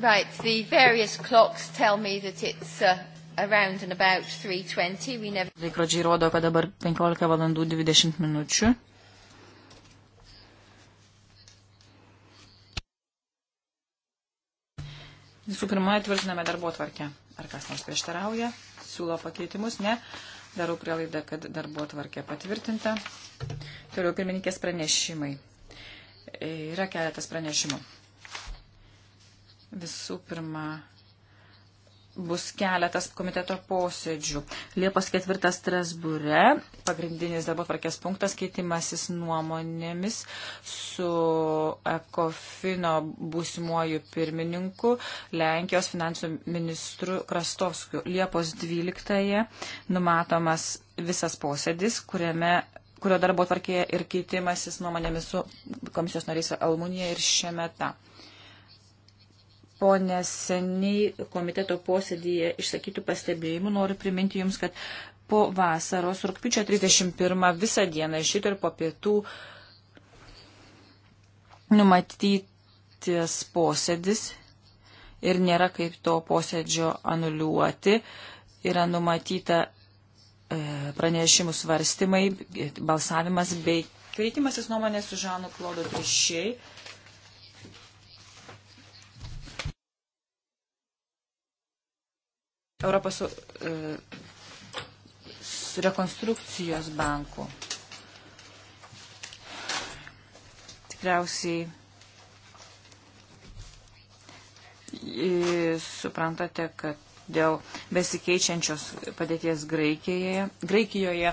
Right, the various clocks tell me that it's uh, around and about 3.20. We never... Laikrodžiai rodo, kad dabar 15 valandų 20 minučių. Visų pirma, atvirtiname darbo tvarkę. Ar kas nors prieštarauja? Siūlo pakeitimus? Ne. Darau prielaidą, kad darbo tvarkė patvirtinta. Toliau pirmininkės pranešimai. E, yra keletas pranešimų. Visų pirma, bus keletas komiteto posėdžių. Liepos ketvirtas Strasbūre, pagrindinis darbo tvarkės punktas, keitimasis nuomonėmis su Ekofino būsimuoju pirmininku, Lenkijos finansų ministru Krastovskiu. Liepos 12-ąją numatomas visas posėdis, kuriame kurio darbo tvarkėje ir keitimasis nuomonėmis su komisijos nariais Almunija ir Šemeta po neseniai komiteto posėdėje išsakytų pastebėjimų noriu priminti Jums, kad po vasaros, rūpiučio 31 visą dieną iš šito ir po pietų numatytis posėdis ir nėra kaip to posėdžio anuliuoti. Yra numatyta e, pranešimų svarstymai, balsavimas bei kreitimasis nuomonės su Žanu Klodu Trišiai Europos e, rekonstrukcijos bankų. Tikriausiai e, suprantate, kad dėl besikeičiančios padėties Graikijoje, Graikijoje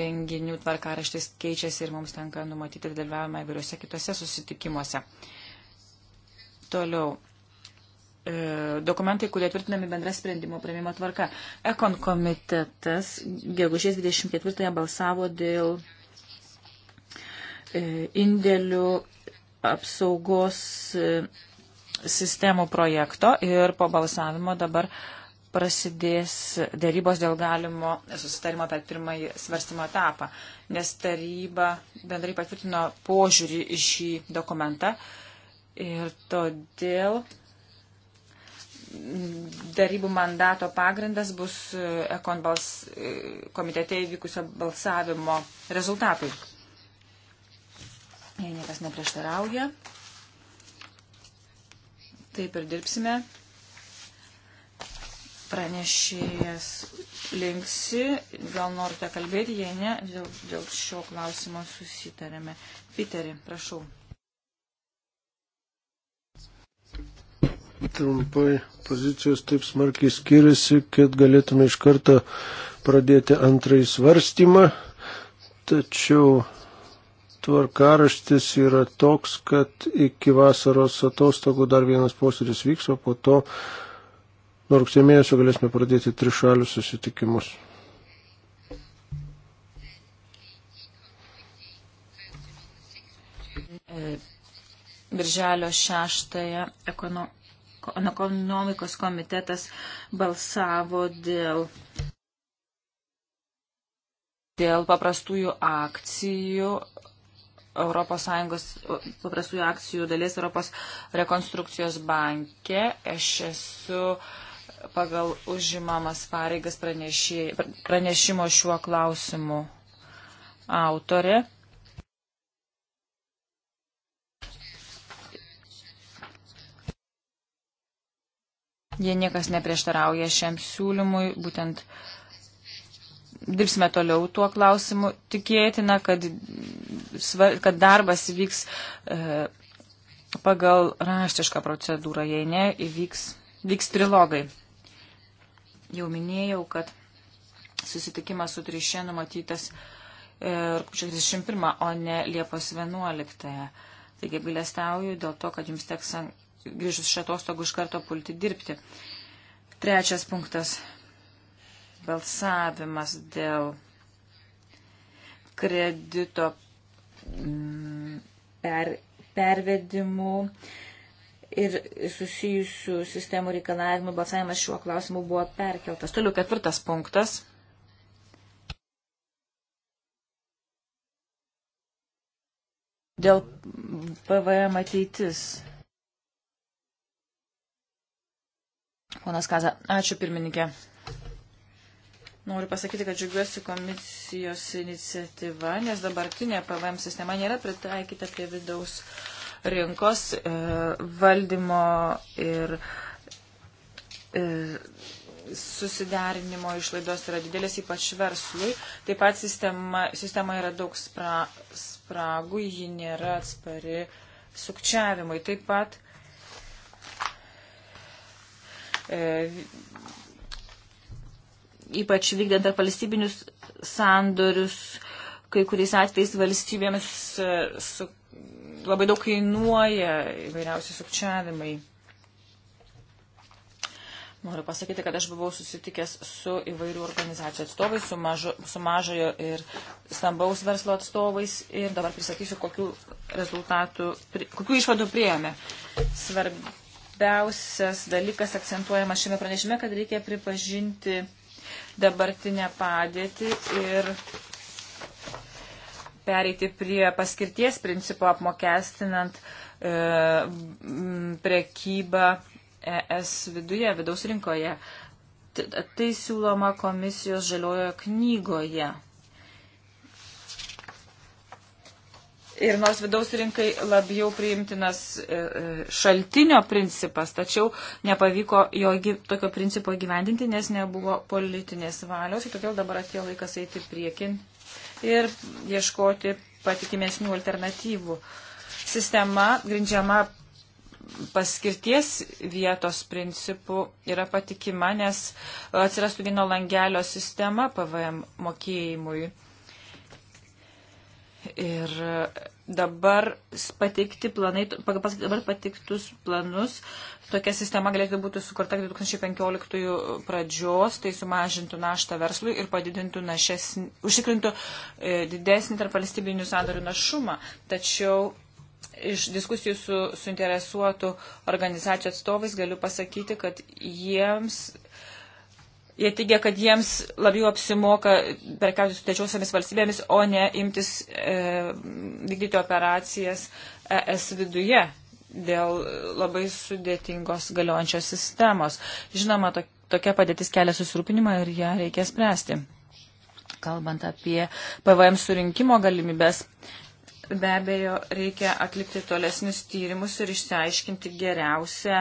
renginių tvarkaraštis keičiasi ir mums tenka numatyti dalyvavimą įvairiuose kitose susitikimuose. Toliau, E, dokumentai, kurie tvirtinami bendra sprendimo prieimimo tvarka. Ekon komitetas gegužės 24 balsavo dėl e, indėlių apsaugos e, sistemų projekto ir po balsavimo dabar prasidės dėrybos dėl galimo susitarimo per pirmąjį svarstymo etapą, nes taryba bendrai patvirtino požiūrį į šį dokumentą ir todėl darybų mandato pagrindas bus e, Ekonbals e, komitete įvykusio balsavimo rezultatai. Jei niekas neprieštarauja, taip ir dirbsime. Pranešėjas linksi, gal norite kalbėti, jei ne, dėl, dėl šio klausimo susitarėme. Piterį, prašau. trumpai pozicijos taip smarkiai skiriasi, kad galėtume iš karto pradėti antrąjį svarstymą, tačiau tvarkaraštis yra toks, kad iki vasaros atostogų dar vienas posėdis vyks, o po to nuo rugsėjo mėnesio galėsime pradėti trišalius susitikimus. Birželio 6 ekono, ekonomikos komitetas balsavo dėl, dėl paprastųjų akcijų. ES paprastųjų akcijų dalies Europos rekonstrukcijos banke. Aš esu pagal užimamas pareigas pranešimo šiuo klausimu autorė. Jei niekas neprieštarauja šiam siūlymui, būtent dirbsime toliau tuo klausimu. Tikėtina, kad, kad darbas vyks e, pagal raštišką procedūrą, jei ne, įvyks, vyks trilogai. Jau minėjau, kad susitikimas su trišė numatytas e, rūpčio 31, o ne Liepos 11. Taigi gailestauju dėl to, kad jums teks grįžus iš atostogų iš karto pulti dirbti. Trečias punktas - balsavimas dėl kredito mm, per, pervedimų ir susijusių sistemų reikalavimų balsavimas šiuo klausimu buvo perkeltas. Toliau ketvirtas punktas. Dėl PVM ateitis. Ponas Kaza, ačiū pirmininkė. Noriu pasakyti, kad džiugiuosi komisijos iniciatyva, nes dabartinė PVM sistema nėra pritaikyta prie vidaus rinkos e, valdymo ir e, susiderinimo išlaidos yra didelės, ypač verslui. Taip pat sistema, sistema yra daug spra, spragų, ji nėra atspari sukčiavimui. Taip pat e, E, ypač vykdant tarp valstybinius sandorius, kai kuriais atvejais valstybėmis e, su, labai daug kainuoja įvairiausi sukčiavimai. Noriu pasakyti, kad aš buvau susitikęs su įvairių organizacijų atstovais, su, mažo, su mažojo ir stambaus verslo atstovais ir dabar pristatysiu, kokiu rezultatų, kokiu išvadų priėmė. Svarbi svarbiausias dalykas akcentuojamas šiame pranešime, kad reikia pripažinti dabartinę padėtį ir pereiti prie paskirties principo apmokestinant e, prekybą ES viduje, vidaus rinkoje. Tai siūloma komisijos žaliojoje knygoje. Ir nors vidaus rinkai labiau priimtinas e, e, šaltinio principas, tačiau nepavyko jo tokio principo gyvendinti, nes nebuvo politinės valios. Ir todėl dabar atėjo laikas eiti priekin ir ieškoti patikimesnių alternatyvų. Sistema grindžiama paskirties vietos principų yra patikima, nes atsirastų vieno langelio sistema PVM mokėjimui. Ir dabar pateikti planai, pagal dabar pateiktus planus, tokia sistema galėtų būti sukurta 2015 pradžios, tai sumažintų naštą verslui ir padidintų našesnį, užtikrintų e, didesnį tarp valstybinių sandorių našumą. Tačiau iš diskusijų su suinteresuotų organizacijų atstovais galiu pasakyti, kad jiems Jie teigia, kad jiems labiau apsimoka perkauti su trečiosiamis valstybėmis, o ne imtis e, vykdyti operacijas ES viduje dėl labai sudėtingos galiojančios sistemos. Žinoma, to, tokia padėtis kelia susirūpinimą ir ją reikia spręsti. Kalbant apie PVM surinkimo galimybės, be abejo, reikia atlikti tolesnius tyrimus ir išsiaiškinti geriausią.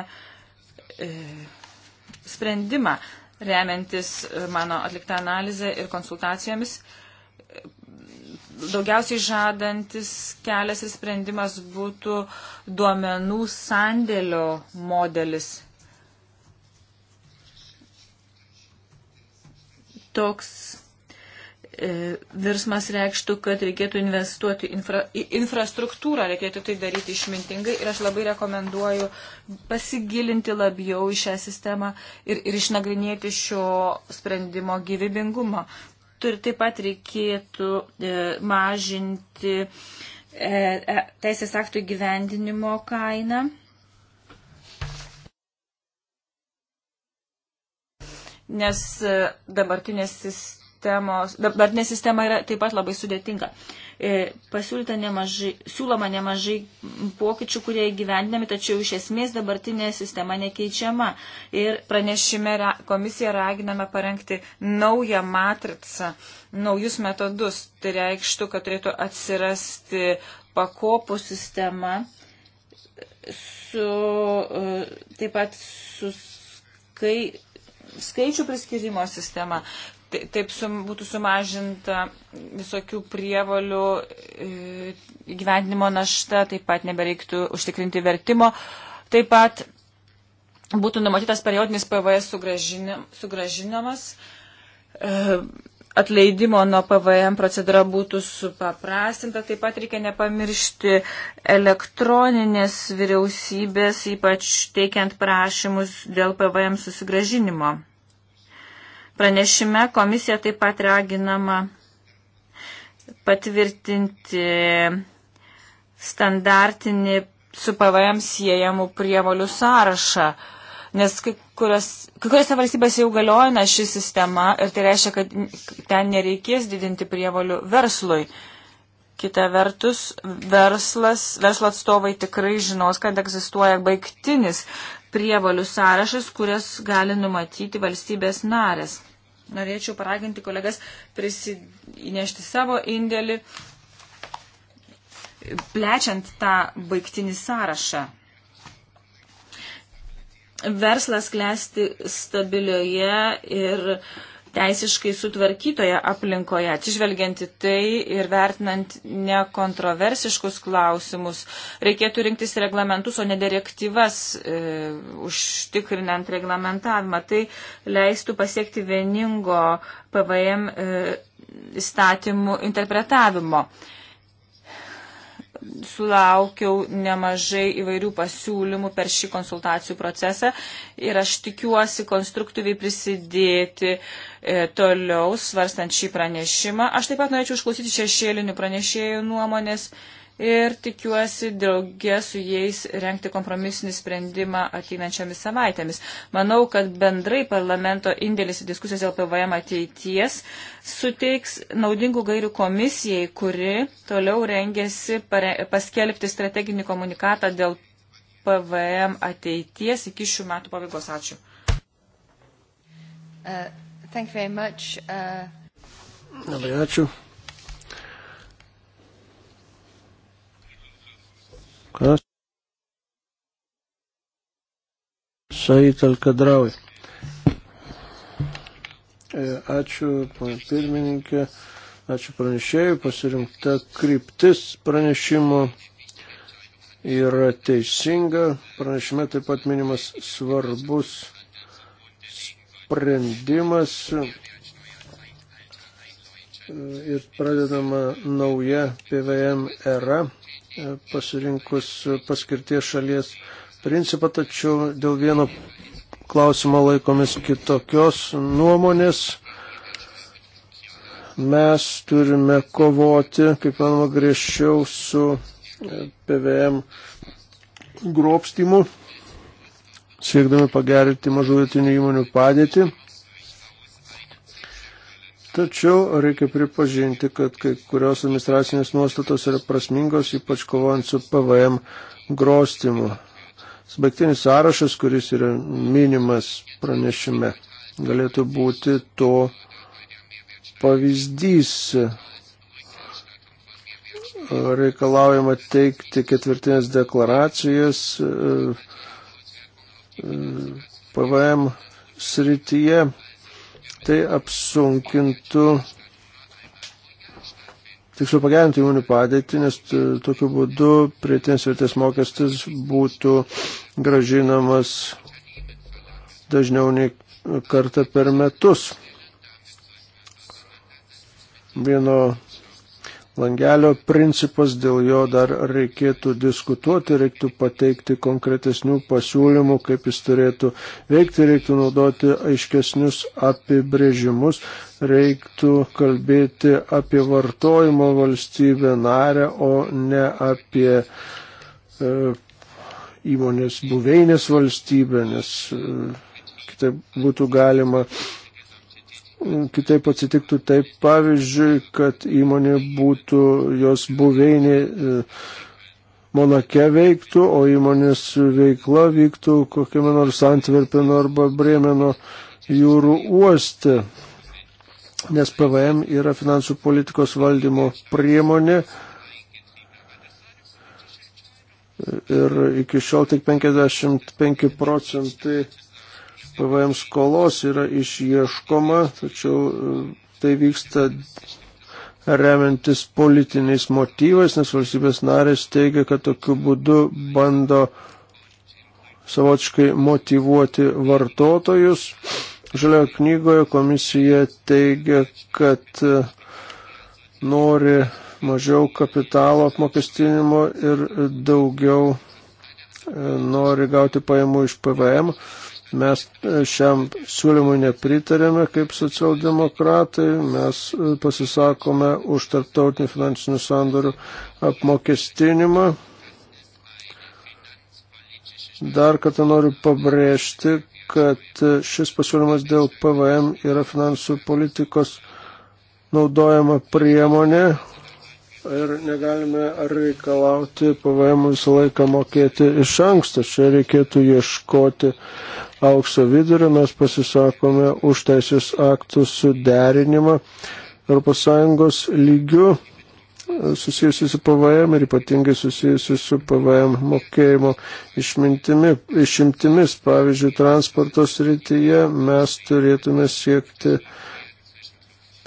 E, sprendimą remiantis e, mano atliktą analizę ir konsultacijomis. Daugiausiai žadantis kelias ir sprendimas būtų duomenų sandėlio modelis. Toks E, virsmas reikštų, kad reikėtų investuoti infra, į infrastruktūrą, reikėtų tai daryti išmintingai ir aš labai rekomenduoju pasigilinti labiau į šią sistemą ir, ir išnagrinėti šio sprendimo gyvybingumą. Tur taip pat reikėtų e, mažinti e, e, teisės aktų gyvendinimo kainą. Nes e, dabartinės sistemos sistemos, dabartinė sistema yra taip pat labai sudėtinga. E, pasiūlyta nemažai, siūloma nemažai pokyčių, kurie įgyvendinami, tačiau iš esmės dabartinė sistema nekeičiama. Ir pranešime komisiją raginame parengti naują matricą, naujus metodus. Tai reikštų, kad turėtų atsirasti pakopų sistema su e, taip pat su skai, skaičių priskirimo sistema, taip sum, būtų sumažinta visokių prievalių įgyvendinimo e, našta, taip pat nebereiktų užtikrinti vertimo, taip pat būtų numatytas periodinis PVS sugražinamas, e, atleidimo nuo PVM procedūra būtų supaprastinta, taip pat reikia nepamiršti elektroninės vyriausybės, ypač teikiant prašymus dėl PVM susigražinimo. Pranešime komisija taip pat raginama patvirtinti standartinį su PVM siejamų prievolių sąrašą, nes kai, kurios, kai kuriuose valstybėse jau galiojina ši sistema ir tai reiškia, kad ten nereikės didinti prievolių verslui. Kita vertus, verslas, verslo atstovai tikrai žinos, kad egzistuoja baigtinis prievolių sąrašas, kurias gali numatyti valstybės narės norėčiau paraginti kolegas prisinešti savo indėlį, plečiant tą baigtinį sąrašą. Verslas klesti stabilioje ir teisiškai sutvarkytoje aplinkoje, atsižvelgianti tai ir vertinant nekontroversiškus klausimus, reikėtų rinktis reglamentus, o ne direktyvas e, užtikrinant reglamentavimą. Tai leistų pasiekti vieningo PVM e, įstatymų interpretavimo. E, sulaukiau nemažai įvairių pasiūlymų per šį konsultacijų procesą ir aš tikiuosi konstruktyviai prisidėti e, toliau svarstant šį pranešimą. Aš taip pat norėčiau išklausyti šešėlinių pranešėjų nuomonės. E, ir tikiuosi draugė su jais renkti kompromisinį sprendimą ateinančiamis savaitėmis. Manau, kad bendrai parlamento indėlis į diskusijas dėl PVM ateities suteiks naudingų gairių komisijai, kuri toliau rengėsi pare, paskelbti strateginį komunikatą dėl PVM ateities iki šių metų pabaigos. Ačiū. Uh, uh Labai uh... ačiū. Kas? Said Alkadraui. E, ačiū, pana pirmininkė. Ačiū pranešėjui. Pasirinkta kryptis pranešimo yra teisinga. Pranešime taip pat minimas svarbus sprendimas e, ir pradedama nauja PVM era. E, pasirinkus paskirties šalies principą, tačiau dėl vieno klausimo laikomis kitokios nuomonės. Mes turime kovoti, kaip manoma, griežčiau su e, PVM grobstimu, siekdami pagerinti mažų vietinių įmonių padėtį. Tačiau reikia pripažinti, kad kai kurios administracinės nuostatos yra prasmingos, ypač kovojant su PVM grostimu. Sbaigtinis sąrašas, kuris yra minimas pranešime, galėtų būti to pavyzdys. Reikalaujama teikti ketvirtinės deklaracijas e, e, PVM srityje tai apsunkintų, tiksliau pagerintų įmonių padėtį, nes tokiu būdu prietinės vertės mokestis būtų gražinamas dažniau nei kartą per metus. Vieno langelio principas, dėl jo dar reikėtų diskutuoti, reiktų pateikti konkretesnių pasiūlymų, kaip jis turėtų veikti, reiktų naudoti aiškesnius apibrėžimus, reiktų kalbėti apie vartojimo valstybę narę, o ne apie e, įmonės buveinės valstybę, nes e, kitaip būtų galima e, kitaip atsitiktų taip, pavyzdžiui, kad įmonė būtų jos buveinė e, Monake veiktų, o įmonės veikla vyktų kokiame nors Antverpeno arba Bremeno jūrų uoste, nes PVM yra finansų politikos valdymo priemonė. Ir iki šiol tik 55 procentai PVM skolos yra išieškoma, tačiau e, tai vyksta remiantis politiniais motyvais, nes valstybės narės teigia, kad tokiu būdu bando savotiškai motivuoti vartotojus. Žalio knygoje komisija teigia, kad e, nori mažiau kapitalo apmokestinimo ir daugiau e, nori gauti pajamų iš PVM. Mes e, šiam siūlymui nepritarėme kaip socialdemokratai, mes e, pasisakome už tarptautinį finansinių sandorių apmokestinimą. Dar kartą noriu pabrėžti, kad e, šis pasiūlymas dėl PVM yra finansų politikos naudojama priemonė, ir negalime reikalauti PVM visą laiką mokėti iš anksto. Čia reikėtų ieškoti aukso vidurio, mes pasisakome už teisės aktų suderinimą ES lygių susijusi su PVM ir ypatingai susijusi su PVM mokėjimo išimtimis. Pavyzdžiui, transporto srityje mes turėtume siekti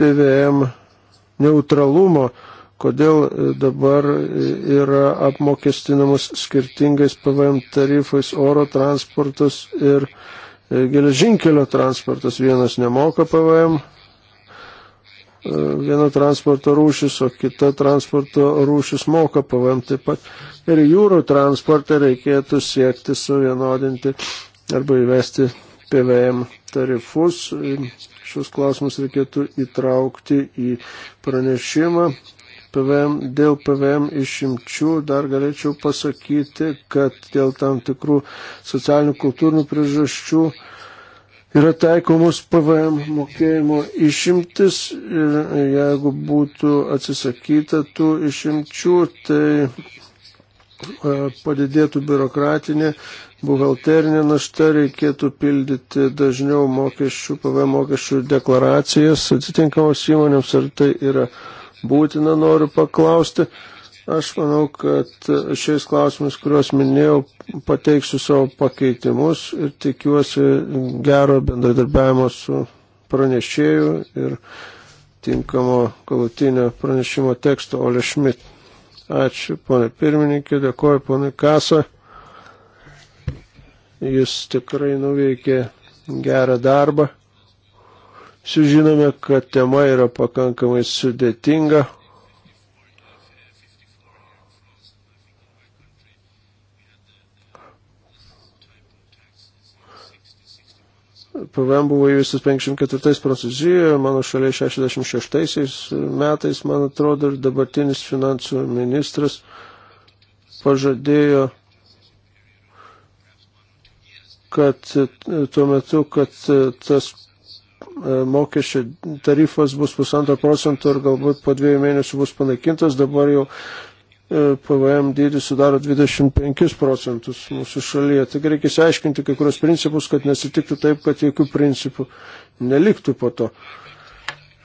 PVM neutralumo kodėl e, dabar e, yra apmokestinamas skirtingais PVM tarifais oro transportas ir e, geležinkelio transportas. Vienas nemoka PVM, viena transporto rūšis, o kita transporto rūšis moka PVM taip pat. Ir jūrų transportą reikėtų siekti suvienodinti arba įvesti PVM tarifus. Šios klausimus reikėtų įtraukti į pranešimą PVM, dėl PVM išimčių dar galėčiau pasakyti, kad dėl tam tikrų socialinių kultūrinių priežasčių yra taikomos PVM mokėjimo išimtis ir jeigu būtų atsisakyta tų išimčių, tai e, padidėtų biurokratinė, buhalterinė našta, reikėtų pildyti dažniau mokesčių, PVM mokesčių deklaracijas atitinkamos įmonėms, ar tai yra būtina, noriu paklausti. Aš manau, kad šiais klausimais, kuriuos minėjau, pateiksiu savo pakeitimus ir tikiuosi gero bendradarbiavimo su pranešėju ir tinkamo galutinio pranešimo teksto Ole Šmit. Ačiū, ponė pirmininkė, dėkoju ponė Kasa. Jis tikrai nuveikė gerą darbą. Sužinome, kad tema yra pakankamai sudėtinga. PVM buvo įvestas 54 Prancūzijoje, mano šalia 66 metais, man atrodo, ir dabartinis finansų ministras pažadėjo, kad tuo metu, kad tas E, mokesčio tarifas bus pusantro procento ir galbūt po dviejų mėnesių bus panaikintas, dabar jau e, PVM dydis sudaro 25 procentus mūsų šalyje. Tik reikia įsiaiškinti kai kurios principus, kad nesitiktų taip, kad jokių principų neliktų po to.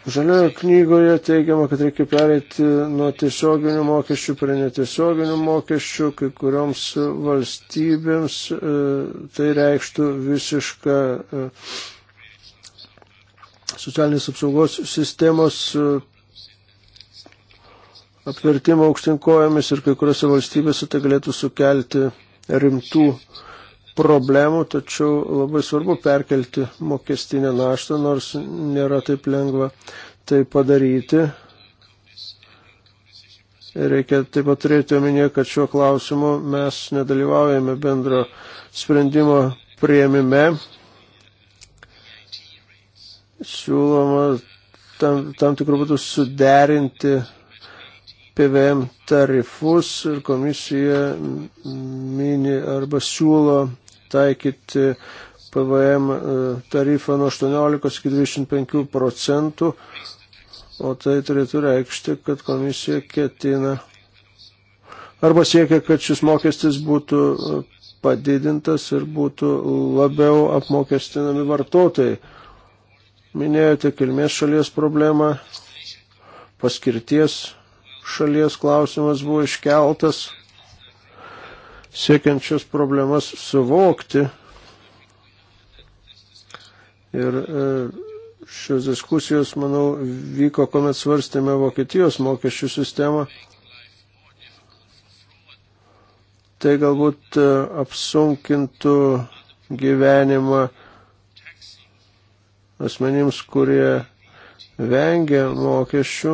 Žaliojo knygoje teigiama, kad reikia pereiti nuo tiesioginių mokesčių prie netiesioginių mokesčių, kai kurioms valstybėms e, tai reikštų visišką e, socialinės apsaugos sistemos e, apvertimo aukštinkojomis ir kai kuriuose valstybėse tai galėtų sukelti rimtų problemų, tačiau labai svarbu perkelti mokestinę naštą, nors nėra taip lengva tai padaryti. Ir reikia taip pat turėti omenyje, kad šiuo klausimu mes nedalyvaujame bendro sprendimo prieimime, siūloma tam, tam tikrų būtų suderinti PVM tarifus ir komisija mini arba siūlo taikyti PVM e, tarifą nuo 18 iki 25 procentų, o tai turėtų reikšti, kad komisija ketina arba siekia, kad šis mokestis būtų e, padidintas ir būtų labiau apmokestinami vartotojai. Minėjote kilmės šalies problemą, paskirties šalies klausimas buvo iškeltas, siekiančios problemas suvokti. Ir e, šios diskusijos, manau, vyko, kuomet svarstėme Vokietijos mokesčių sistemą. Tai galbūt e, apsunkintų gyvenimą asmenims, kurie vengia mokesčių,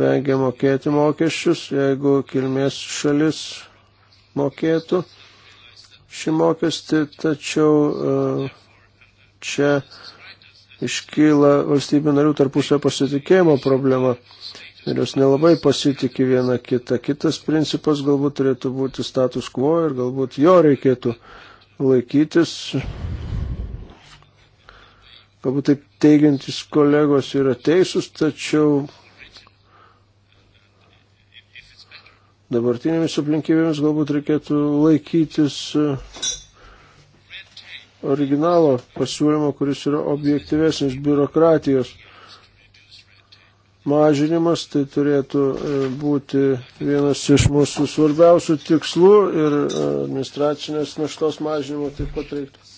vengia mokėti mokesčius, jeigu kilmės šalis mokėtų šį mokestį, tačiau e, čia iškyla valstybių narių tarpusio pasitikėjimo problema ir jos nelabai pasitikė viena kita. Kitas principas galbūt turėtų būti status quo ir galbūt jo reikėtų laikytis, galbūt taip teigiantis kolegos yra teisūs, tačiau dabartinėmis aplinkybėmis galbūt reikėtų laikytis e, originalo pasiūlymo, kuris yra objektyvesnis biurokratijos mažinimas, tai turėtų e, būti vienas iš mūsų svarbiausių tikslų ir e, administracinės naštos mažinimo taip pat reiktų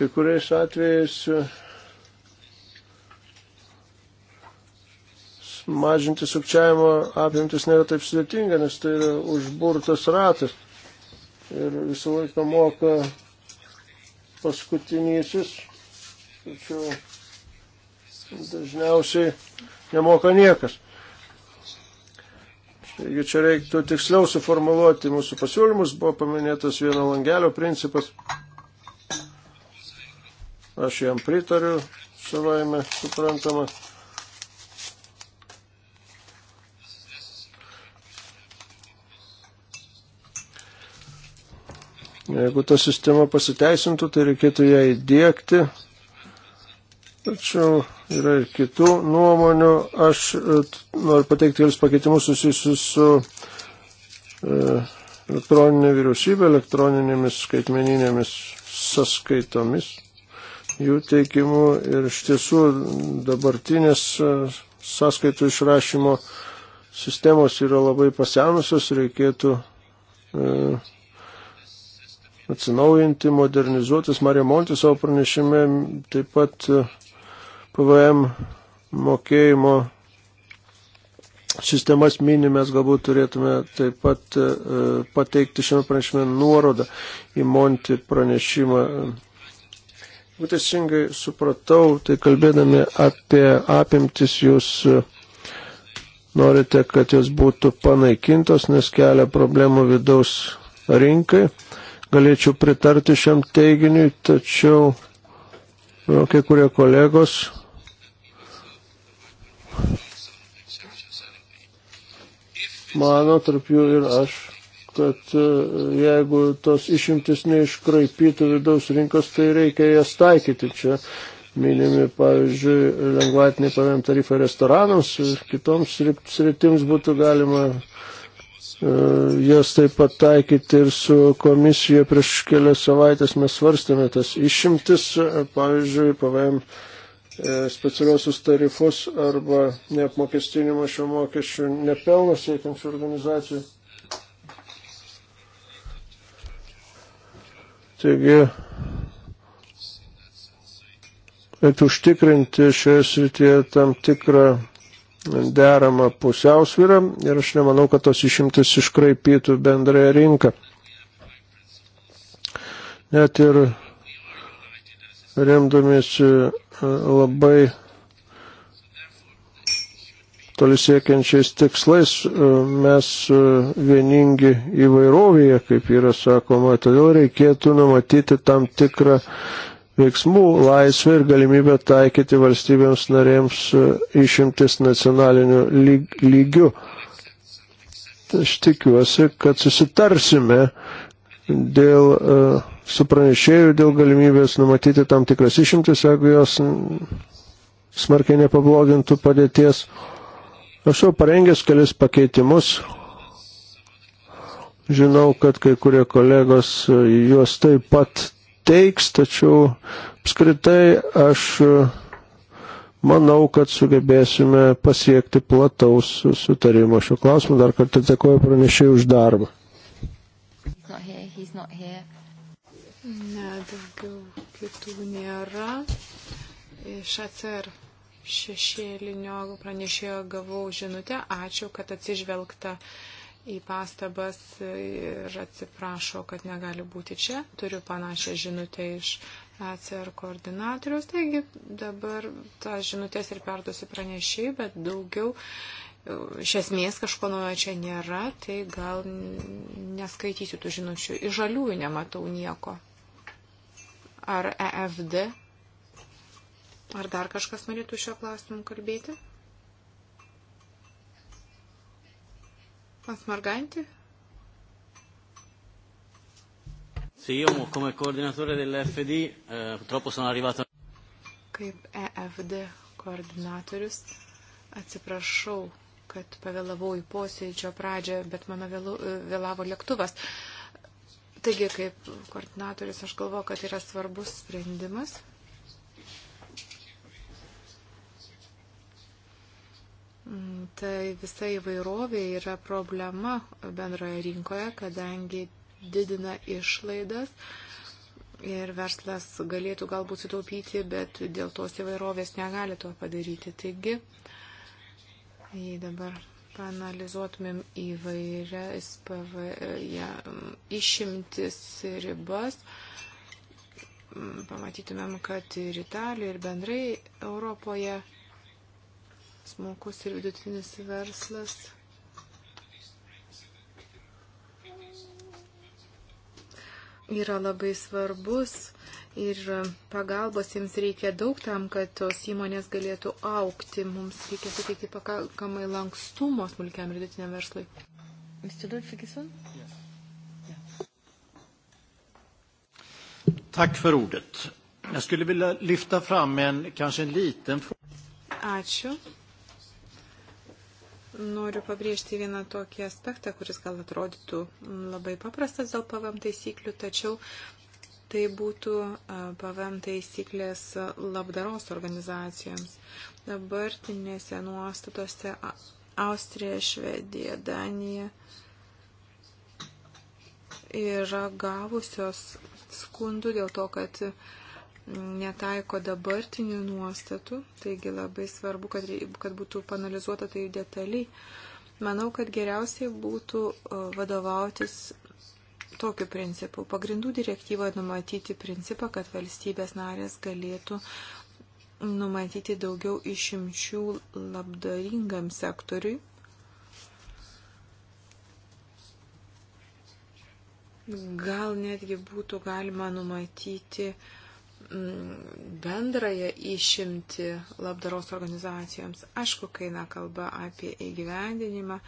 Kai kuriais atvejais mažinti sukčiavimo apimtis nėra taip sudėtinga, nes tai yra užburtas ratas. Ir visą laiką moka paskutinysis, tačiau dažniausiai nemoka niekas. Taigi čia reiktų tiksliau suformuluoti mūsų pasiūlymus, buvo paminėtas vieno langelio principas. Aš jam pritariu savaime suprantama. Jeigu ta sistema pasiteisintų, tai reikėtų ją įdėkti. Tačiau yra ir kitų nuomonių. Aš e, noriu pateikti jums pakeitimus susijusius su e, elektroninė vyriausybė, elektroninėmis skaitmeninėmis sąskaitomis jų teikimu ir iš tiesų dabartinės e, sąskaitų išrašymo sistemos yra labai pasenusios, reikėtų e, atsinaujinti, modernizuotis. Marija Monti savo pranešime taip pat e, PVM mokėjimo sistemas minimės galbūt turėtume taip pat e, pateikti šiame pranešime nuorodą į Monti pranešimą Jeigu nu, teisingai supratau, tai kalbėdami apie apimtis jūs e, norite, kad jos būtų panaikintos, nes kelia problemų vidaus rinkai. Galėčiau pritarti šiam teiginiui, tačiau e, kai kurie kolegos mano, tarp jų ir aš, kad e, jeigu tos išimtis neiškraipytų vidaus rinkos, tai reikia jas taikyti. Čia minimi, pavyzdžiui, lengvatiniai pavėm tarifą restoranams ir kitoms sritims būtų galima e, jas taip pat taikyti ir su komisija prieš kelias savaitės mes svarstėme tas išimtis, e, pavyzdžiui, pavėm specialiosius tarifus arba neapmokestinimo šio mokesčių nepelno siekiančių organizacijų. Taigi, reiktų užtikrinti šioje srityje tam tikrą deramą pusiausvyrą ir aš nemanau, kad tos išimtis iškraipytų bendrąją rinką. Net ir remdamiesi e, labai tolisiekiančiais tikslais. E, mes e, vieningi įvairovėje, kaip yra sakoma, todėl reikėtų numatyti tam tikrą veiksmų laisvę ir galimybę taikyti valstybėms narėms e, išimtis nacionaliniu lygiu. Aš tikiuosi, kad susitarsime dėl su pranešėjų, dėl galimybės numatyti tam tikras išimtis, jeigu jos smarkiai nepablogintų padėties. Aš jau parengęs kelis pakeitimus. Žinau, kad kai kurie kolegos e, juos taip pat teiks, tačiau apskritai aš e, manau, kad sugebėsime pasiekti plataus sutarimo šiuo klausimu. Dar kartą dėkoju pranešėjai už darbą. Ne, daugiau kitų nėra. Iš atsir šešėlinio pranešėjo gavau žinutę. Ačiū, kad atsižvelgta į pastabas ir atsiprašo, kad negali būti čia. Turiu panašią žinutę iš ACR koordinatorius, taigi dabar tas žinutės ir perduosiu pranešiai, bet daugiau e, iš esmės kažko naujo čia nėra, tai gal neskaitysiu tų žinučių. Iš žaliųjų nematau nieko. Ar EFD Ar dar kažkas norėtų šio klausimu kalbėti? Pans Marganti? Sì, io come coordinatore dell'FD eh, purtroppo sono arrivato. Kaip EFD koordinatorius atsiprašau, kad pavėlavau į posėdžio pradžią, bet mano vėlu, vėlavo lėktuvas. Taigi, kaip koordinatorius, aš galvoju, kad yra svarbus sprendimas Mm, tai visa įvairovė yra problema bendroje rinkoje, kadangi didina išlaidas ir verslas galėtų galbūt sutaupyti, bet dėl tos įvairovės negali to padaryti. Taigi, jei dabar panalizuotumėm įvairias PV, ja, išimtis ribas, mm, pamatytumėm, kad ir Italijoje, ir bendrai Europoje smulkus ir vidutinis verslas. Yra labai svarbus ir pagalbos jiems reikia daug tam, kad tos įmonės galėtų aukti. Mums reikia suteikti pakankamai lankstumo smulkiam ir vidutiniam verslui. Mr. Dulfikison? Yes. Tack för ordet. Jag skulle vilja lyfta fram en kanske en liten fråga. Ačiū. Noriu pabrėžti vieną tokį aspektą, kuris gal atrodytų labai paprastas dėl PVM taisyklių, tačiau tai būtų PVM taisyklės labdaros organizacijoms. Dabartinėse nuostatose Austrija, Švedija, Danija yra gavusios skundų dėl to, kad netaiko dabartinių nuostatų, taigi labai svarbu, kad, kad būtų panalizuota tai detaliai. Manau, kad geriausiai būtų vadovautis tokiu principu. Pagrindų direktyvoje numatyti principą, kad valstybės narės galėtų numatyti daugiau išimčių labdaringam sektoriui. Gal netgi būtų galima numatyti uh, Mm, bendrąją išimti labdaros organizacijoms. Aišku, kai eina kalba apie įgyvendinimą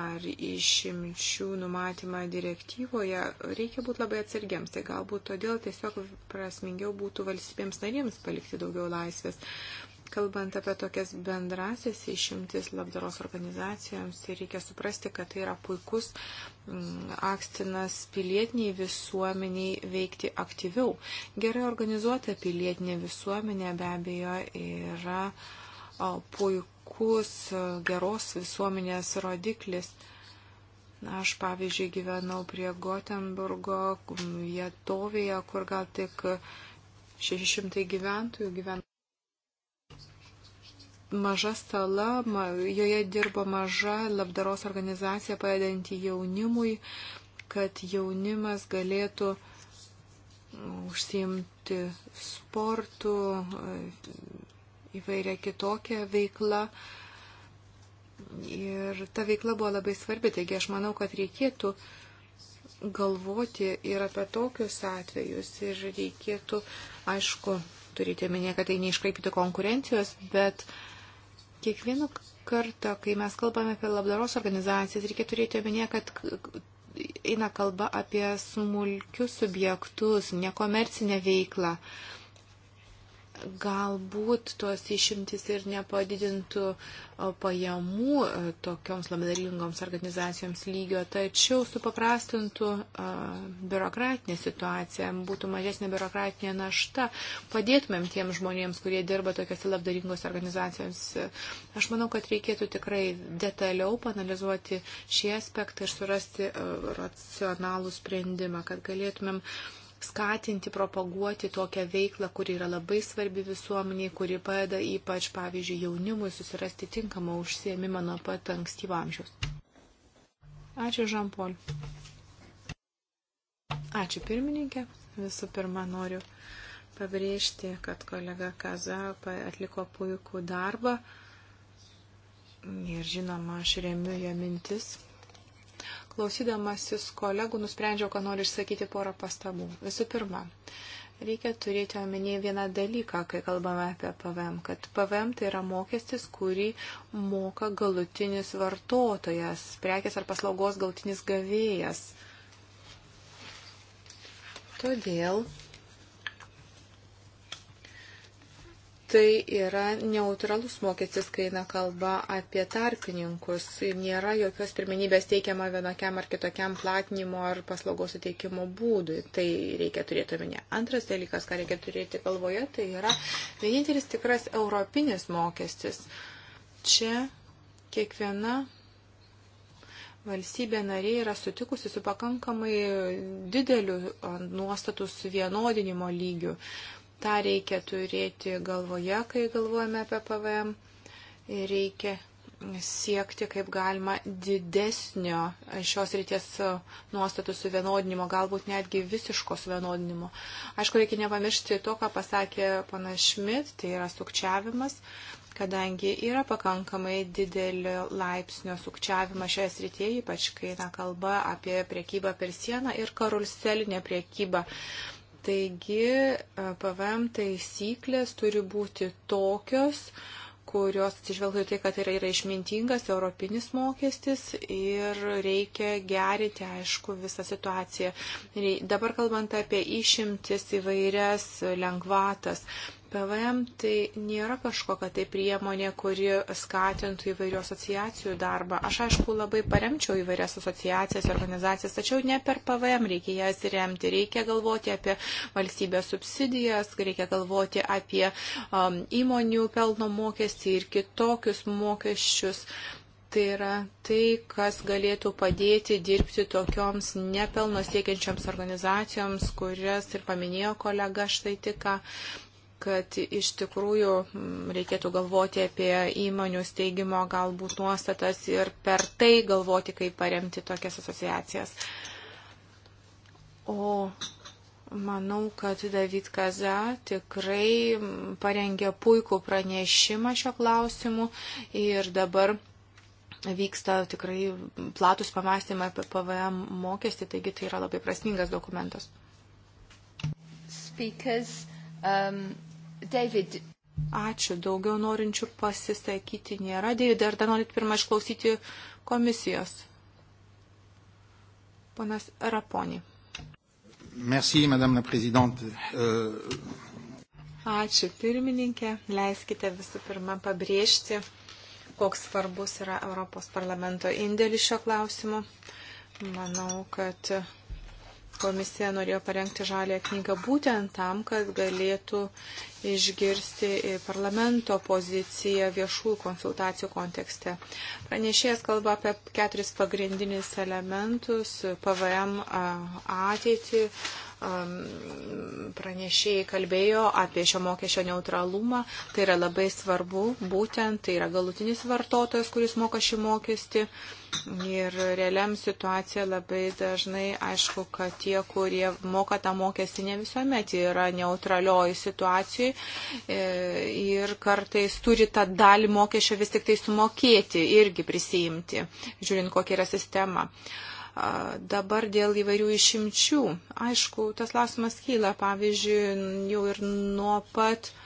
ar išimčių numatymą direktyvoje, reikia būti labai atsargiams. Tai galbūt todėl tiesiog prasmingiau būtų valstybėms narėms palikti daugiau laisvės. Uh, Kalbant apie tokias bendrasias išimtis labdaros organizacijoms, tai reikia suprasti, kad tai yra puikus mm, akstinas pilietiniai visuomeniai veikti aktyviau. Gerai organizuota pilietinė visuomenė be abejo yra puikus geros visuomenės rodiklis. Aš, pavyzdžiui, gyvenau prie Gotenburgo vietovėje, kur gal tik 600 gyventojų gyvena maža sala, ma, joje dirba maža labdaros organizacija padedanti jaunimui, kad jaunimas galėtų mm, užsiimti sportu, e, įvairia kitokia veikla. Ir ta veikla buvo labai svarbi, taigi aš manau, kad reikėtų galvoti ir apie tokius atvejus ir reikėtų, aišku, turite minė, kad tai neiškraipyti konkurencijos, bet uh, Kiekvieną kartą, kai mes kalbame apie labdaros organizacijas, reikia turėti omenyje, kad eina kalba apie smulkius subjektus, nekomercinę veiklą. Uh, galbūt tuos išimtis ir nepadidintų pajamų e, tokioms labdaringoms organizacijoms lygio, tačiau supaprastintų e, biurokratinę situaciją, būtų mažesnė biurokratinė našta, padėtumėm tiem žmonėms, kurie dirba tokiuose labdaringos organizacijoms. E, aš manau, kad reikėtų tikrai detaliau panalizuoti šį aspektą ir surasti racionalų sprendimą, kad galėtumėm uh, skatinti, propaguoti tokią veiklą, kuri yra labai svarbi visuomeniai, kuri padeda ypač, pavyzdžiui, jaunimui susirasti tinkamą užsiemimą nuo pat ankstyvo amžiaus. Ačiū, Žampol. Ačiū, pirmininkė. Visų pirma, noriu pabrėžti, kad kolega Kaza atliko puikų darbą. Ir žinoma, aš remiu jo mintis klausydamasis kolegų nusprendžiau, kad noriu išsakyti porą pastabų. Visų pirma, reikia turėti omenyje vieną dalyką, kai kalbame apie PVM, kad PVM tai yra mokestis, kurį moka galutinis vartotojas, prekės ar paslaugos galutinis gavėjas. Todėl tai yra neutralus mokestis, kai eina kalba apie tarpininkus. Nėra jokios pirmenybės teikiama vienokiam ar kitokiam platinimo ar paslaugos suteikimo būdui. Tai reikia turėti omenyje. Antras dalykas, ką reikia turėti galvoje, tai yra vienintelis tikras europinis mokestis. Čia kiekviena valstybė narė yra sutikusi su pakankamai dideliu nuostatų suvienodinimo lygiu. Uh, Ta reikia turėti galvoje, kai galvojame apie PVM. Reikia siekti kaip galima didesnio šios ryties nuostatų suvienodinimo, galbūt netgi visiško suvienodinimo. Aišku, reikia nepamiršti to, ką pasakė pana Šmit, tai yra sukčiavimas, kadangi yra pakankamai didelio laipsnio sukčiavimas šioje srityje, ypač kai na, kalba apie priekybą per sieną ir karulselinę priekybą. Uh, Taigi e, PVM taisyklės turi būti tokios, kurios atsižvelgtų tai, kad yra, yra išmintingas europinis mokestis ir reikia gerinti, aišku, visą situaciją. Dabar kalbant apie išimtis įvairias lengvatas, PVM tai nėra kažkokia tai priemonė, kuri skatintų įvairių asociacijų darbą. Aš aišku labai paremčiau įvairias asociacijas, organizacijas, tačiau ne per PVM reikia jas remti. Reikia galvoti apie valstybės subsidijas, reikia galvoti apie um, įmonių pelno mokestį ir kitokius mokesčius. Tai yra tai, kas galėtų padėti dirbti tokioms nepelno siekiančioms organizacijoms, kurias ir paminėjo kolega štai tik ką. Um, kad iš tikrųjų mm, reikėtų galvoti apie įmonių steigimo galbūt nuostatas ir per tai galvoti, kaip paremti tokias asociacijas. O manau, kad David Kaza tikrai mm, parengė puikų pranešimą šio klausimu ir dabar vyksta tikrai platus pamastymai apie PVM mokestį, taigi tai yra labai prasmingas dokumentas. Speakers, um... David. Ačiū, daugiau norinčių pasisakyti nėra. David, ar dar norit pirmą išklausyti komisijos? Ponas Raponi. Merci, madame la présidente. Uh... Ačiū pirmininkė. Leiskite visų pirma pabrėžti, koks svarbus yra Europos parlamento indėlis šio klausimu. Manau, kad Komisija norėjo parengti žalę knygą būtent tam, kad galėtų išgirsti e, parlamento poziciją viešųjų konsultacijų kontekste. Pranešėjas kalba apie keturis pagrindinius elementus - PVM ateitį, pranešėjai kalbėjo apie šio mokesčio neutralumą. Tai yra labai svarbu, būtent tai yra galutinis vartotojas, kuris moka šį mokestį. Ir realiam situacija labai dažnai, aišku, kad tie, kurie moka tą mokestį, ne visuomet yra neutralioj situacijai e, ir kartais turi tą dalį mokesčio vis tik tai sumokėti irgi prisijimti, žiūrint, kokia yra sistema. Uh, Dabar dėl įvairių išimčių. Aišku, tas klausimas kyla, pavyzdžiui, jau ir nuo pat uh,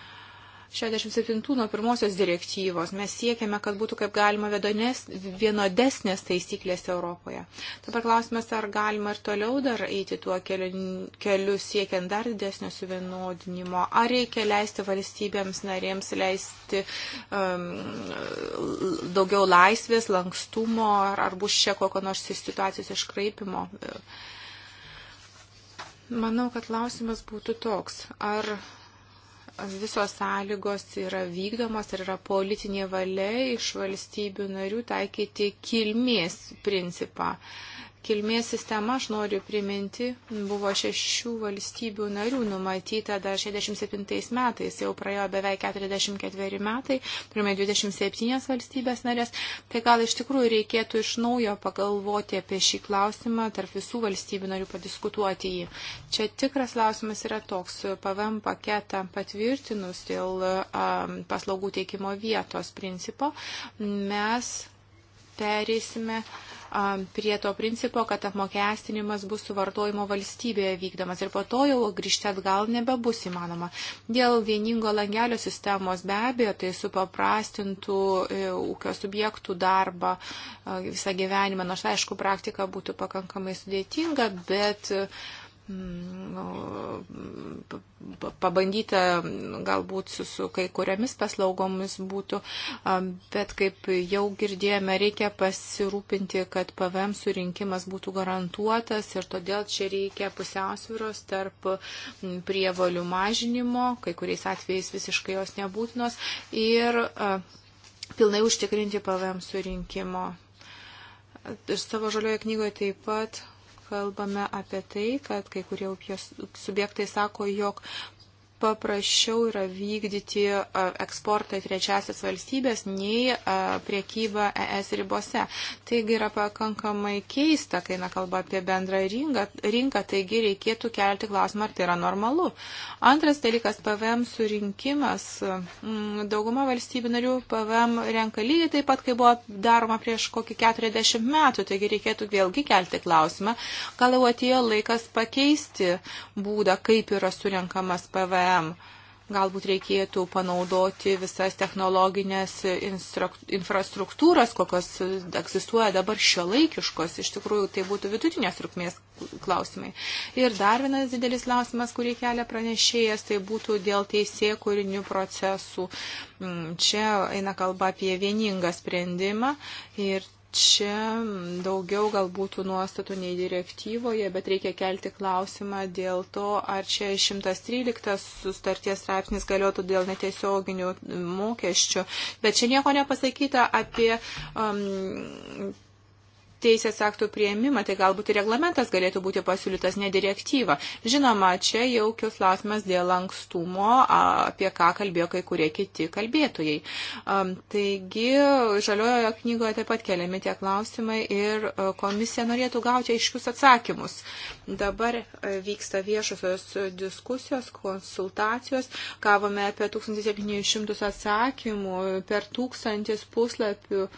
67 nuo pirmosios direktyvos mes siekiame, kad būtų kaip galima vienodės, vienodesnės taisyklės Europoje. Dabar klausimas, ar galima ir toliau dar eiti tuo keliu, keliu siekiant dar didesnio suvienodinimo, ar reikia leisti valstybėms narėms leisti um, daugiau laisvės, lankstumo, ar, ar bus čia kokio nors situacijos iškraipimo. Manau, kad klausimas būtų toks, ar visos sąlygos yra vykdomos ir yra politinė valia iš valstybių narių taikyti kilmės principą. Uh, Kilmės sistema, aš noriu priminti, buvo šešių valstybių narių numatyta dar 67 metais, jau praėjo beveik 44 metai, turime 27 valstybės narės, tai gal iš tikrųjų reikėtų iš naujo pagalvoti apie šį klausimą, tarp visų valstybių narių padiskutuoti jį. Čia tikras klausimas yra toks, PVM paketą patvirtinus dėl um, paslaugų teikimo vietos principo, mes perėsime. Uh, prie to principo, kad apmokestinimas bus suvartojimo valstybėje vykdomas ir po to jau grįžti atgal nebebus įmanoma. Dėl vieningo langelio sistemos be abejo tai supaprastintų e, ūkio subjektų darbą e, visą gyvenimą, nors aišku, praktika būtų pakankamai sudėtinga, bet uh, Mm, pabandyti mm, galbūt su, su kai kuriamis paslaugomis būtų, bet kaip jau girdėjome, reikia pasirūpinti, kad PVM surinkimas būtų garantuotas ir todėl čia reikia pusiausvyros tarp mm, prievalių mažinimo, kai kuriais atvejais visiškai jos nebūtinos ir pilnai užtikrinti PVM surinkimo. Ir savo žalioje knygoje taip pat kalbame apie tai, kad kai kurie subjektai sako, jog paprasčiau yra vykdyti eksportą į trečiasias valstybės nei priekybą ES ribose. Taigi yra pakankamai keista, kai na, kalba apie bendrą rinką, rinką, taigi reikėtų kelti klausimą, ar tai yra normalu. Antras dalykas - PVM surinkimas. Mm, dauguma valstybių narių PVM renka lygiai taip pat, kai buvo daroma prieš kokį 40 metų, taigi reikėtų vėlgi kelti klausimą, gal jau atėjo laikas pakeisti būdą, kaip yra surinkamas PVM PVM. Galbūt reikėtų panaudoti visas technologinės infrastruktūras, kokios egzistuoja dabar šio laikiškos. Iš tikrųjų, tai būtų vidutinės trukmės klausimai. Ir dar vienas didelis klausimas, kurį kelia pranešėjas, tai būtų dėl teisė kūrinių procesų. Mm, čia eina kalba apie vieningą sprendimą ir čia daugiau gal būtų nuostatų nei direktyvoje, bet reikia kelti klausimą dėl to, ar čia 113 sustarties straipsnis galiotų dėl netiesioginių mokesčių. Bet čia nieko nepasakyta apie um, teisės aktų prieimimą, tai galbūt ir reglamentas galėtų būti pasiūlytas, ne direktyva. Žinoma, čia jau kils klausimas dėl lankstumo, apie ką kalbėjo kai kurie kiti kalbėtojai. Taigi, žaliojoje knygoje taip pat keliami tie klausimai ir e, komisija norėtų gauti aiškius atsakymus. Dabar e, vyksta viešosios diskusijos, konsultacijos, gavome apie 1700 atsakymų per tūkstantis puslapių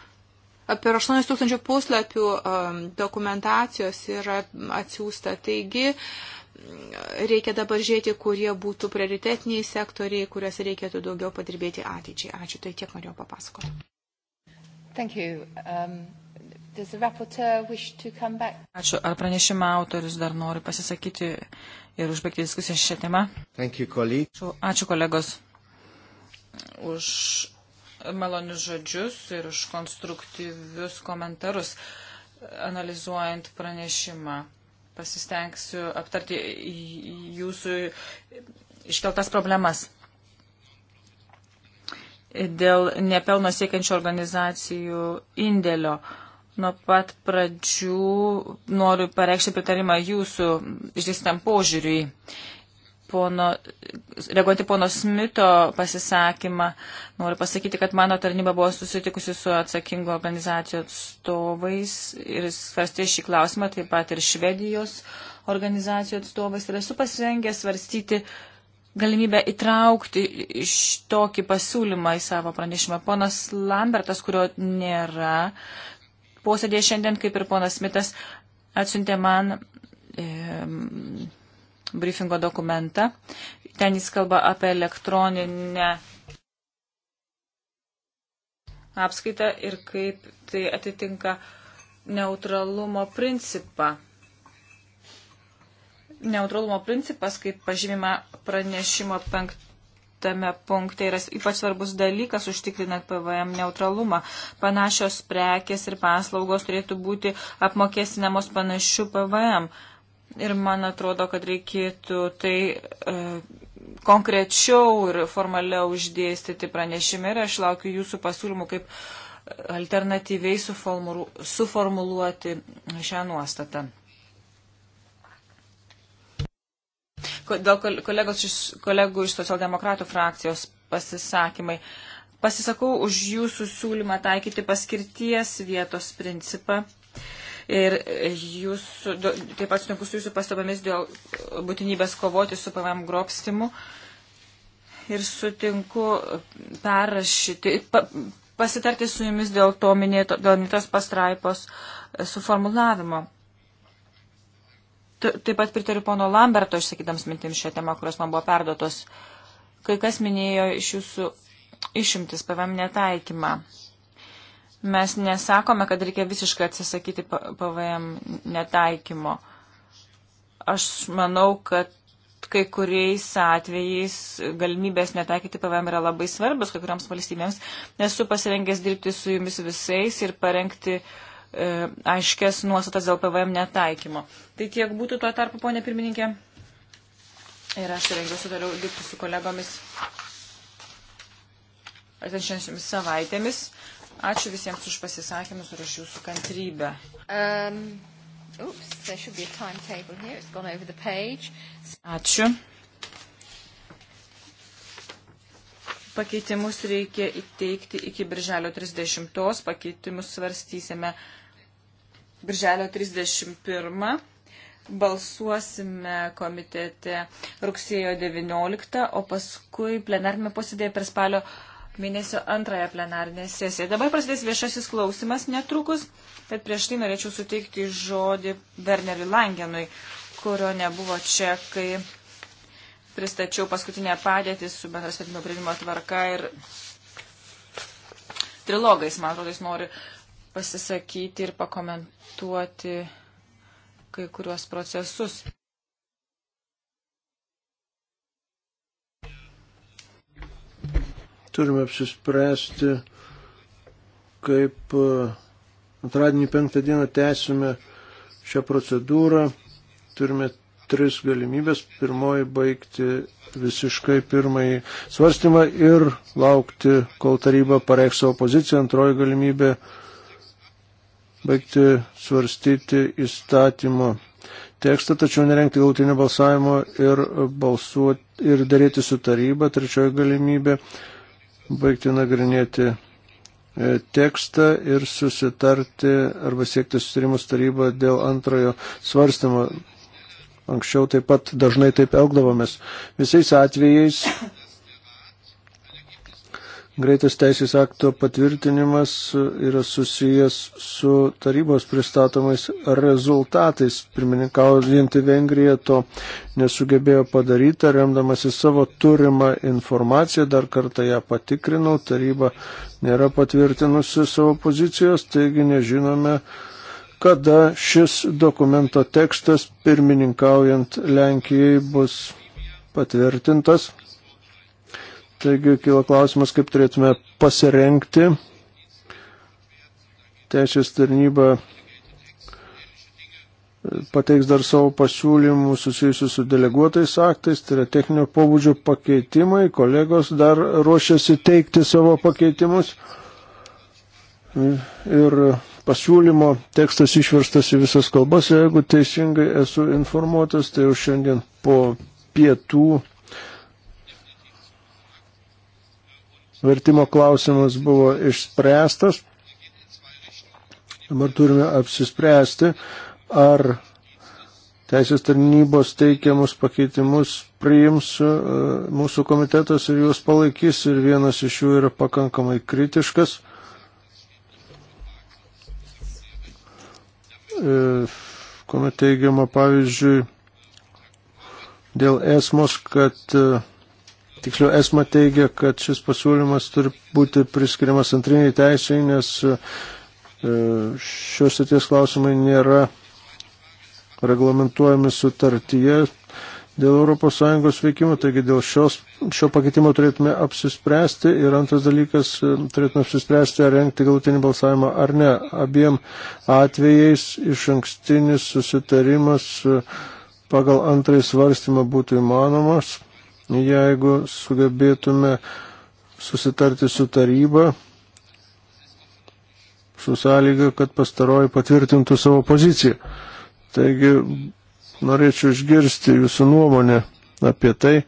per 8 tūkstančių puslapių um, dokumentacijos yra atsiųsta. Taigi, reikia dabar žiūrėti, kurie būtų prioritetiniai sektoriai, kuriuose reikėtų daugiau padirbėti ateičiai. Ačiū, tai tiek norėjau papasakoti. Um, Ačiū. Ar pranešimo autorius dar nori pasisakyti ir užbaigti diskusiją šią temą? You, Ačiū, kolegos, už malonius žodžius ir už konstruktyvius komentarus analizuojant pranešimą. Pasistengsiu aptarti jūsų iškeltas problemas. Dėl nepelno siekiančių organizacijų indėlio. Nuo pat pradžių noriu pareikšti pritarimą jūsų išdėstam požiūriui pono, reaguoti pono Smito pasisakymą, noriu pasakyti, kad mano tarnyba buvo susitikusi su atsakingo organizacijų atstovais ir svarstė šį klausimą, taip pat ir Švedijos organizacijų atstovais ir esu pasirengęs svarstyti galimybę įtraukti iš tokį pasiūlymą į savo pranešimą. Ponas Lambertas, kurio nėra, posėdėje šiandien, kaip ir ponas Smitas, atsiuntė man. E, briefingo dokumentą. Ten jis kalba apie elektroninę apskaitą ir kaip tai atitinka neutralumo principą. Neutralumo principas, kaip pažymima pranešimo penktame punkte, yra ypač svarbus dalykas užtikrinant PVM neutralumą. Panašios prekės ir paslaugos turėtų būti apmokestinamos panašių PVM. Uh, Ir man atrodo, kad reikėtų tai e, konkrečiau ir formaliau uždėstyti pranešime ir aš laukiu jūsų pasiūlymų, kaip alternatyviai suformuluoti šią nuostatą. Dėl kolegos iš, kolegų iš socialdemokratų frakcijos pasisakymai. Pasisakau už jūsų siūlymą taikyti paskirties vietos principą. E, Ir jūs, taip pat sutinku su jūsų pastabomis dėl būtinybės kovoti su PVM grobstimu. Ir sutinku perrašyti, pa, pasitarti su jumis dėl to minėto, dėl minėtos pastraipos e, suformulavimo. Taip pat pritariu pono Lamberto išsakydams mintims šią temą, kurios man buvo perdotos. Kai kas minėjo iš jūsų išimtis PVM netaikymą. Mes nesakome, kad reikia visiškai atsisakyti PVM netaikymo. Aš manau, kad kai kuriais atvejais galimybės netaikyti PVM yra labai svarbios kai kuriams valstybėms. Nesu pasirengęs dirbti su jumis visais ir parengti e, aiškes nuostatas dėl PVM netaikymo. Tai tiek būtų tuo tarpu, ponė pirmininkė. Ir aš rengiuosi toliau dirbti su kolegomis atsinšančiomis savaitėmis. Ačiū visiems už pasisakymus ir už jūsų kantrybę. Um, oops, there should be a timetable here. It's gone over the page. Ačiū. Pakeitimus reikia įteikti iki birželio 30. Pakeitimus svarstysime birželio 31. Balsuosime komitete rugsėjo 19, o paskui plenarme posėdėje per spalio mėnesio antrąją plenarinę sesiją. Dabar prasidės viešasis klausimas netrukus, bet prieš tai norėčiau suteikti žodį Werneriui Langenui, kurio nebuvo čia, kai pristačiau paskutinę padėtį su bendras vedimo priimimo tvarka ir trilogais, man atrodo, jis nori pasisakyti ir pakomentuoti kai kuriuos procesus. Turime apsispręsti, kaip e, antradienį penktą dieną tęsime šią procedūrą. Turime tris galimybės. Pirmoji baigti visiškai pirmąjį svarstymą ir laukti, kol taryba pareiks savo poziciją. Antroji galimybė baigti svarstyti įstatymo tekstą, tačiau nerengti galutinio balsavimo ir, balsuoti, ir daryti su taryba. Trečioji galimybė baigti nagrinėti e, tekstą ir susitarti arba siekti susitarimus tarybą dėl antrojo svarstymo. Anksčiau taip pat dažnai taip elgdavomės. Visais atvejais Greitas teisės akto patvirtinimas yra susijęs su tarybos pristatomais rezultatais. Pirmininkaujantį Vengriją to nesugebėjo padaryti, remdamasi savo turimą informaciją, dar kartą ją patikrinau, taryba nėra patvirtinusi savo pozicijos, taigi nežinome, kada šis dokumento tekstas pirmininkaujant Lenkijai bus patvirtintas. Taigi kyla klausimas, kaip turėtume pasirenkti. Teisės tarnyba e, pateiks dar savo pasiūlymų susijusių su deleguotais aktais, tai yra techninio pobūdžio pakeitimai, kolegos dar ruošiasi teikti savo pakeitimus e, ir pasiūlymo tekstas išverstas į visas kalbas, jeigu teisingai esu informuotas, tai jau šiandien po pietų vertimo klausimas buvo išspręstas. Dabar turime apsispręsti, ar teisės tarnybos teikiamus pakeitimus priims e, mūsų komitetas ir juos palaikys ir vienas iš jų yra pakankamai kritiškas. E, kuomet teigiama, pavyzdžiui, dėl esmos, kad e, Tiksliau, esma teigia, kad šis pasiūlymas turi būti priskiriamas antriniai teisėjai, nes e, šios atės klausimai nėra reglamentuojami sutartyje dėl ES veikimo, taigi dėl šios, šio pakeitimo turėtume apsispręsti ir antras dalykas, e, turėtume apsispręsti, ar renkti galutinį balsavimą ar ne. Abiem atvejais iš ankstinis susitarimas e, pagal antrąjį svarstymą būtų įmanomas jeigu sugebėtume susitarti su taryba, su sąlyga, kad pastaroji patvirtintų savo poziciją. Taigi norėčiau išgirsti jūsų nuomonę apie tai,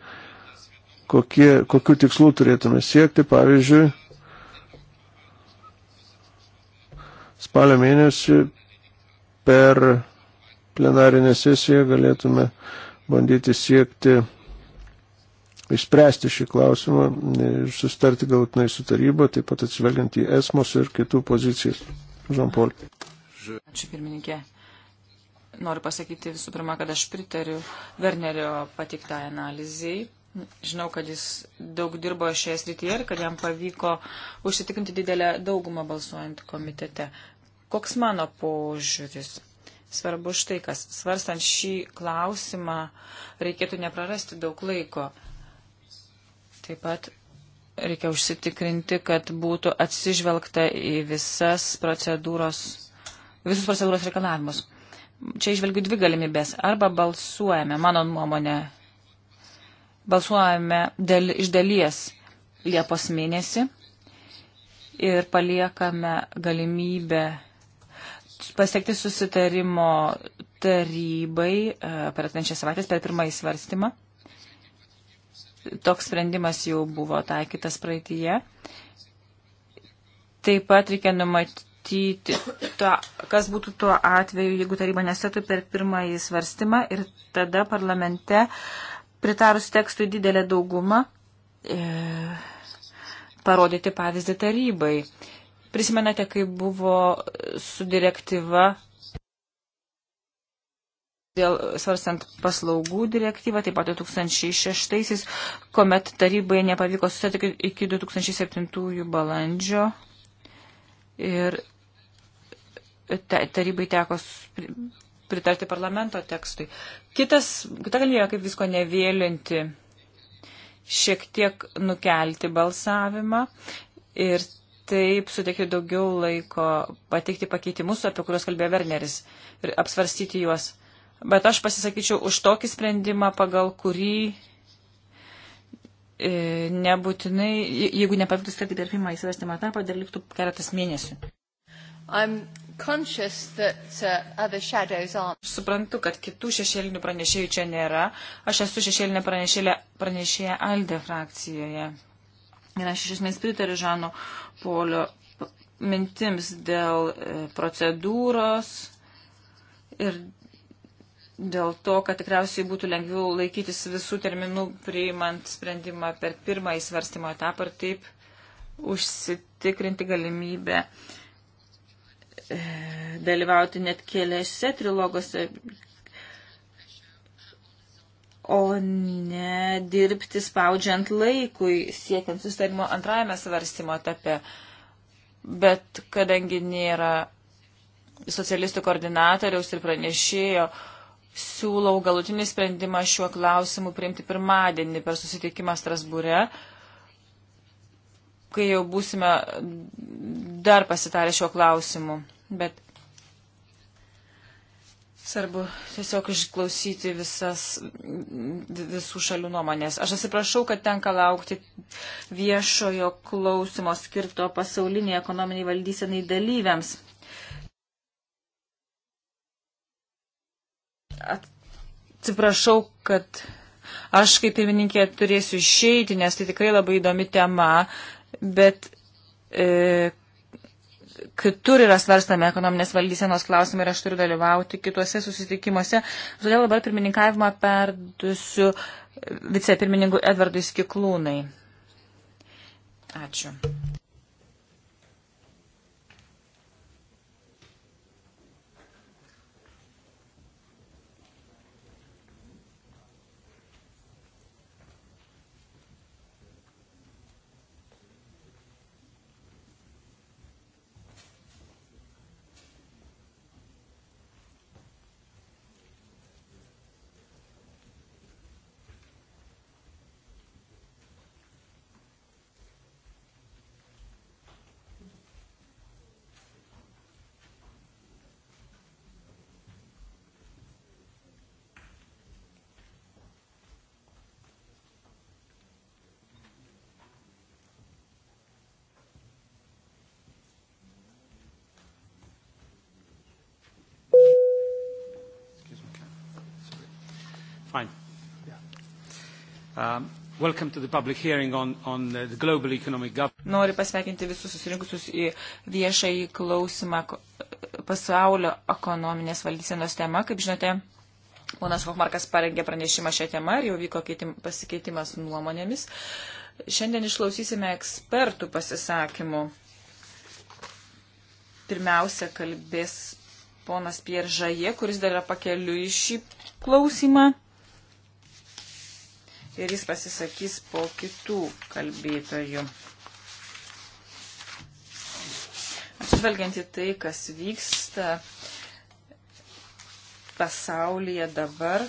kokie, kokiu tikslu turėtume siekti. Pavyzdžiui, spalio mėnesį per plenarinę sesiją galėtume bandyti siekti išspręsti šį klausimą ir e, sustarti galutinai su taryba, taip pat atsivelgiant į esmos ir kitų pozicijas. Žampol. Ačiū pirmininkė. Noriu pasakyti visų pirma, kad aš pritariu Wernerio patiktai analizai. Žinau, kad jis daug dirbo šioje srityje ir kad jam pavyko užsitikrinti didelę daugumą balsuojant komitete. Koks mano požiūris? Svarbu štai kas. Svarstant šį klausimą reikėtų neprarasti daug laiko. Taip pat reikia užsitikrinti, kad būtų atsižvelgta į visas procedūros, visus procedūros reikalavimus. Čia išvelgiu dvi galimybės. Arba balsuojame, mano nuomonė, balsuojame dėl, iš dalies Liepos mėnesį ir paliekame galimybę pasiekti susitarimo tarybai e, per atnešią savaitę, per pirmąjį svarstymą toks sprendimas jau buvo taikytas praeitie. Taip pat reikia numatyti, to, kas būtų tuo atveju, jeigu taryba nesėtų per pirmąjį svarstymą ir tada parlamente pritarus tekstui didelę daugumą e, parodyti pavyzdį tarybai. Prisimenate, kai buvo su direktyva dėl svarstant paslaugų direktyvą, taip pat 2006-aisiais, kuomet tarybai nepavyko susitikti iki 2007 balandžio ir tarybai teko pritarti parlamento tekstui. Kitas, kita galimybė, kaip visko nevėlinti, šiek tiek nukelti balsavimą ir taip suteikti daugiau laiko pateikti pakeitimus, apie kuriuos kalbėjo Werneris ir apsvarstyti juos. Bet aš pasisakyčiau už tokį sprendimą, pagal kurį e, nebūtinai, jeigu nepavyktų sutarti per pirmą įsivestymą etapą, dar liktų keletas mėnesių. Uh, suprantu, kad kitų šešėlinių pranešėjų čia nėra. Aš esu šešėlinė pranešėja Alde frakcijoje. Ir aš iš esmės pritariu Žano Polio mintims dėl e, procedūros ir dėl to, kad tikriausiai būtų lengviau laikytis visų terminų priimant sprendimą per pirmąjį svarstymo etapą ir taip užsitikrinti galimybę e, dalyvauti net keliose trilogose, o ne dirbti spaudžiant laikui, siekiant sustarimo antrajame svarstymo etape. Bet kadangi nėra socialistų koordinatoriaus ir pranešėjo, uh, siūlau galutinį sprendimą šiuo klausimu priimti pirmadienį per susitikimą Strasbūre, kai jau būsime dar pasitarę šiuo klausimu. Bet svarbu tiesiog išklausyti visas, visų šalių nuomonės. Aš atsiprašau, kad tenka laukti viešojo klausimo skirto pasauliniai ekonominiai valdysenai dalyviams. atsiprašau, kad aš kaip pirmininkė turėsiu išeiti, nes tai tikrai labai įdomi tema, bet e, kitur yra svarstami ekonominės valdysenos klausimai ir aš turiu dalyvauti kituose susitikimuose. Todėl dabar pirmininkavimą perdusiu vicepirmininkui Edvardui Skiklūnai. Ačiū. Fine. Yeah. Um, Welcome to the public hearing on, on the global economic governance. Noriu pasveikinti visus susirinkusius į viešąjį klausimą pasaulio ekonominės valdysenos tema. Kaip žinote, ponas Hochmarkas parengė pranešimą šią temą ir jau vyko keitim, pasikeitimas nuomonėmis. Šiandien išklausysime ekspertų pasisakymų. Pirmiausia, kalbės ponas Pieržaje, kuris dar yra pakeliu į šį klausimą ir jis pasisakys po kitų kalbėtojų. Atsižvelgiant į tai, kas vyksta pasaulyje dabar,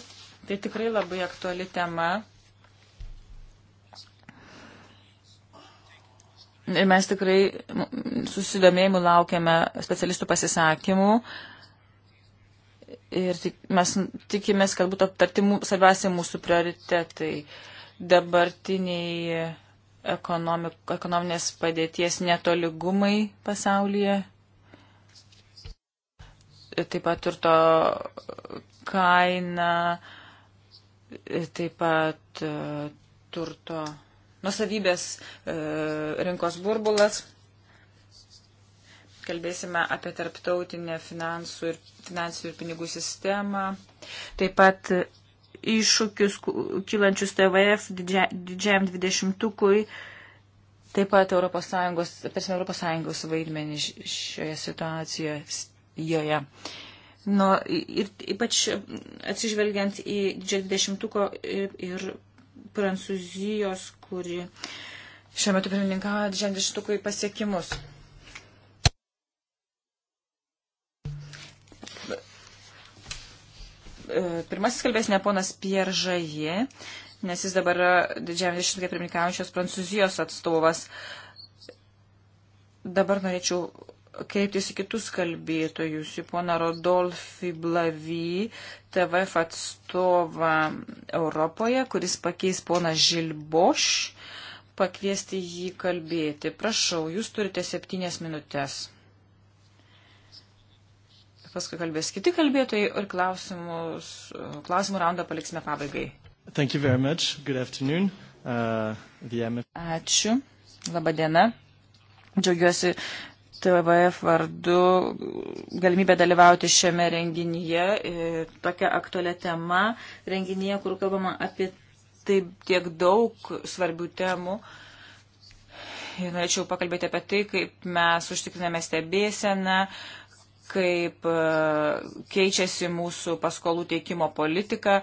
tai tikrai labai aktuali tema. Ir mes tikrai susidomėjimu laukiame specialistų pasisakymų. Uh, Ir tik, mes tikimės, kad būtų aptarti mū, svarbiausiai mūsų prioritetai dabartiniai ekonomik, ekonominės padėties netoligumai pasaulyje, taip pat turto kaina, taip pat e, turto nusavybės e, rinkos burbulas. Kalbėsime apie tarptautinę finansų ir, finansų ir pinigų sistemą. Taip pat iššūkius kylančius TVF didžia, didžiajam dvidešimtukui. Taip pat ES, persime, ES vaidmenį šioje situacijoje. Nu, ir ypač atsižvelgiant į didžiąjį dešimtuko ir, ir Prancūzijos, kuri šiuo metu pirmininkavo didžiąjį dešimtukui pasiekimus. E, pirmasis kalbės ne ponas Pieržaje, nes jis dabar yra didžiajame dešimtuke pirmininkaujančios Prancūzijos atstovas. Dabar norėčiau kreiptis į kitus kalbėtojus, į poną Rodolfi Blavy, TVF atstovą Europoje, kuris pakeis poną Žilboš, pakviesti jį kalbėti. Prašau, jūs turite septynės minutės paskui kalbės kiti kalbėtojai ir klausimus, klausimų raundą paliksime pabaigai. Thank you very much. Good afternoon. Uh, MF... Ačiū. Labadiena. Džiaugiuosi TVF vardu galimybę dalyvauti šiame renginyje. Tokia aktualia tema renginyje, kur kalbama apie taip tiek daug svarbių temų. Ir norėčiau pakalbėti apie tai, kaip mes užtikriname stebėseną, uh, kaip e, keičiasi mūsų paskolų teikimo politika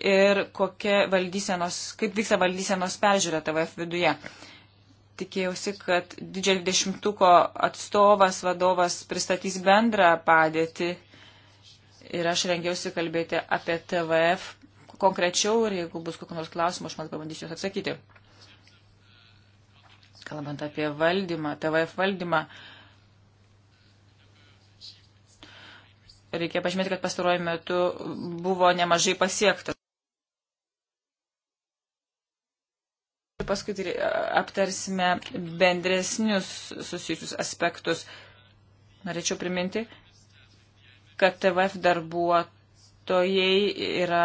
ir kokia valdysenos, kaip vyksta valdysenos peržiūra TVF viduje. Tikėjausi, kad didžiai dešimtuko atstovas, vadovas pristatys bendrą padėtį ir aš rengiausi kalbėti apie TVF konkrečiau ir jeigu bus kokių nors klausimų, aš man pabandysiu juos atsakyti. Kalbant apie valdymą, TVF valdymą, uh, reikia pažymėti, kad pastaruoju metu buvo nemažai pasiekta. Paskui tai aptarsime bendresnius susijusius aspektus. Norėčiau priminti, kad TVF darbuotojai yra,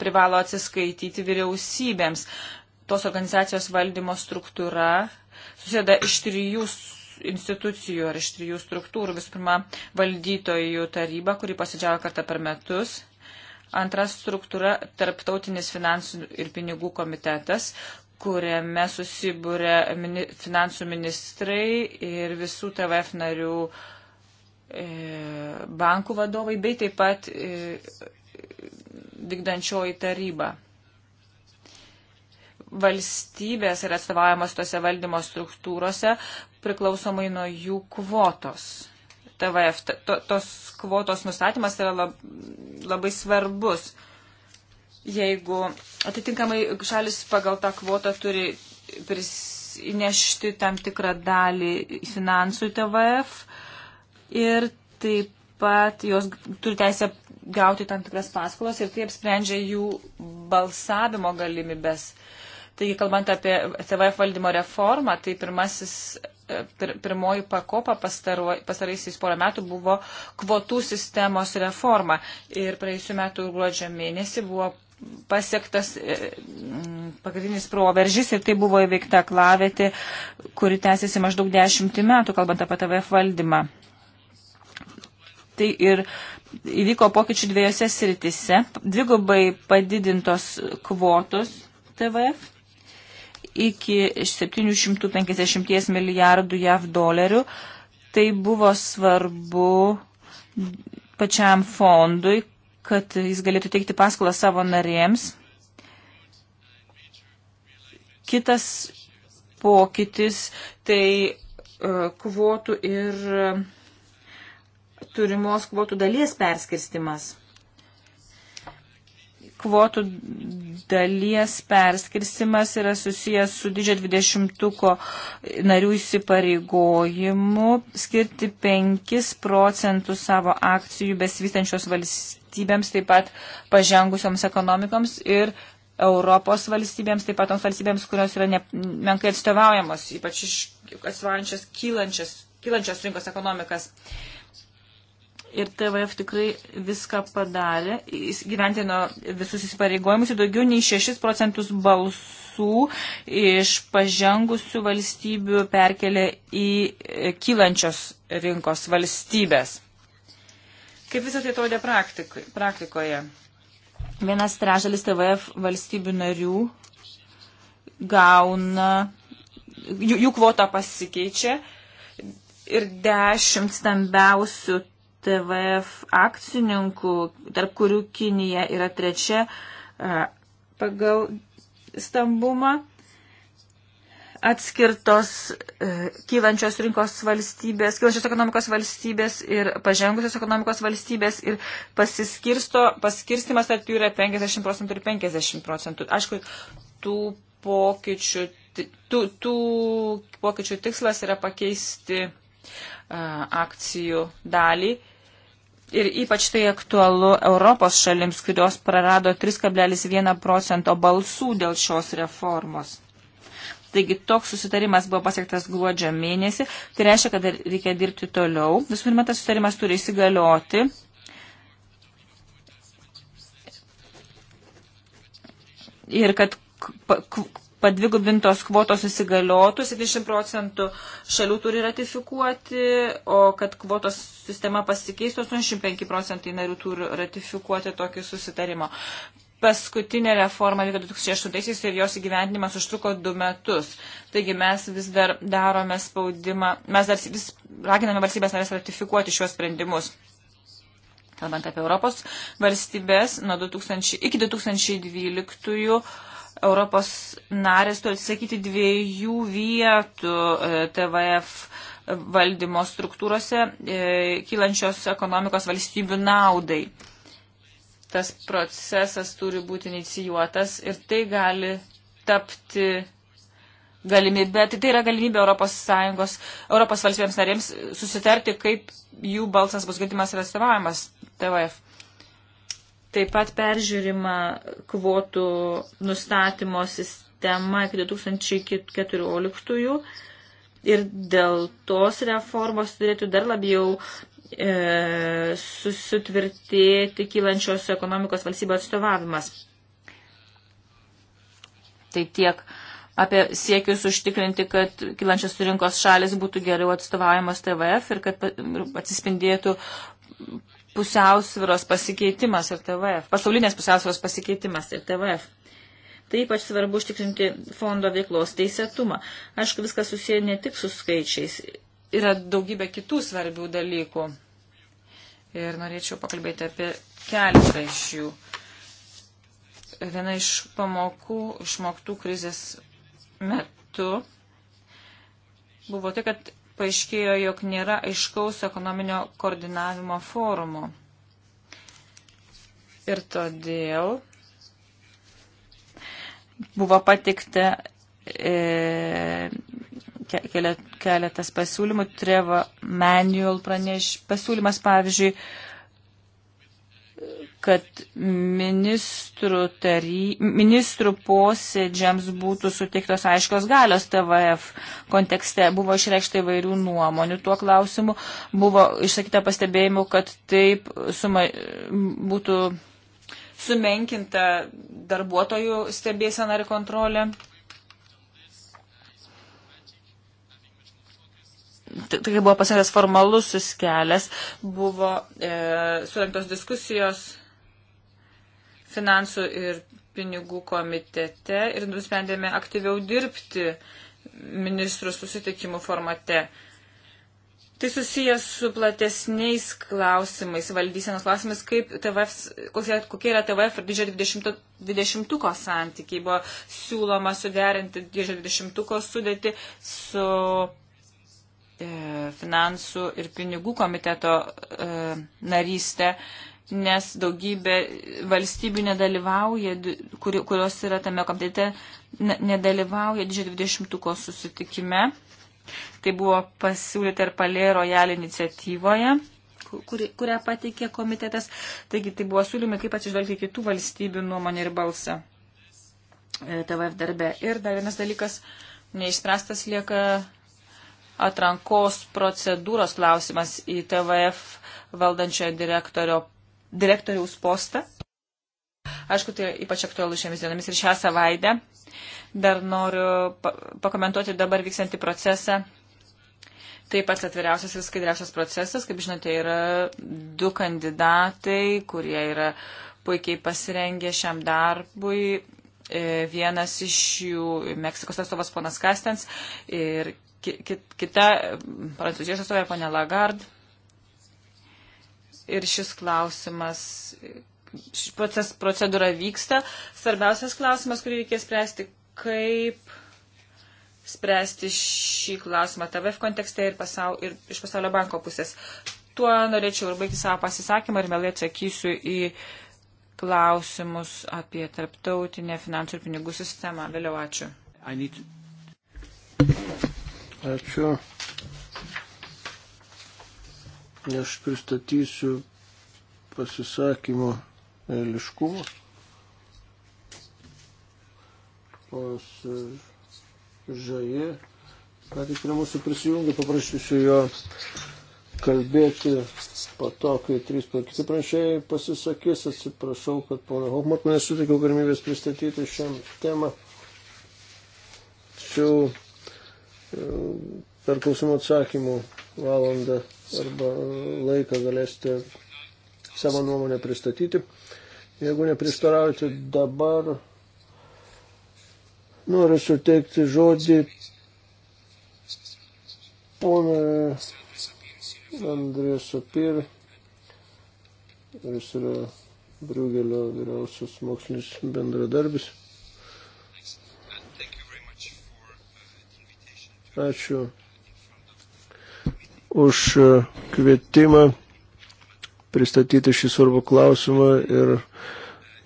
privalo atsiskaityti vyriausybėms. Tos organizacijos valdymo struktūra susideda iš trijų institucijų ar iš trijų struktūrų. Visų pirma, valdytojų taryba, kuri pasidžiavo kartą per metus. Antra struktūra - tarptautinis finansų ir pinigų komitetas, kuriame susibūrė finansų ministrai ir visų TVF narių e, bankų vadovai, bei taip pat e, vykdančioji taryba. Valstybės yra atstovaujamos tose valdymo struktūrose, priklausomai nuo jų kvotos. TVF, to, tos kvotos nustatymas yra lab, labai svarbus. Jeigu atitinkamai šalis pagal tą kvotą turi prisinešti tam tikrą dalį finansų į TVF ir taip pat jos turi teisę gauti tam tikras paskolas ir taip sprendžia jų balsavimo galimybės. Uh, Taigi, kalbant apie CVF valdymo reformą, tai pirmasis, e, pir, pirmoji pakopa pastaraisiais porą metų buvo kvotų sistemos reforma. Ir praėjusiu metu gruodžio mėnesį buvo pasiektas e, pagrindinis proveržys ir tai buvo įveikta klavėti, kuri tęsiasi maždaug dešimtį metų, kalbant apie TVF valdymą. Tai ir įvyko pokyčių dviejose sritise. Dvigubai padidintos kvotos TVF iki 750 milijardų JAV dolerių. Tai buvo svarbu pačiam fondui, kad jis galėtų teikti paskolą savo narėms. Kitas pokytis tai e, kvotų ir e, turimos kvotų dalies perskirstimas kvotų dalies perskirsimas yra susijęs su didžio dvidešimtuko narių įsipareigojimu skirti 5 procentus savo akcijų besivystančios valstybėms, taip pat pažengusioms ekonomikoms ir Europos valstybėms, taip pat toms valstybėms, kurios yra ne, menkai atstovaujamos, ypač atstovaujančias kylančias, kylančios rinkos ekonomikas. Uh, ir TVF tikrai viską padarė, gyventino visus įsipareigojimus ir daugiau nei 6 procentus balsų iš pažengusių valstybių perkelė į e, kylančios rinkos valstybės. Kaip visą tai atrodė praktikoje? Vienas trešalis TVF valstybių narių gauna, jų, jų kvota pasikeičia ir dešimt stambiausių TVF akcininkų, tarp kurių Kinija yra trečia e, pagal stambumą, atskirtos e, kylančios rinkos valstybės, kylančios ekonomikos valstybės ir pažengusios ekonomikos valstybės ir pasiskirsto, paskirstimas tarp jų yra 50 procentų ir 50 procentų. Aišku, tų pokyčių, tų, tų pokyčių tikslas yra pakeisti e, akcijų dalį Ir ypač tai aktualu Europos šalims, kurios prarado 3,1 procento balsų dėl šios reformos. Taigi toks susitarimas buvo pasiektas gruodžio mėnesį, tai reiškia, kad reikia dirbti toliau. Visų pirma, tas susitarimas turi įsigalioti. Ir kad padvigubintos kvotos įsigaliotų, 70 procentų šalių turi ratifikuoti, o kad kvotos sistema pasikeistų, 85 procentai narių turi ratifikuoti tokį susitarimą. Paskutinė reforma vyko 2008 ir jos įgyvendinimas užtruko du metus. Taigi mes vis dar darome spaudimą, mes dar vis raginame valstybės narės ratifikuoti šiuos sprendimus kalbant apie Europos valstybės, nuo 2000, iki 2012 Europos narės turi atsisakyti dviejų vietų e, TVF valdymo struktūrose e, kylančios ekonomikos valstybių naudai. Tas procesas turi būti inicijuotas ir tai gali tapti galimybė, tai, tai yra galimybė Europos Sąjungos, Europos valstybėms narėms susitarti, kaip jų balsas bus girdimas ir atstovavimas TVF. Taip pat peržiūrima kvotų nustatymo sistema iki 2014 ir dėl tos reformos turėtų dar labiau e, susitvirtėti kylančios ekonomikos valstybės atstovavimas. Tai tiek apie siekius užtikrinti, kad kylančios rinkos šalis būtų geriau atstovavimas TVF ir kad atsispindėtų pusiausviros pasikeitimas ir TVF, pasaulinės pusiausviros pasikeitimas ir TVF. Tai ypač svarbu užtikrinti fondo veiklos teisėtumą. Aišku, viskas susiję ne tik su skaičiais, yra daugybė kitų svarbių dalykų. Ir norėčiau pakalbėti apie keletą iš jų. Viena iš pamokų išmoktų krizės metu buvo tai, kad paaiškėjo, jog nėra aiškaus ekonominio koordinavimo forumo. Ir todėl buvo patikta e, keletas pasiūlymų, Trevor Manual praneš, pasiūlymas, pavyzdžiui, kad ministrų, tary, ministrų posėdžiams būtų suteiktos aiškios galios TVF kontekste. Buvo išreikšta įvairių nuomonių tuo klausimu. Buvo išsakyta pastebėjimų, kad taip suma, būtų sumenkinta darbuotojų stebėsena ir kontrolė. tai buvo pasirinktas formalus kelias, buvo e, surinktos diskusijos finansų ir pinigų komitete ir nusprendėme aktyviau dirbti ministrų susitikimų formate. Tai susijęs su platesniais klausimais, valdysenos klausimais, kaip TVF, kokie, kokie yra TVF ir didžiojo 20, 20 santykiai. Buvo siūloma suderinti didžiojo 20 sudėti su e, finansų ir pinigų komiteto e, narystė. E, nes daugybė valstybių nedalyvauja, kurios yra tame komitete, nedalyvauja didžiojo dvidešimtuko susitikime. Tai buvo pasiūlyta ir Palė Royal iniciatyvoje, kuri, kurią pateikė komitetas. Taigi tai buvo siūlymai, kaip atsižvelgti kitų valstybių nuomonę ir balsą e, TVF darbe. Ir dar vienas dalykas, neišspręstas lieka atrankos procedūros klausimas į TVF valdančiojo direktorio direktoriaus postą. Aišku, tai ypač aktualu šiomis dienomis ir šią savaitę. Dar noriu pakomentuoti dabar vykstantį procesą. Taip pat atviriausias ir skaidriausias procesas, kaip žinote, yra du kandidatai, kurie yra puikiai pasirengę šiam darbui. E, vienas iš jų Meksikos atstovas ponas Kastens ir kita prancūzijos atstovė ponė Lagarde ir šis klausimas, šis proces, procedūra vyksta. Svarbiausias klausimas, kurį reikės spręsti, kaip spręsti šį klausimą TVF kontekste ir, pasaul, ir iš pasaulio banko pusės. Tuo norėčiau ir baigti savo pasisakymą ir mielai atsakysiu į klausimus apie tarptautinę finansų ir pinigų sistemą. Vėliau ačiū. Need... Ačiū. Aš pristatysiu pasisakymo eiliškumą. Ponas e, Žaji, ką tik prie mūsų prisijungė, paprašysiu jo kalbėti po to, kai trys kiti pranešėjai pasisakys. Atsiprašau, kad pono Hochmatmanė sutikiau galimybės pristatyti šią temą. Tačiau e, per klausimų atsakymų valandą arba laiką galėsite savo nuomonę pristatyti. Jeigu neprištaraujate dabar, noriu suteikti žodį ponui Andrės Sapir, kuris yra Briugelio vyriausias mokslinis bendradarbis. Ačiū už e, kvietimą pristatyti šį svarbų klausimą ir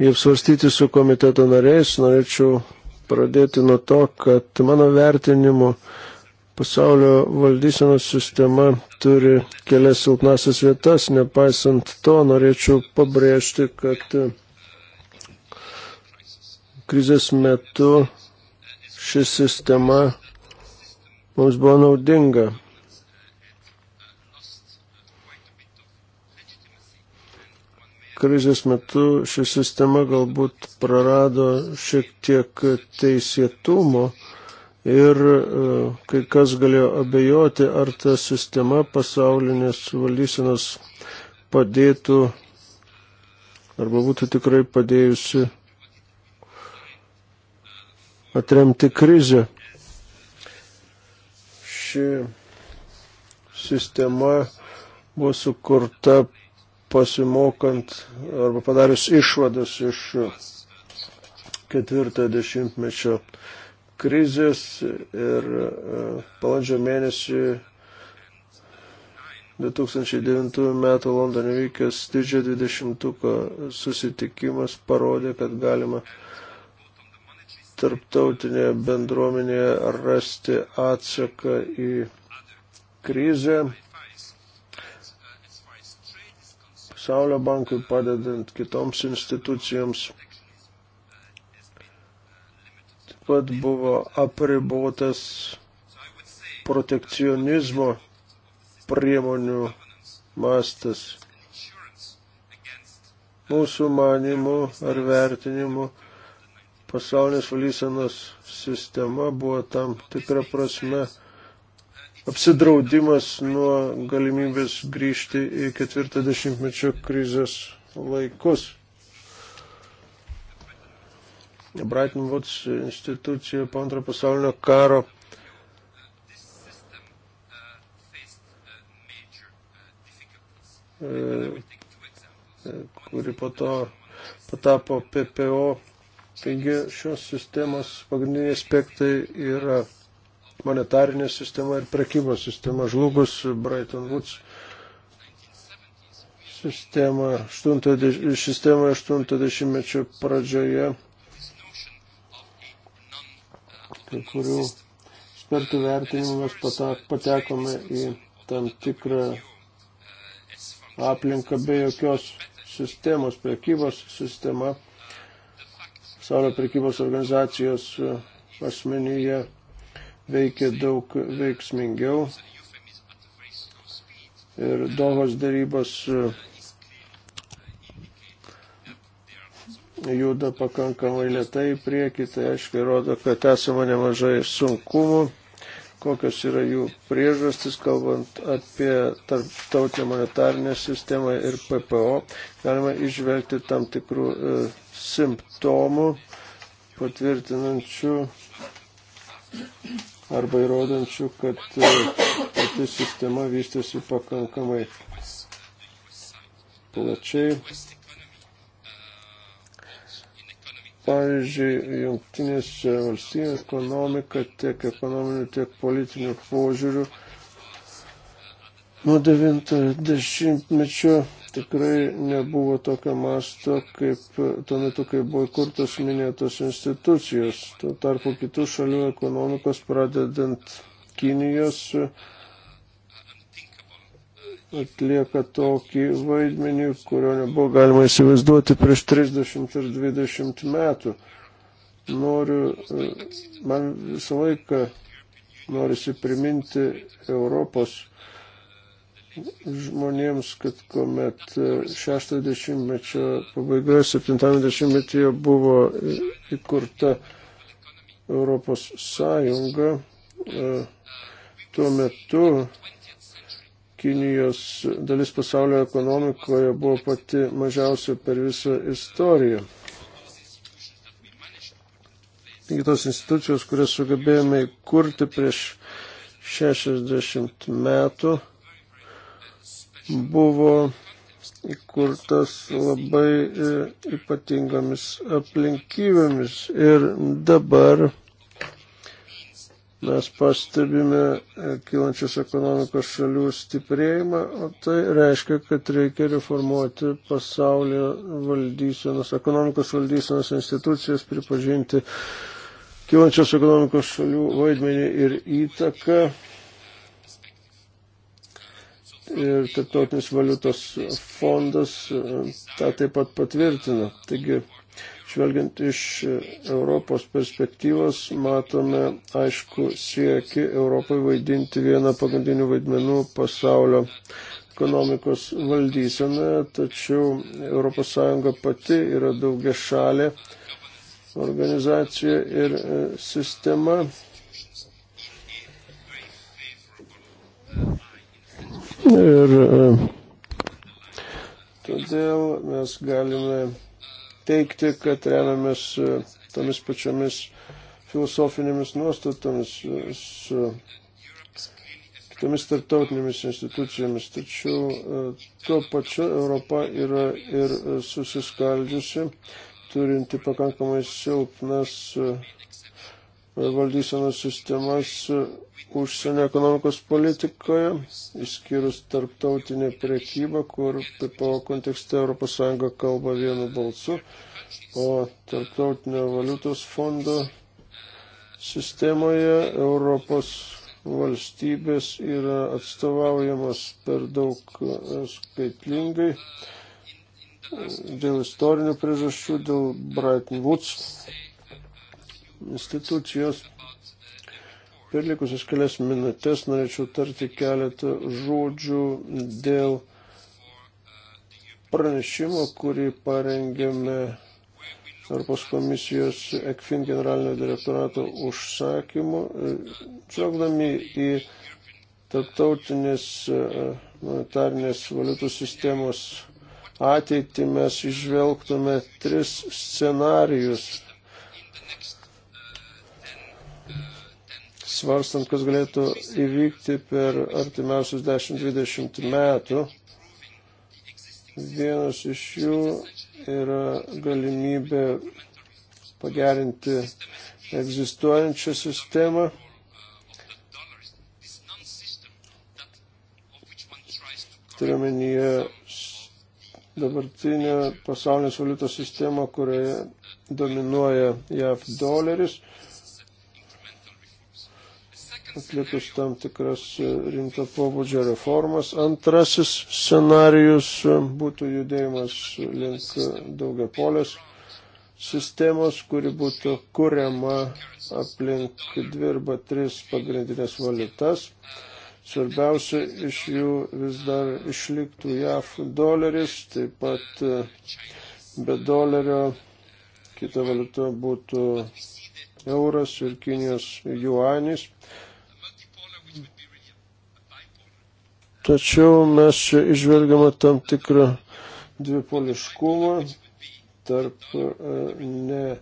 jį apsvarstyti su komiteto nariais. Norėčiau pradėti nuo to, kad mano vertinimu pasaulio valdysenos sistema turi kelias silpnasias vietas. Nepaisant to, norėčiau pabrėžti, kad krizės metu ši sistema mums buvo naudinga. krizės metu ši sistema galbūt prarado šiek tiek teisėtumo ir e, kai kas galėjo abejoti, ar ta sistema pasaulinės valdysenos padėtų arba būtų tikrai padėjusi atremti krizę. Ši sistema buvo sukurta pasimokant arba padarius išvadas iš ketvirtojo dešimtmečio krizės ir e, balandžio mėnesį 2009 metų Londone vykęs didžio 20 susitikimas parodė, kad galima tarptautinėje bendruomenėje rasti atsaką į krizę, Pasaulio bankui, padedant kitoms institucijoms. Taip pat buvo apribotas protekcionizmo priemonių mastas. Mūsų manimų ar vertinimų pasaulinės valysenos sistema buvo tam tikrą prasme apsidraudimas nuo galimybės grįžti į ketvirtą dešimtmečio krizės laikus. Bretton Woods institucija po antrojo pasaulinio karo e, e, kuri po to patapo PPO. Taigi šios sistemos pagrindiniai aspektai yra monetarinė sistema ir prekybos sistema žlugus Brighton Woods sistema 80-mečio pradžioje, kai kurių ekspertų vertinimu mes patekome į tam tikrą aplinką be jokios sistemos, prekybos sistema, pasaulio prekybos organizacijos e, asmenyje veikia daug veiksmingiau. Ir Dohos darybos e, juda pakankamai lietai prieki, tai aiškiai rodo, kad esama nemažai sunkumų, kokios yra jų priežastis, kalbant apie tarptautinę monetarinę sistemą ir PPO. Galima išvelgti tam tikrų e, simptomų patvirtinančių arba įrodančių, kad e, pati sistema vystėsi pakankamai plačiai. Pavyzdžiui, jungtinės valstybės ekonomika tiek ekonominių, tiek politinių požiūrių Nuo 90-mečio tikrai nebuvo tokio masto, kaip tuo metu, kai buvo įkurtos minėtos institucijos. Tuo tarpu kitų šalių ekonomikos, pradedant Kinijos, atlieka tokį vaidmenį, kurio nebuvo galima įsivaizduoti prieš 30 ar 20 metų. Noriu, man visą laiką norisi priminti Europos žmonėms, kad kuomet 60-mečio pabaigoje, 70-metyje buvo įkurta Europos Sąjunga, e, tuo metu Kinijos dalis pasaulio ekonomikoje buvo pati mažiausia per visą istoriją. Taigi tos institucijos, kurias sugebėjome įkurti prieš 60 metų, buvo įkurtas labai e, ypatingomis aplinkybėmis. Ir dabar mes pastebime e, kylančios ekonomikos šalių stiprėjimą, o tai reiškia, kad reikia reformuoti pasaulio valdysenos, ekonomikos valdysenos institucijas, pripažinti kylančios ekonomikos šalių vaidmenį ir įtaką ir Tarptautinis valiutos fondas e, tą taip pat patvirtina. Taigi, žvelgiant iš Europos perspektyvos, matome aišku sieki Europai vaidinti vieną pagrindinių vaidmenų pasaulio ekonomikos valdyseną, tačiau ES pati yra daugia šalė organizacija ir e, sistema. Ir e, todėl mes galime teikti, kad remiamės e, tomis pačiomis filosofinėmis nuostatomis e, su kitomis tarptautinėmis institucijomis, tačiau tuo pačiu Europa yra ir susiskaldžiusi, turinti pakankamai silpnas valdysenos sistemas užsienio ekonomikos politikoje, išskyrus tarptautinę priekybą, kur PPO kontekste ES kalba vienu balsu, o tarptautinio valiutos fondo sistemoje Europos valstybės yra atstovaujamas per daug e, skaitlingai e, dėl istorinių priežasčių, dėl Bretton Woods institucijos. Per likusias kelias minutės norėčiau tarti keletą žodžių dėl pranešimo, kurį parengėme Europos komisijos ECFIN generalinio direktorato užsakymu, žvelgdami į tarptautinės e, monetarnės valiutų sistemos ateitį mes išvelgtume tris scenarijus svarstant, kas galėtų įvykti per artimiausius 10-20 metų. Vienas iš jų yra galimybė pagerinti egzistuojančią sistemą. Turiuomenyje dabartinę pasaulinės valiutos sistemą, kurioje dominuoja JAV doleris atlikus tam tikras e, rimto pobūdžio reformas. Antrasis scenarius e, būtų judėjimas link e, daugiapolės sistemos, kuri būtų kuriama aplink dvi arba tris pagrindinės valiutas. Svarbiausia iš jų vis dar išliktų JAF doleris, taip pat be dolerio kita valiuta būtų euras ir Kinijos juanis. Tačiau mes čia išvelgiame tam tikrą dvipoliškumą tarp e, ne.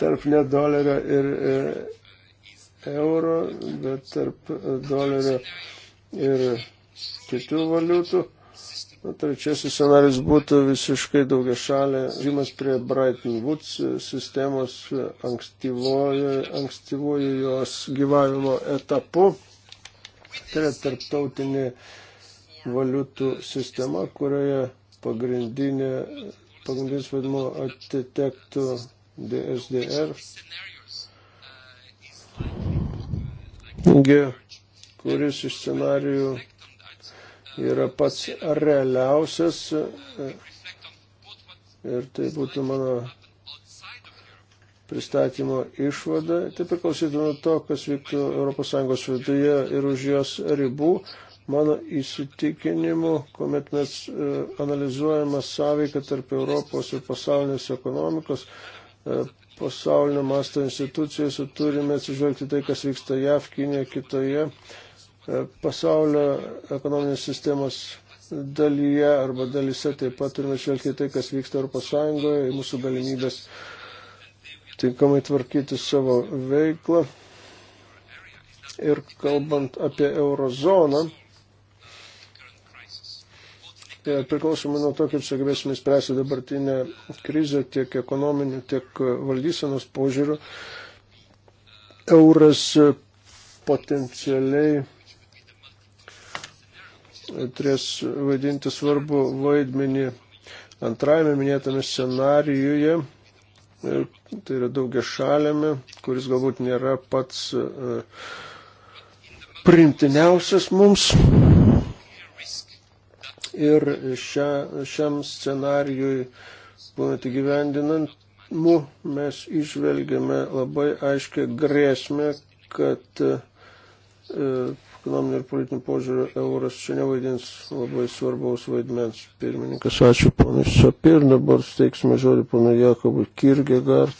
Tarp ne dolerio ir e, euro, bet tarp dolerio ir kitų valiutų. Trečiasis scenarius būtų visiškai daugia šalė. Žymas prie Brighton Woods sistemos ankstyvojo jos gyvavimo etapu. Tai yra tarptautinė valiutų sistema, kurioje pagrindinė, pagrindinis vaidmo atitektų DSDR. G, kuris iš scenarijų yra pats realiausias ir tai būtų mano pristatymo išvada. Tai priklausytų nuo to, kas vyktų ES viduje ir už jos ribų. Mano įsitikinimu, kuomet mes e, analizuojame sąveiką tarp Europos ir pasaulinės ekonomikos, e, pasaulinio masto institucijose turime atsižvelgti tai, kas vyksta JAV, Kinėje, kitoje E, pasaulio ekonominės sistemos dalyje arba dalyse taip pat turime žvelgti tai, kas vyksta Europos Sąjungoje, į mūsų galimybės tinkamai tvarkyti savo veiklą. Ir kalbant apie eurozoną, e, priklausomai nuo to, kaip sugebėsime spręsti dabartinę krizę tiek ekonominių, tiek valdysenos požiūrių, euras potencialiai turės vaidinti svarbu vaidmenį antrajame minėtame scenarijuje, tai yra daugia šalėme, kuris galbūt nėra pats e, primtiniausias mums. Ir šia, šiam scenarijui būtent įgyvendinant, mu, mes išvelgiame labai aiškę grėsmę, kad e, ekonominio ir politinio požiūrio euras čia nevaidins labai svarbaus vaidmens. Pirmininkas, ačiū ponui Sapir, dabar steiksime žodį ponui Jakobui Kirgegar.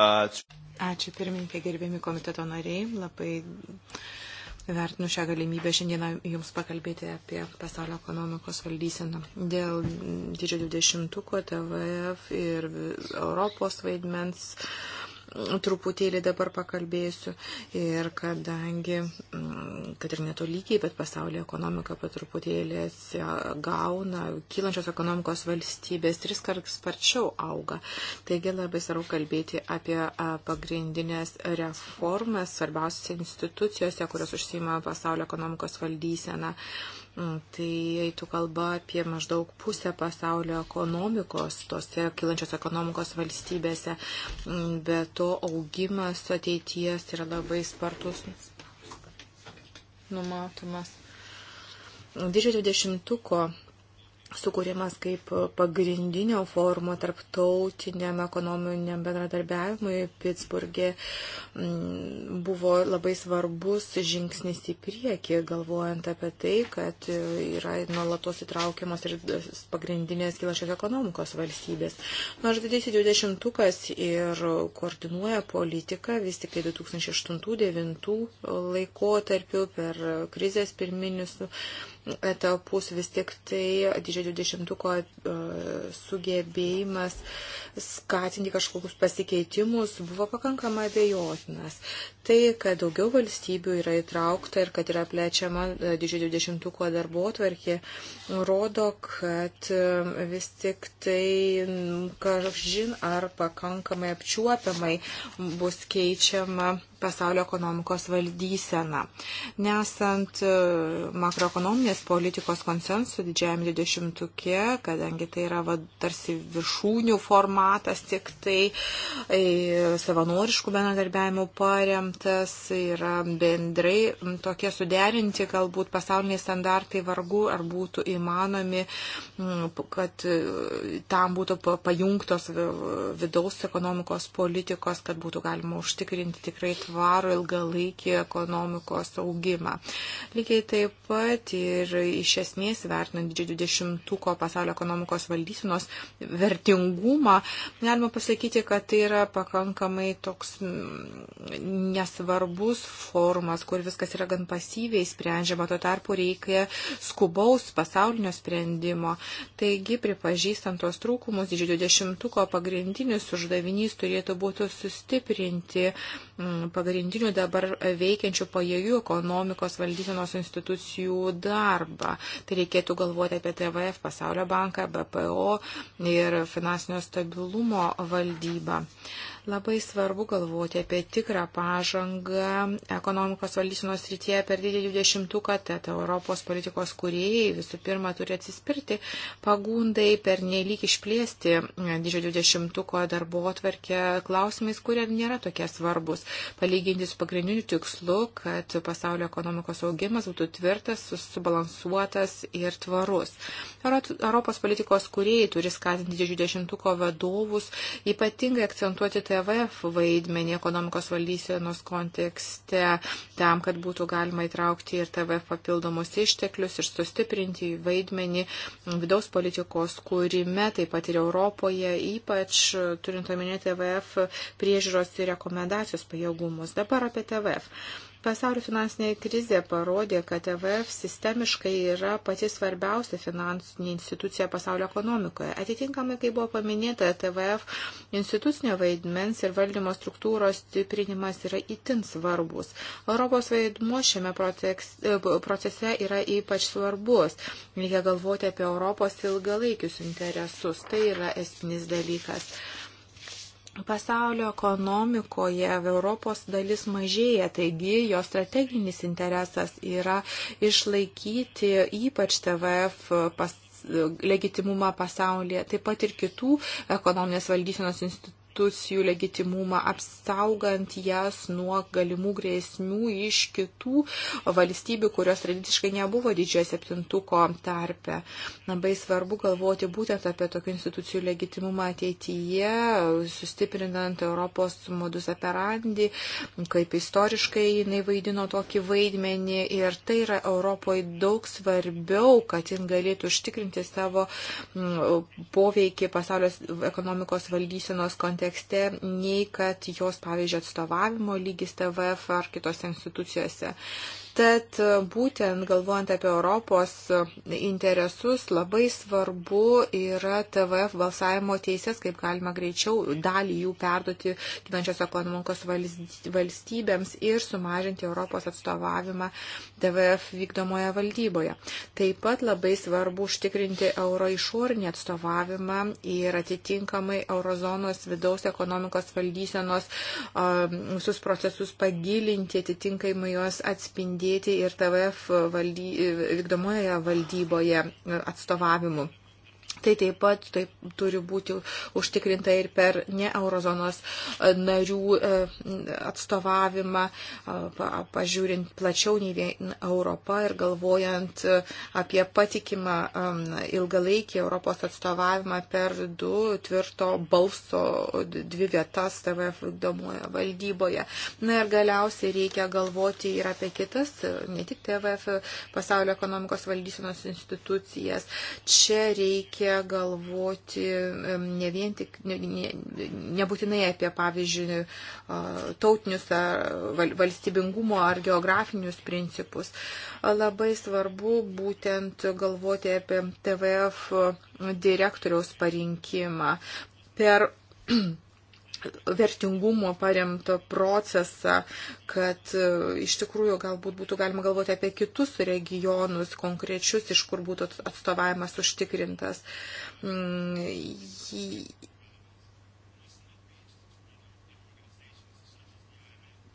Ačiū pirmininkė, gerbėmi komiteto nariai, labai vertinu šią galimybę šiandieną Jums pakalbėti apie pasaulio ekonomikos valdyseną. Dėl didžiojo dvidešimtuko TVF ir Europos vaidmens truputėlį dabar pakalbėsiu. Ir kadangi, mm, kad ir netolygiai, bet pasaulio ekonomika patruputėlį atsigauna, kylančios ekonomikos valstybės tris kart sparčiau auga. Taigi labai svarbu kalbėti apie pagrindinės reformas svarbiausiose institucijose, kurios užsima pasaulio ekonomikos valdyseną. Tai eitų kalba apie maždaug pusę pasaulio ekonomikos, tose kilančios ekonomikos valstybėse. Be to augimas ateities yra labai spartus numatomas. Didžiojo dešimtuko sukūrimas kaip pagrindinio forumo tarptautiniam ekonominiam bendradarbiavimui Pittsburgė mm, buvo labai svarbus žingsnis į priekį, galvojant apie tai, kad yra nuolatos įtraukiamas ir pagrindinės kilašios ekonomikos valstybės. Nors nu, didysis 20-ukas ir koordinuoja politiką vis tik 2008-2009 tai laikotarpiu per krizės pirminius etapus, vis tik tai didžiojo dvidešimtuko e, sugebėjimas skatinti kažkokius pasikeitimus buvo pakankamai abejotinas. Tai, kad daugiau valstybių yra įtraukta ir kad yra plečiama e, didžiojo dvidešimtuko darbo tvarkė, rodo, kad e, vis tik tai kažin ar pakankamai apčiuopiamai bus keičiama pasaulio ekonomikos valdyseną. Nesant e, makroekonominės politikos konsensų didžiajam 20-tukė, kadangi tai yra va, tarsi viršūnių formatas, tik tai e, savanoriškų bendradarbiavimų paremtas, yra bendrai tokie suderinti, galbūt pasauliniai standartai vargu ar būtų įmanomi, kad e, tam būtų pajungtos vidaus ekonomikos politikos, kad būtų galima užtikrinti tikrai tvarką tvarų ilgalaikį ekonomikos augimą. Lygiai taip pat ir iš esmės vertinant didžiai dvidešimtuko pasaulio ekonomikos valdysinos vertingumą, galima pasakyti, kad tai yra pakankamai toks mm, nesvarbus formas, kur viskas yra gan pasyviai sprendžiama, tuo tarpu reikia skubaus pasaulinio sprendimo. Taigi, pripažįstant tos trūkumus, didžiai dvidešimtuko pagrindinis uždavinys turėtų būti sustiprinti Mm, pagrindinių dabar veikiančių pajėgių ekonomikos valdysenos institucijų darbą. Tai reikėtų galvoti apie TVF, Pasaulio banką, BPO ir finansinio stabilumo valdybą. Uh, Labai svarbu galvoti apie tikrą pažangą ekonomikos valdysenos rytyje per didį 20-ką, tad Europos politikos kūrėjai visų pirma turi atsispirti pagundai per nelik išplėsti didžio 20-ko darbo atverkę klausimais, kurie nėra tokie svarbus. Palyginti su pagrindiniu tikslu, kad pasaulio ekonomikos augimas būtų tvirtas, subalansuotas ir tvarus. Europos politikos kūrėjai turi skatinti didžio 20-ko vadovus ypatingai akcentuoti tai TVF vaidmenį ekonomikos valdysenos kontekste, tam, kad būtų galima įtraukti ir TVF papildomus išteklius ir sustiprinti vaidmenį vidaus politikos kūrime, taip pat ir Europoje, ypač turint omenyje TVF priežiūros ir rekomendacijos pajėgumus. Dabar apie TVF. Pasaulio finansinė krizė parodė, kad EVF sistemiškai yra pati svarbiausia finansinė institucija pasaulio ekonomikoje. Atitinkamai, kai buvo paminėta, TVF institucinio vaidmens ir valdymo struktūros stiprinimas yra itin svarbus. Europos vaidmuo šiame e, procese yra ypač svarbus. Reikia galvoti apie Europos ilgalaikius interesus. Tai yra esminis dalykas. Pasaulio ekonomikoje Europos dalis mažėja, taigi jo strateginis interesas yra išlaikyti ypač TVF pas, legitimumą pasaulyje, taip pat ir kitų ekonominės valdysenos institucijų institucijų legitimumą, apsaugant jas nuo galimų grėsmių iš kitų valstybių, kurios tradiciškai nebuvo didžiojo septintuko tarpe. Labai svarbu galvoti būtent apie tokių institucijų legitimumą ateityje, sustiprinant Europos modus operandi, kaip istoriškai jinai vaidino tokį vaidmenį ir tai yra Europoje daug svarbiau, kad jin galėtų užtikrinti savo mm, poveikį pasaulio ekonomikos valdysenos kontekste kontekste, nei kad jos, pavyzdžiui, atstovavimo lygis TVF ar kitose institucijose. Tad e, būtent galvojant apie Europos e, interesus, labai svarbu yra TVF balsavimo teisės, kaip galima greičiau dalį jų perduoti kylančios ekonomikos valstybėms ir sumažinti Europos atstovavimą TVF vykdomoje valdyboje. Taip pat labai svarbu užtikrinti euro išorinį atstovavimą ir atitinkamai eurozonos vidaus ekonomikos valdysenos visus procesus pagilinti, atitinkamai juos atspindėti padėti ir TVF valdy, vykdomoje valdyboje atstovavimu. Tai taip pat taip, turi būti užtikrinta ir per ne eurozonos e, narių e, atstovavimą, pažiūrint plačiau nei vien Europą ir galvojant e, apie patikimą ilgalaikį Europos atstovavimą per du tvirto balso dvi vietas TVF vykdomoje valdyboje. Na ir galiausiai reikia galvoti ir apie kitas, ne tik TVF, pasaulio ekonomikos valdysenos institucijas. Čia reikia reikia galvoti ne vien tik, ne, ne, nebūtinai apie, pavyzdžiui, tautinius ar valstybingumo ar geografinius principus. Labai svarbu būtent galvoti apie TVF direktoriaus parinkimą. Per vertingumo paremtą procesą, kad e, iš tikrųjų galbūt būtų galima galvoti apie kitus regionus konkrečius, iš kur būtų atstovavimas užtikrintas. Mm,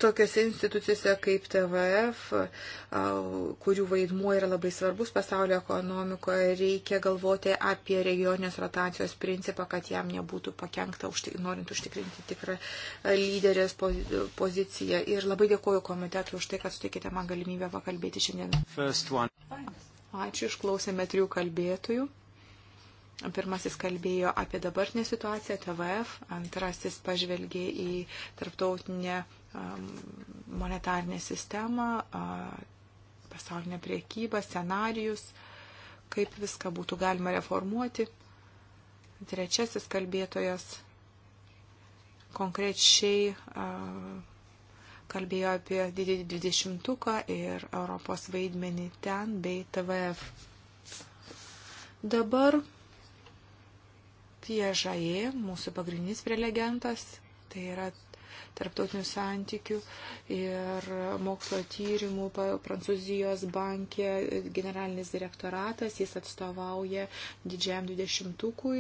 tokiose institucijose kaip TVF, kurių vaidmuo yra labai svarbus pasaulio ekonomikoje, reikia galvoti apie regioninės rotacijos principą, kad jam nebūtų pakengta, norint užtikrinti tikrą lyderės poziciją. Ir labai dėkoju komitetui už tai, kad sutikite man galimybę pakalbėti šiandien. Ačiū, išklausėme trijų kalbėtojų. Pirmasis kalbėjo apie dabartinę situaciją TVF, antrasis pažvelgė į tarptautinę Um, monetarnę sistemą, pasaulinę priekybą, scenarius, kaip viską būtų galima reformuoti. Trečiasis kalbėtojas konkrečiai kalbėjo apie didį dvidešimtuką ir Europos vaidmenį ten bei TVF. Dabar Piežaje, mūsų pagrindinis prelegentas, tai yra tarptautinių santykių ir mokslo tyrimų Prancūzijos bankė generalinis direktoratas. Jis atstovauja didžiam dvidešimtukui,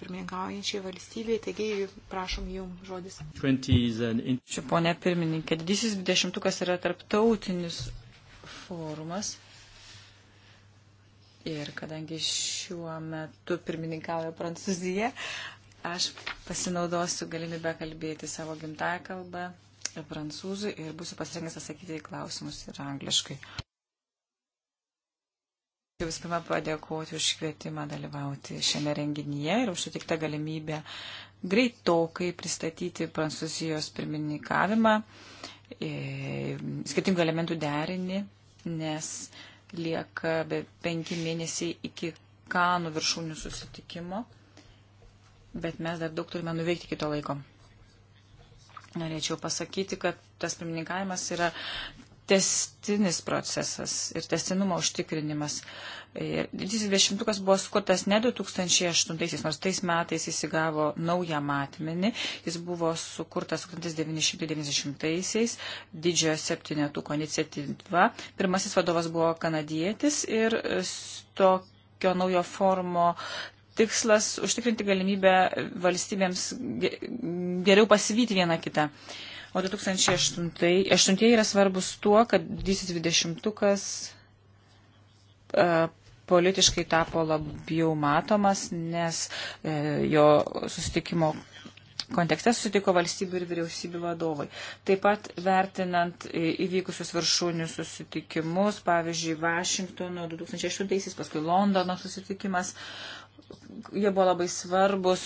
pirmininkaujančiai valstybei. Taigi, prašom jums žodis. Čia, ponė pirmininkė, didysis dvidešimtukas yra tarptautinis forumas. Ir kadangi šiuo metu pirmininkauja Prancūzija, Aš pasinaudosiu galimybę kalbėti savo gimtąją kalbą ir prancūzų ir būsiu pasirengęs atsakyti į klausimus ir angliškai. Jūs pirmą padėkoti už kvietimą dalyvauti šiame renginyje ir už sutiktą galimybę greitokai pristatyti Prancūzijos pirmininkavimą, e, skirtingų elementų derinį, nes lieka be penki mėnesiai iki kanų viršūnių susitikimo bet mes dar daug turime nuveikti kito laiko. Norėčiau pasakyti, kad tas pirmininkavimas yra testinis procesas ir testinumo užtikrinimas. Didysis dešimtukas buvo skurtas ne 2008, nors tais metais jis įgavo naują matmenį. Jis buvo sukurtas 1990-aisiais, didžiojo septynetuko iniciatyva. Pirmasis vadovas buvo kanadietis ir tokio naujo formo tikslas užtikrinti galimybę valstybėms geriau pasivyti vieną kitą. O 2008 yra svarbus tuo, kad didysis dvidešimtukas e, politiškai tapo labiau matomas, nes e, jo susitikimo kontekste susitiko valstybių ir vyriausybių vadovai. Taip pat vertinant įvykusius viršūnių susitikimus, pavyzdžiui, Vašingtono 2008-aisiais, paskui Londono susitikimas, jie buvo labai svarbus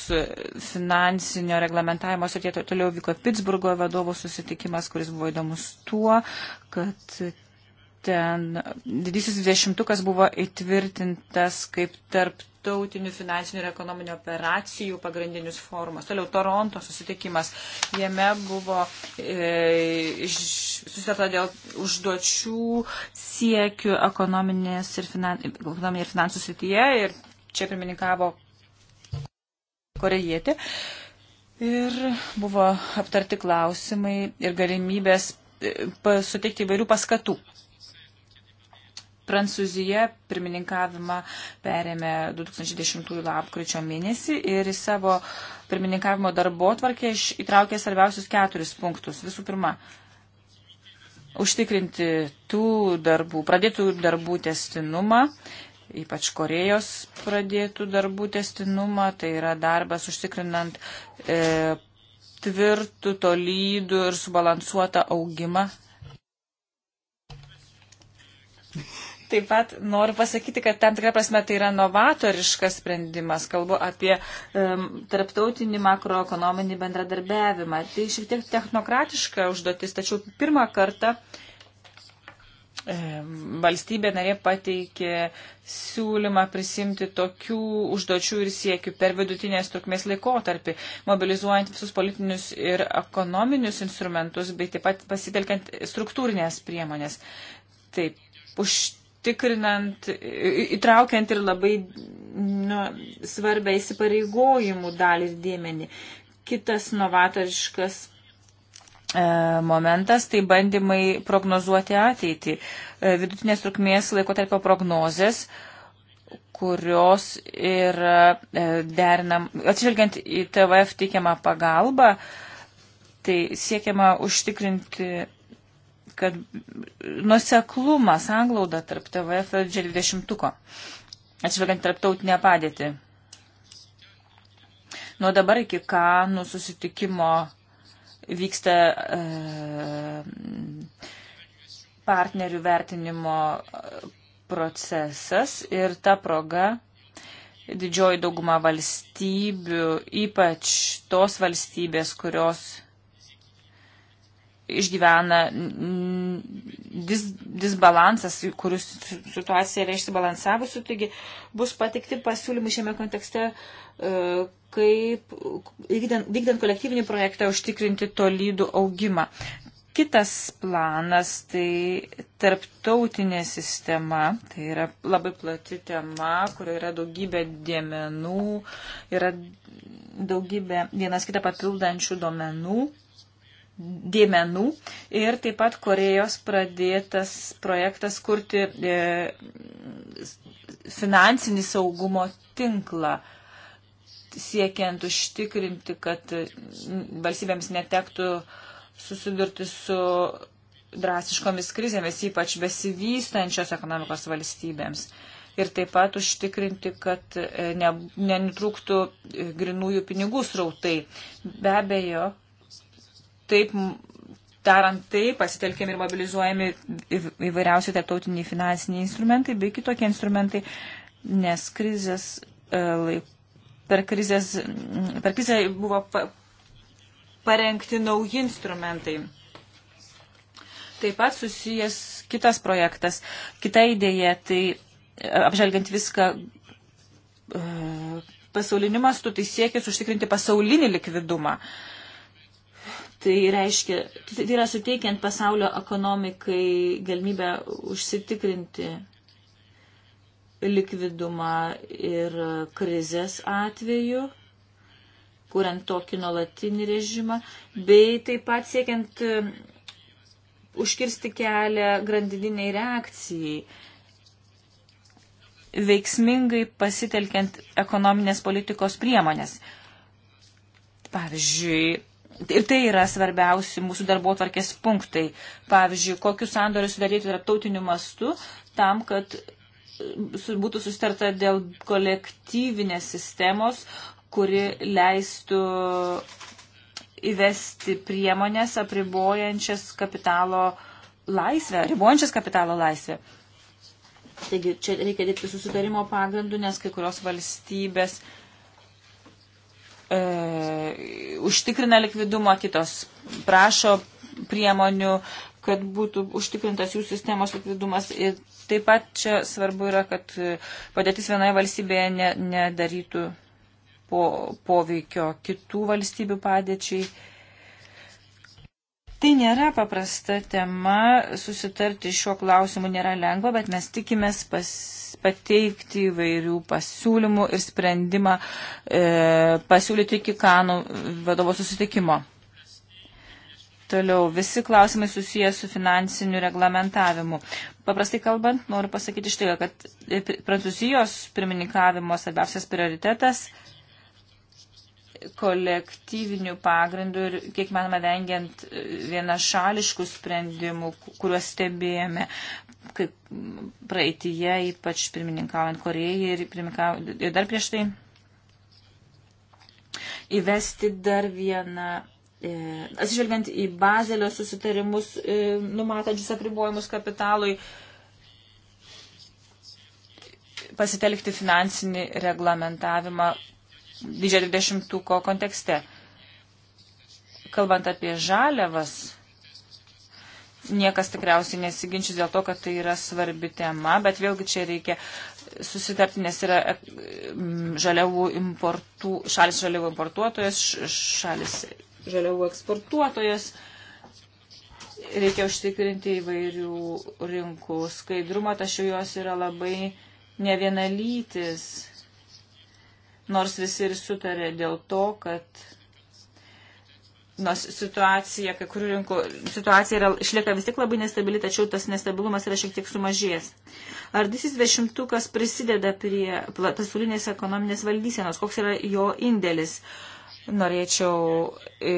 finansinio reglamentavimo srityje. Tai toliau vyko Pittsburgo vadovų susitikimas, kuris buvo įdomus tuo, kad ten didysis dvidešimtukas buvo įtvirtintas kaip tarptautinių finansinių ir ekonominių operacijų pagrindinius forumas. Toliau Toronto susitikimas. Jame buvo e, susitarta dėl užduočių siekių ekonominės ir, finan, ekonominės ir finansų srityje ir čia pirmininkavo korejietė. Ir buvo aptarti klausimai ir galimybės e, suteikti įvairių paskatų. Prancūzija pirmininkavimą perėmė 2010 lapkričio mėnesį ir į savo pirmininkavimo darbo tvarkę įtraukė svarbiausius keturis punktus. Visų pirma, užtikrinti tų darbų, pradėtų darbų testinumą, ypač Korejos pradėtų darbų testinumą, tai yra darbas užtikrinant e, tvirtų, tolydų ir subalansuotą augimą. Taip pat noriu pasakyti, kad tam tikra prasme tai yra novatoriškas sprendimas. Kalbu apie um, tarptautinį makroekonominį bendradarbiavimą. Tai šiek tiek technokratiška užduotis, tačiau pirmą kartą uh, E, valstybė narė pateikė siūlymą prisimti tokių užduočių ir siekių per vidutinės trukmės laikotarpį, mobilizuojant visus politinius ir ekonominius instrumentus, bei taip pat pasitelkiant struktūrinės priemonės. Taip, užtikrinant, įtraukiant ir labai nu, svarbę įsipareigojimų dalį ir dėmenį. Kitas novatoriškas E, momentas, tai bandymai prognozuoti ateitį. E, vidutinės trukmės laikotarpio prognozės, kurios ir e, derinam, atsižvelgiant į TVF teikiamą pagalbą, tai siekiama užtikrinti kad nuseklumas anglauda tarp TVF ir G20, atsižvelgiant tarptautinę padėtį. Nuo dabar iki kanų susitikimo vyksta e, partnerių vertinimo procesas ir ta proga didžioji dauguma valstybių, ypač tos valstybės, kurios išgyvena dis, disbalansas, kuris situacija yra išsibalansavusi, taigi bus patikti pasiūlymai šiame kontekste uh, E, kaip vykdant, vykdant kolektyvinį projektą užtikrinti tolydų augimą. Kitas planas tai tarptautinė sistema, tai yra labai plati tema, kurioje yra daugybė dėmenų, yra daugybė vienas kitą papildančių domenų dėmenų ir taip pat Korejos pradėtas projektas kurti e, finansinį saugumo tinklą. E, siekiant užtikrinti, kad valstybėms netektų susidurti su drastiškomis krizėmis, ypač besivystančios ekonomikos valstybėms. Ir taip pat užtikrinti, kad e, ne, nenutrūktų e, grinųjų pinigų srautai. Be abejo, taip, darant tai, pasitelkiami ir mobilizuojami įvairiausi tarptautiniai finansiniai instrumentai bei kitokie instrumentai, nes krizės e, laik, per, krizės, per krizę buvo pa, parengti nauji instrumentai. Taip pat susijęs kitas projektas, kita idėja, tai e, apžvelgiant viską e, pasauliniu mastu, tai siekis užtikrinti pasaulinį likvidumą. Tai reiškia, tai yra suteikiant pasaulio ekonomikai galimybę užsitikrinti likvidumą ir krizės atveju, kuriant tokį nuolatinį režimą, bei taip pat siekiant e, užkirsti kelią grandininiai reakcijai, veiksmingai pasitelkiant ekonominės politikos priemonės. Pavyzdžiui, ir tai yra svarbiausi mūsų darbo tvarkės punktai. Pavyzdžiui, kokius sandorius sudaryti tarptautiniu mastu tam, kad būtų sustarta dėl kolektyvinės sistemos, kuri leistų įvesti priemonės apribojančias kapitalo laisvę, ribojančias kapitalo laisvę. Taigi čia reikia dirbti susitarimo pagrindu, nes kai kurios valstybės e, užtikrina likvidumą, kitos prašo priemonių, kad būtų užtikrintas jų sistemos likvidumas. Ir taip pat čia svarbu yra, kad e, padėtis vienoje valstybėje ne, nedarytų po, poveikio kitų valstybių padėčiai. Tai nėra paprasta tema, susitarti šiuo klausimu nėra lengva, bet mes tikimės pas, pateikti įvairių pasiūlymų ir sprendimą e, pasiūlyti iki kanų vadovo susitikimo. Toliau visi klausimai susijęs su finansiniu reglamentavimu. Paprastai kalbant, noriu pasakyti štai, kad Prancūzijos pirmininkavimo svarbiausias prioritetas kolektyvinių pagrindų ir, kiek manoma, vengiant vienašališkų sprendimų, kuriuos stebėjome kaip praeitįje, ypač pirmininkaujant Korejai ir, pirmininkaujant, ir dar prieš tai įvesti dar vieną E, atsižvelgiant į bazelio susitarimus, e, numatančius apribojimus kapitalui, pasitelkti finansinį reglamentavimą didžiojo 20-ko kontekste. Kalbant apie žaliavas, niekas tikriausiai nesiginčys dėl to, kad tai yra svarbi tema, bet vėlgi čia reikia susitarti, nes yra e, žaliavų importų, šalis žaliavų importuotojas, šalis žaliavų eksportuotojas. Reikia užtikrinti įvairių rinkų skaidrumą, tačiau jos yra labai nevienalytis. Nors visi ir sutarė dėl to, kad nors situacija, kai kurių rinkų situacija yra, išlieka vis tik labai nestabili, tačiau tas nestabilumas yra šiek tiek sumažėjęs. Ar disis dešimtukas prisideda prie pasaulinės ekonominės valdysenos? Koks yra jo indėlis? Uh, norėčiau e,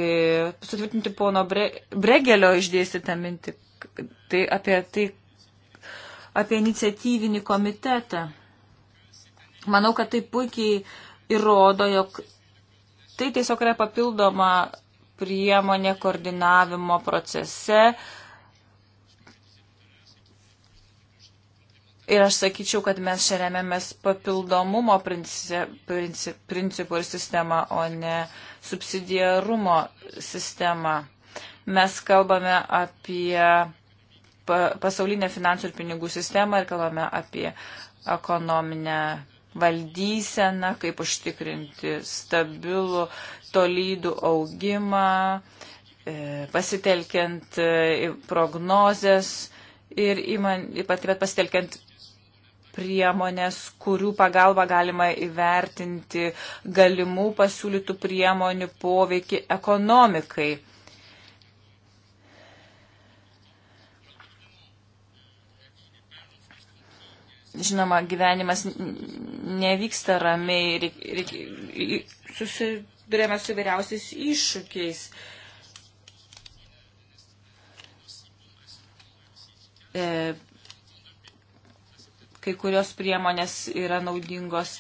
sutvirtinti pono Bre, Bregelio išdėstytą mintį tai apie, tai, apie iniciatyvinį komitetą. Manau, kad tai puikiai įrodo, jog tai tiesiog yra papildoma priemonė koordinavimo procese, e, Ir aš sakyčiau, kad mes čia remiamės papildomumo princip, princip, principų ir sistemą, o ne subsidiarumo sistemą. Mes kalbame apie pasaulinę finansų ir pinigų sistemą ir kalbame apie ekonominę valdyseną, kaip užtikrinti stabilų, tolydų augimą, e, pasitelkiant e, prognozes ir ypat pasitelkiant priemonės, kurių pagalba galima įvertinti galimų pasiūlytų priemonių poveikį ekonomikai. Žinoma, gyvenimas nevyksta ramiai, susidurėme su vyriausiais iššūkiais. E, Kai kurios priemonės yra naudingos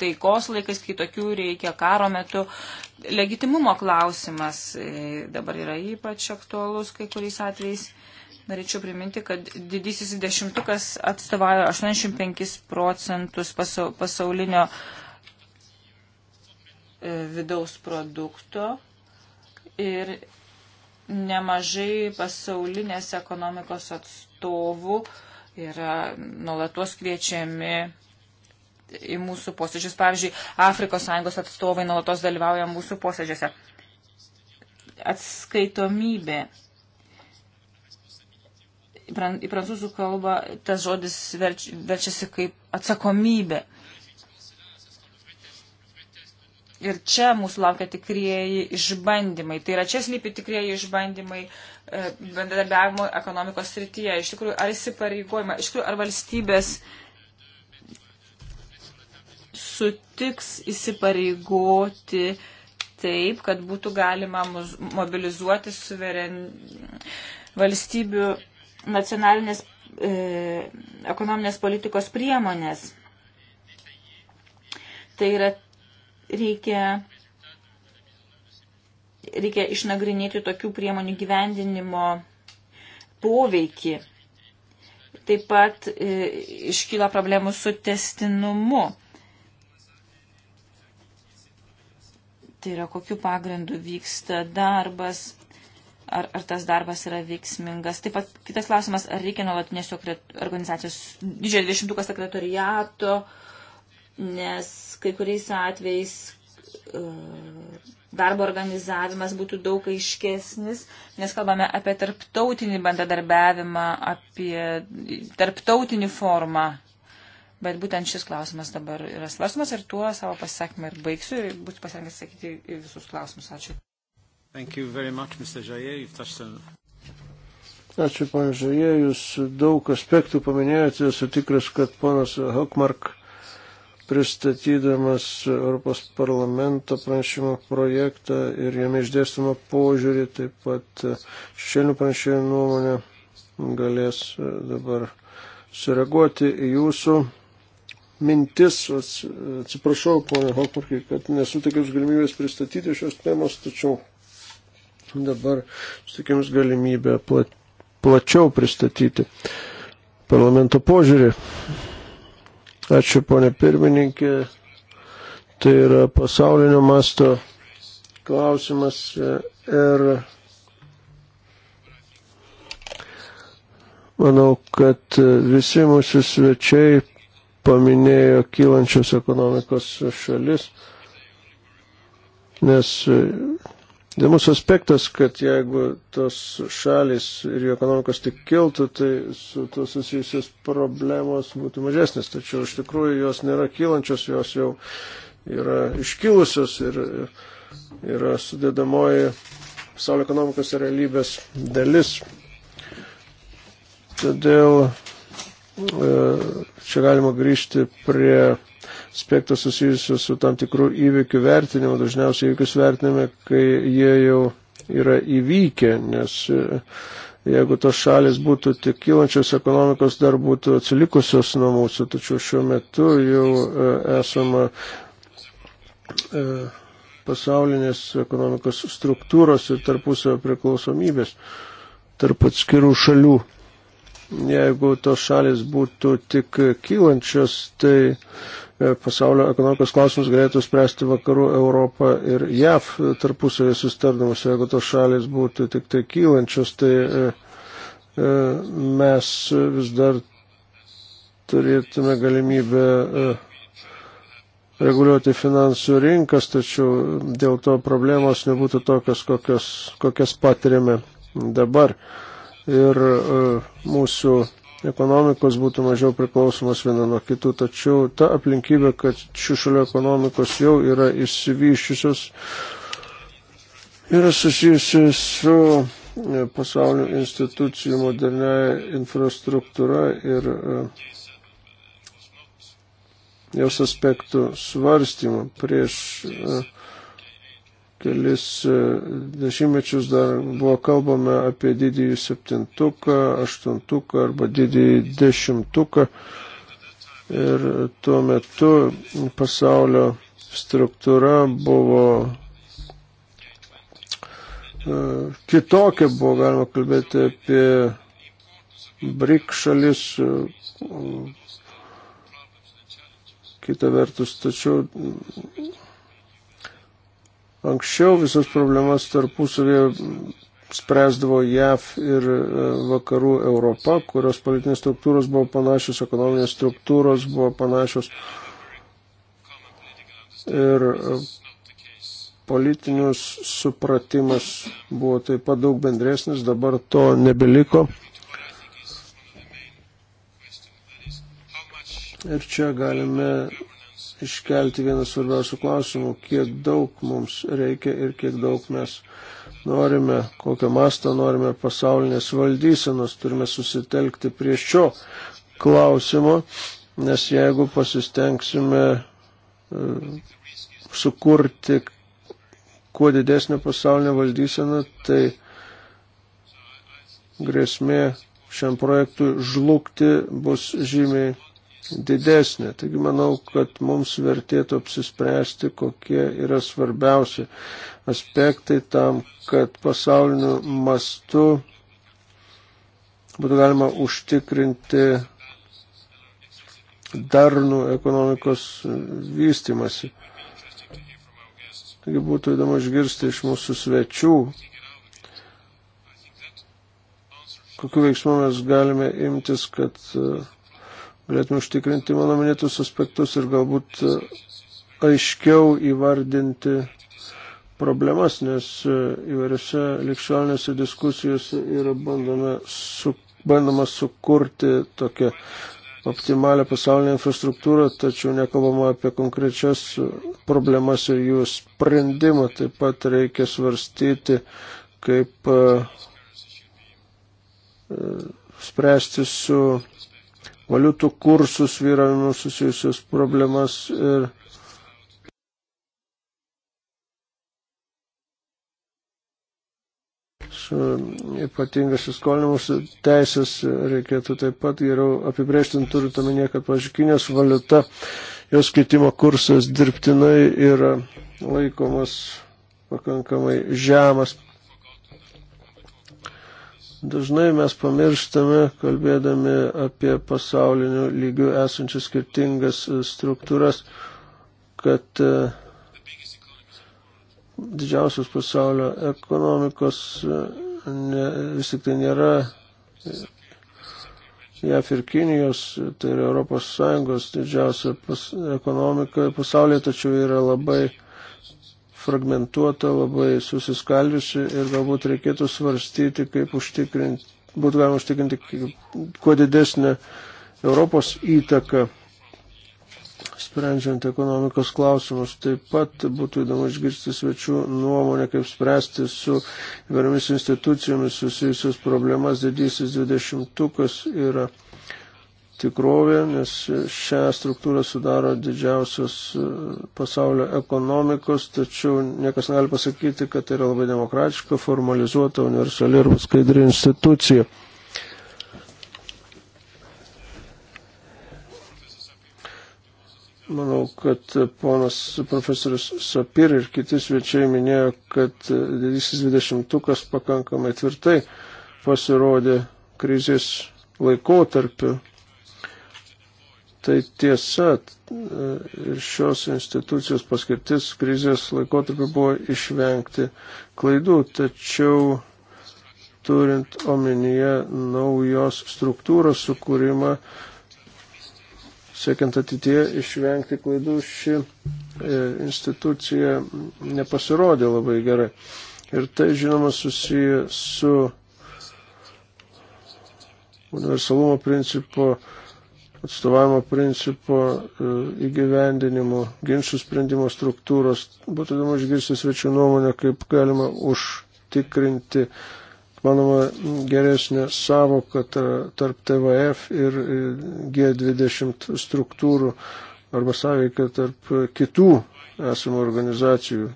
taikos laikais, kai tokių reikia karo metu. Legitimumo klausimas e, dabar yra ypač aktuolus kai kuriais atvejais. Norėčiau priminti, kad didysis dešimtukas atstovauja 85 procentus pasaulinio e, vidaus produkto ir nemažai pasaulinės ekonomikos atstovų uh, yra nuolatos kviečiami į mūsų posėdžius. Pavyzdžiui, Afrikos Sąjungos atstovai nuolatos dalyvauja mūsų posėdžiuose. Atskaitomybė. Į prancūzų kalbą tas žodis verčiasi kaip atsakomybė. Ir čia mūsų laukia tikrieji išbandymai. Tai yra čia slypi tikrieji išbandymai e, bendradarbiavimo ekonomikos srityje. Iš tikrųjų, ar įsipareigojama, iš tikrųjų, ar valstybės sutiks įsipareigoti taip, kad būtų galima mobilizuoti suveren valstybių nacionalinės e, ekonominės politikos priemonės. Tai yra reikia, reikia išnagrinėti tokių priemonių gyvendinimo poveikį. Taip pat e, iškyla problemų su testinumu. Tai yra, kokiu pagrindu vyksta darbas, ar, ar tas darbas yra veiksmingas. Taip pat kitas klausimas, ar reikia nuolatinės organizacijos didžiojo dvidešimtuko sekretoriato, uh, nes kai kuriais atvejais e, darbo organizavimas būtų daug aiškesnis, nes kalbame apie tarptautinį bendradarbiavimą, apie tarptautinį formą. Bet būtent šis klausimas dabar yra svarstamas ir tuo savo pasisakymą ir baigsiu ir būsiu pasirengęs sakyti į visus klausimus. Ačiū. Much, on... Ačiū, pana Žaje, jūs daug aspektų paminėjote, esu tikras, kad ponas Hokmark pristatydamas Europos parlamento pranešimo projektą ir jame išdėstamą požiūrį, taip pat šešėlių pranešėjų nuomonę galės dabar sureaguoti į jūsų mintis. Atsiprašau, ponė Hokmarkai, kad nesutikiu galimybės pristatyti šios temos, tačiau dabar sutikiu galimybę plačiau pristatyti parlamento požiūrį. Ačiū, ponė pirmininkė. Tai yra pasaulinio masto klausimas ir manau, kad visi mūsų svečiai paminėjo kylančios ekonomikos šalis, nes Įdomus aspektas, kad jeigu tos šalis ir jų ekonomikos tik kiltų, tai su to susijusios problemos būtų mažesnės, tačiau iš tikrųjų jos nėra kylančios, jos jau yra iškilusios ir yra sudėdamoji pasaulio ekonomikos realybės dalis. Todėl e, čia galima grįžti prie aspektų susijusių su tam tikrų įvykių vertinimu. Dažniausiai įvykius vertiname, kai jie jau yra įvykę, nes e, jeigu tos šalis būtų tik kylančios ekonomikos, dar būtų atsilikusios nuo mūsų, tačiau šiuo metu jau e, esama e, pasaulinės ekonomikos struktūros ir tarpusio priklausomybės tarp atskirų šalių. Jeigu tos šalis būtų tik kylančios, tai E, pasaulio ekonomikos klausimus galėtų spręsti vakarų Europą ir JAV tarpusavėje sustardamas, jeigu tos šalis būtų tik tai kylančios, tai e, e, mes vis dar turėtume galimybę reguliuoti finansų rinkas, tačiau dėl to problemos nebūtų tokios, kokios, kokias patiriame dabar. Ir mūsų ekonomikos būtų mažiau priklausomas viena nuo kitų, tačiau ta aplinkybė, kad šių šalių ekonomikos jau yra išsivyščiusios, yra susijusi su e, pasaulio institucijų moderniaja infrastruktūra ir e, jos aspektų svarstymą prieš uh, kelis e, dešimtmečius dar buvo kalbame apie didįjį septintuką, aštuntuką arba didįjį dešimtuką. Ir tuo metu pasaulio struktūra buvo e, kitokia, buvo galima kalbėti apie BRIC šalis, e, kita vertus, tačiau Anksčiau visas problemas tarpusavėje spręsdavo JAV ir e, vakarų Europa, kurios politinės struktūros buvo panašios, ekonominės struktūros buvo panašios ir e, politinius supratimas buvo taip pat daug bendresnis, dabar to nebeliko. Ir čia galime iškelti vieną svarbiausių klausimų, kiek daug mums reikia ir kiek daug mes norime, kokią mastą norime pasaulinės valdysenos, turime susitelkti prie šio klausimo, nes jeigu pasistengsime e, sukurti kuo didesnę pasaulinę valdyseną, tai grėsmė šiam projektui žlugti bus žymiai didesnė. Taigi manau, kad mums vertėtų apsispręsti, kokie yra svarbiausi aspektai tam, kad pasauliniu mastu būtų galima užtikrinti darnų ekonomikos vystimasi. Taigi būtų įdomu išgirsti iš mūsų svečių, kokiu veiksmu mes galime imtis, kad uh, Galėtume užtikrinti mano minėtus aspektus ir galbūt e, aiškiau įvardinti problemas, nes e, įvairiose likščionėse diskusijose yra bandoma, su, bandoma sukurti tokią optimalią pasaulinę infrastruktūrą, tačiau nekalbama apie konkrečias problemas ir jų sprendimą. Taip pat reikia svarstyti, kaip e, spręsti su valiutų kursų sviravimus susijusius problemas ir ypatingas įskolinimus teisės reikėtų taip pat geriau apibrėžti, turint omenyje, kad, pažiūrėjau, Kinijos valiuta, jos keitimo kursas dirbtinai yra laikomas pakankamai žemas. Dažnai mes pamirštame, kalbėdami apie pasaulinių lygių esančias skirtingas e, struktūras, kad e, didžiausios pasaulio ekonomikos e, ne, vis tik tai nėra JAF ir Kinijos, tai yra Europos Sąjungos didžiausia pas, ekonomika pasaulyje, tačiau yra labai fragmentuota, labai susiskaldžiusi ir galbūt reikėtų svarstyti, kaip užtikrinti, būtų galima užtikrinti kuo didesnę Europos įtaką, sprendžiant ekonomikos klausimus. Taip pat būtų įdomu išgirsti svečių nuomonę, kaip spręsti su įvairiomis institucijomis susijusius problemas. Didysis dvidešimtukas yra. Ir tikrovė, nes šią struktūrą sudaro didžiausios e, pasaulio ekonomikos, tačiau niekas negali pasakyti, kad tai yra labai demokratiška, formalizuota, universali ir skaidri institucija. Manau, kad ponas profesorius Sapir ir kiti svečiai minėjo, kad didysis dvidešimtukas pakankamai tvirtai pasirodė krizės laikotarpiu Tai tiesa, e, ir šios institucijos paskirtis krizės laikotarpiu buvo išvengti klaidų, tačiau turint omenyje naujos struktūros sukūrimą, siekiant ateitie išvengti klaidų, ši e, institucija nepasirodė labai gerai. Ir tai, žinoma, susiję su universalumo principo atstovavimo principo e, įgyvendinimo, ginčių sprendimo struktūros. Būtų įdomu išgirsti svečių nuomonę, kaip galima užtikrinti, manoma, geresnę savoką tarp TVF ir e, G20 struktūrų arba sąveiką tarp kitų esamų organizacijų,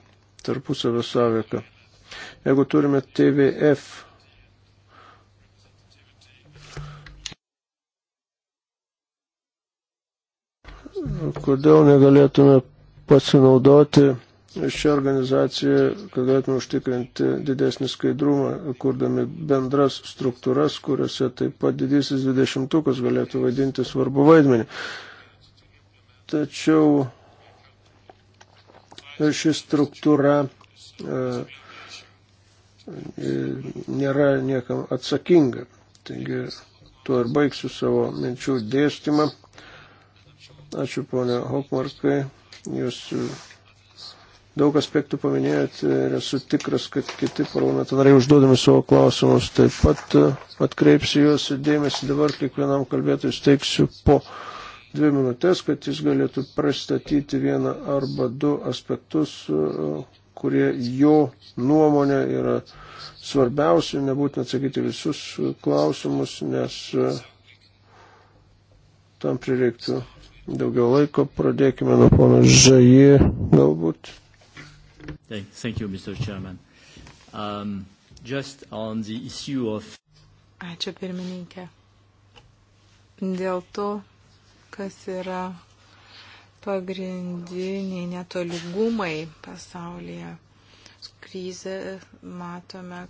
tarpusavio sąveiką. Jeigu turime TVF kodėl negalėtume pasinaudoti šią organizaciją, kad galėtume užtikrinti didesnį skaidrumą, kurdami bendras struktūras, kuriuose taip pat didysis dvidešimtukas galėtų vaidinti svarbu vaidmenį. Tačiau ši struktūra e, nėra niekam atsakinga. Taigi tuo ir baigsiu savo minčių dėstymą. Ačiū ponė Hopmarkai. Jūs daug aspektų paminėjote ir esu tikras, kad kiti parlamentarai užduodami savo klausimus taip pat atkreipsiu juos dėmesį. Dabar kiekvienam kalbėtojui steiksiu po dvi minutės, kad jis galėtų pristatyti vieną arba du aspektus, kurie jo nuomonė yra svarbiausi, nebūtina atsakyti visus klausimus, nes tam prireiktų daugiau laiko. Pradėkime nuo pono Žaji, galbūt. Thank you, Mr. Chairman. Um, just on the issue of... Ačiū pirmininkė. Dėl to, kas yra pagrindiniai netolygumai pasaulyje. Krizę matome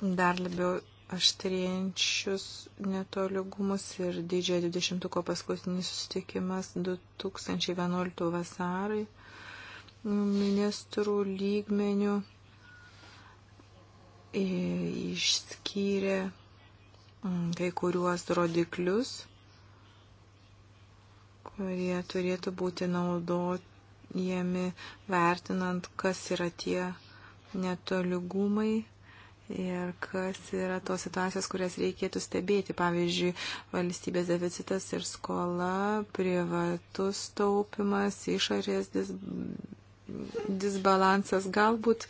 dar labiau aštrėjančius netoligumus ir didžiojo 20-ko paskutinis susitikimas 2011 vasarai ministrų lygmenių e, išskyrė mm, kai kuriuos rodiklius, kurie turėtų būti naudojami vertinant, kas yra tie netoligumai ir kas yra tos situacijos, kurias reikėtų stebėti. Pavyzdžiui, valstybės deficitas ir skola, privatus taupimas, išorės dis, disbalansas galbūt.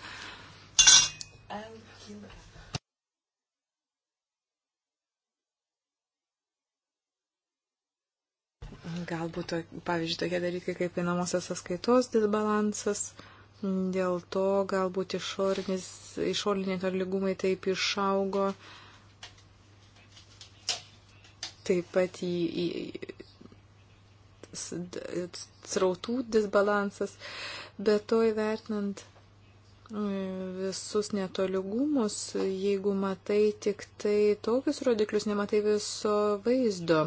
Galbūt, pavyzdžiui, tokie dalykai kaip einamosios sąskaitos disbalansas. Dėl to galbūt išoriniai tolygumai taip išaugo. Taip pat į, į srautų disbalansas, bet to įvertinant visus netoligumus, jeigu matai tik tai tokius rodiklius, nematai viso vaizdo.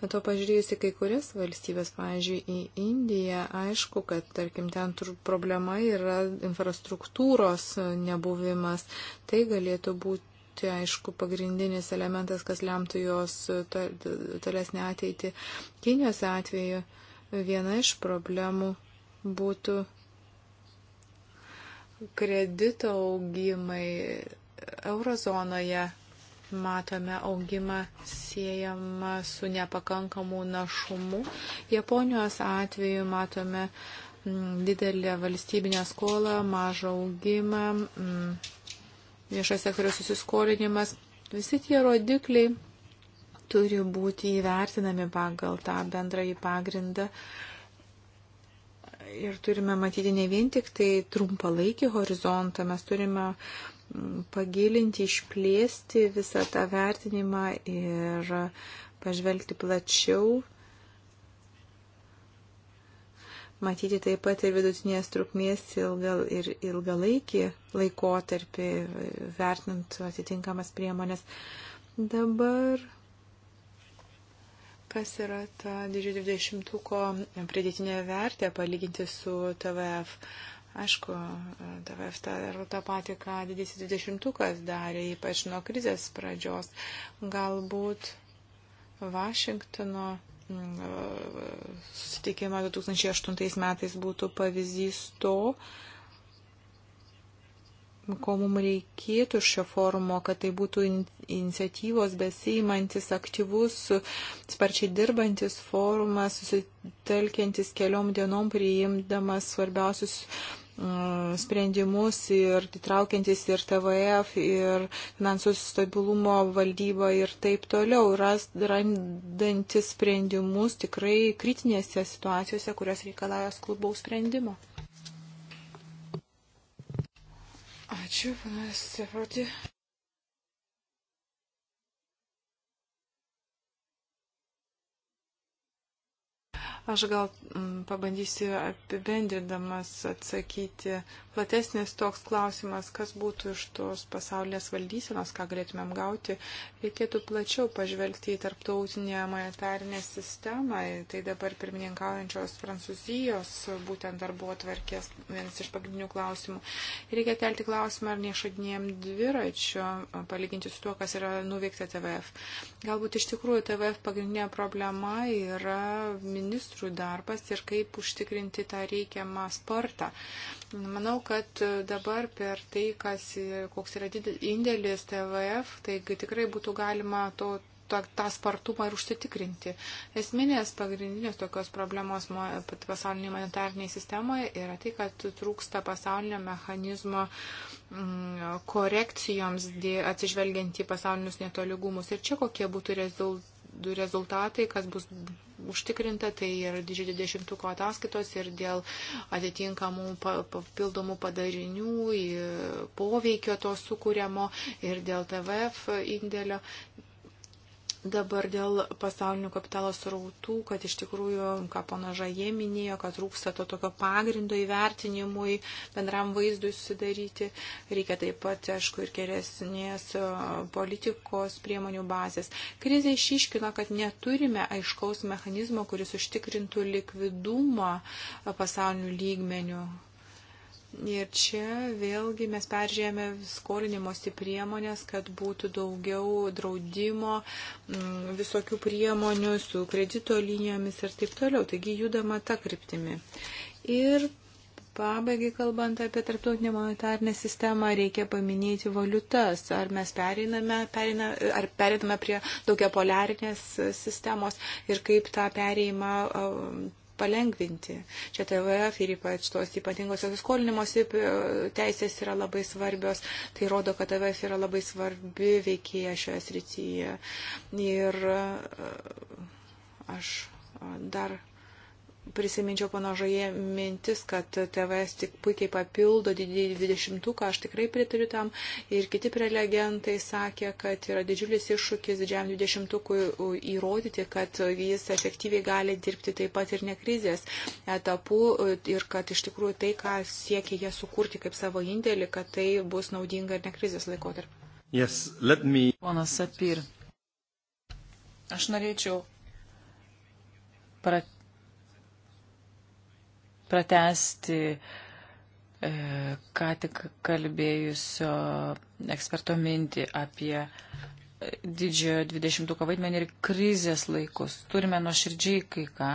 Bet to pažiūrėjusi kai kurias valstybės, pavyzdžiui, į Indiją, aišku, kad, tarkim, ten problema yra infrastruktūros nebuvimas. Tai galėtų būti. Tai aišku, pagrindinis elementas, kas lemtų jos tolesnį ateitį. Kinijos atveju viena iš problemų būtų kredito augimai eurozonoje matome augimą siejama su nepakankamu našumu. Japonijos atveju matome mm, didelę valstybinę skolą, mažą augimą, mm, viešas sektoriaus susiskolinimas. Visi tie rodikliai turi būti įvertinami pagal tą bendrąjį pagrindą, ir turime matyti ne vien tik tai trumpalaikį horizontą, mes turime mm, pagilinti, išplėsti visą tą vertinimą ir pažvelgti plačiau. Matyti taip pat ir vidutinės trukmės ilgal, ir ilgalaikį laikotarpį, vertinant atitinkamas priemonės. Dabar kas yra ta didžiųjų dvidešimtuko pridėtinė vertė palyginti su TVF. Aišku, TVF daro tą patį, ką didysis dvidešimtukas darė, ypač nuo krizės pradžios. Galbūt Vašingtono mm, susitikimas 2008 metais būtų pavyzdys to, ko mums reikėtų iš šio forumo, kad tai būtų iniciatyvos beseimantis, aktyvus, sparčiai dirbantis forumas, susitelkiantis keliom dienom priimdamas svarbiausius uh, sprendimus ir įtraukiantis ir TVF, ir finansų stabilumo valdybą ir taip toliau, randantis sprendimus tikrai kritinėse situacijose, kurios reikalauja skubaus sprendimo. Ačiū, panas Sefroti. Aš gal m, mm, pabandysiu apibendrindamas atsakyti. Platesnis toks klausimas, kas būtų iš tos pasaulinės valdysenos, ką galėtumėm gauti, reikėtų plačiau pažvelgti į tarptautinę monetarinę sistemą. Tai dabar pirmininkaujančios Prancūzijos būtent darbo atvarkės vienas iš pagrindinių klausimų. Reikia kelti klausimą, ar neišadinėjom dviračio, palyginti su tuo, kas yra nuveikta TVF. Galbūt iš tikrųjų TVF pagrindinė problema yra ministrų ministrų darbas ir kaip užtikrinti tą reikiamą spartą. Manau, kad dabar per tai, kas, koks yra indėlis TVF, tai tikrai būtų galima to tą, tą spartumą ir užsitikrinti. Esminės pagrindinės tokios problemos pasauliniai monetariniai sistemoje yra tai, kad trūksta pasaulinio mechanizmo mm, korekcijoms atsižvelgiant į pasaulinius netolygumus. Ir čia kokie būtų rezultatai du rezultatai, kas bus užtikrinta, tai ir didžiojo dešimtuko ataskaitos ir dėl atitinkamų papildomų padarinių, poveikio to sukūrimo ir dėl TVF indėlio. Dabar dėl pasaulinių kapitalo srautų, kad iš tikrųjų, ką pana Žaje minėjo, kad rūksta to tokio pagrindo įvertinimui, bendram vaizdui susidaryti, reikia taip pat, aišku, ir geresnės e, politikos priemonių bazės. Krizė išiškino, kad neturime aiškaus mechanizmo, kuris užtikrintų likvidumą e, pasaulinių lygmenių Ir čia vėlgi mes peržėjome skolinimosi priemonės, kad būtų daugiau draudimo, mm, visokių priemonių su kredito linijomis ir taip toliau. Taigi judama tą kryptimį. Ir pabaigai kalbant apie tarptautinę monetarinę sistemą, reikia paminėti valiutas. Ar mes pereiname, pereina, ar pereiname prie daugia poliarinės sistemos ir kaip tą pereimą um, palengvinti. Čia TVF ir ypač tos ypatingosios skolinimosi e, teisės yra labai svarbios. Tai rodo, kad TVF yra labai svarbi veikėja šioje srityje. Ir e, aš e, dar prisiminčiau panažoje mintis, kad TVS tik puikiai papildo didįjį dvidešimtuką, aš tikrai pritariu tam. Ir kiti prelegentai sakė, kad yra didžiulis iššūkis didžiam dvidešimtukui įrodyti, kad jis efektyviai gali dirbti taip pat ir ne krizės etapu ir kad iš tikrųjų tai, ką siekia jie sukurti kaip savo indėlį, kad tai bus naudinga ir ne krizės laikotarpiu. Yes, me... Ponas Sapir, aš norėčiau prat pratesti e, ką tik kalbėjusio eksperto mintį apie e, didžiojo dvidešimtuko vaidmenį ir krizės laikus. Turime nuoširdžiai kai ką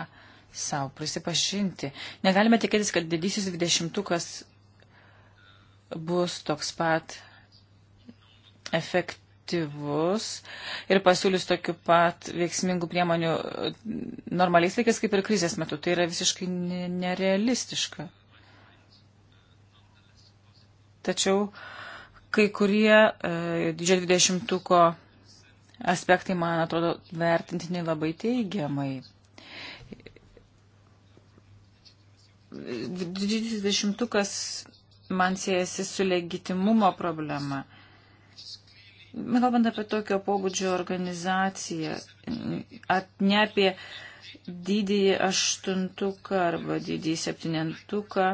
savo prisipažinti. Negalime tikėtis, kad didysis dvidešimtukas bus toks pat efekt, efektyvus ir pasiūlys tokiu pat veiksmingų priemonių normaliais laikais kaip ir krizės metu. Tai yra visiškai nerealistiška. Tačiau kai kurie e, didžiojo dvidešimtuko aspektai, man atrodo, vertintini labai teigiamai. Didžiojo dvidešimtukas man siejasi su legitimumo problema. Kalbant apie tokio pobūdžio organizaciją, ne apie didįjį aštuntuką arba didįjį septynentuką,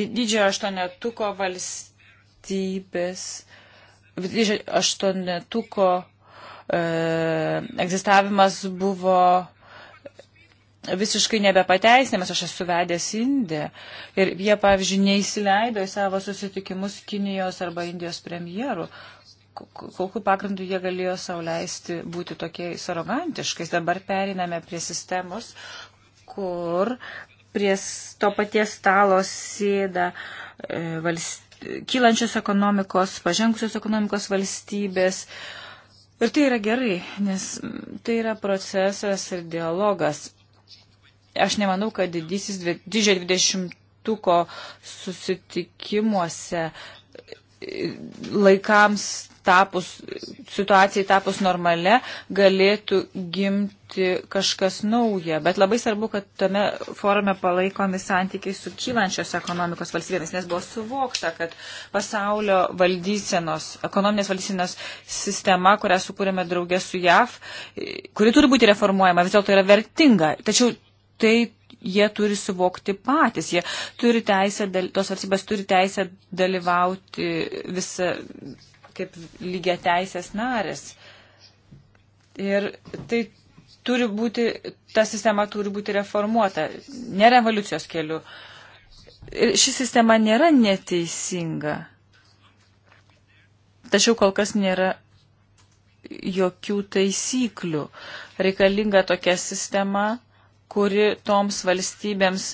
didžiojo aštuonetuko valstybės, didžiojo aštuonetuko e, egzistavimas buvo visiškai nebepateisinamas, aš esu vedęs Indiją. Ir jie, pavyzdžiui, neįsileido į savo susitikimus Kinijos arba Indijos premjerų kokiu pagrindu jie galėjo sauliaisti būti tokiais arogantiškais. Dabar periname prie sistemos, kur prie to paties stalo sėda e, valst... kylančios ekonomikos, pažengusios ekonomikos valstybės. Ir tai yra gerai, nes tai yra procesas ir dialogas. Aš nemanau, kad didysis didžiojo dvidešimtuko susitikimuose laikams tapus, situacijai tapus normale, galėtų gimti kažkas nauja. Bet labai svarbu, kad tame forume palaikomi santykiai su kylančios ekonomikos valstybėmis, nes buvo suvokta, kad pasaulio valdysenos, ekonominės valdysenos sistema, kurią sukūrėme draugė su JAV, kuri turi būti reformuojama, vis dėlto tai yra vertinga. Tačiau tai jie turi suvokti patys. Jie turi teisę, tos valstybės turi teisę dalyvauti visą kaip lygia teisės narės. Ir tai turi būti, ta sistema turi būti reformuota, ne revoliucijos keliu. Ir ši sistema nėra neteisinga. Tačiau kol kas nėra jokių taisyklių. Reikalinga tokia sistema, kuri toms valstybėms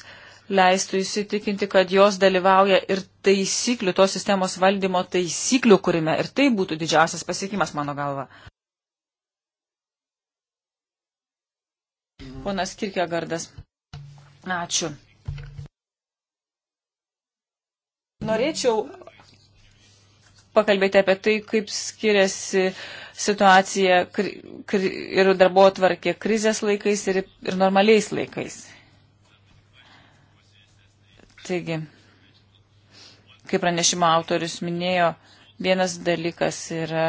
leistų įsitikinti, kad jos dalyvauja ir taisyklių, tos sistemos valdymo taisyklių kūrime. Ir tai būtų didžiausias pasiekimas, mano galva. Ponas Kirkegardas. Ačiū. Norėčiau pakalbėti apie tai, kaip skiriasi situacija kri, kri, ir darbo atvarkė krizės laikais ir, ir normaliais laikais. Taigi, kaip pranešimo autorius minėjo, vienas dalykas yra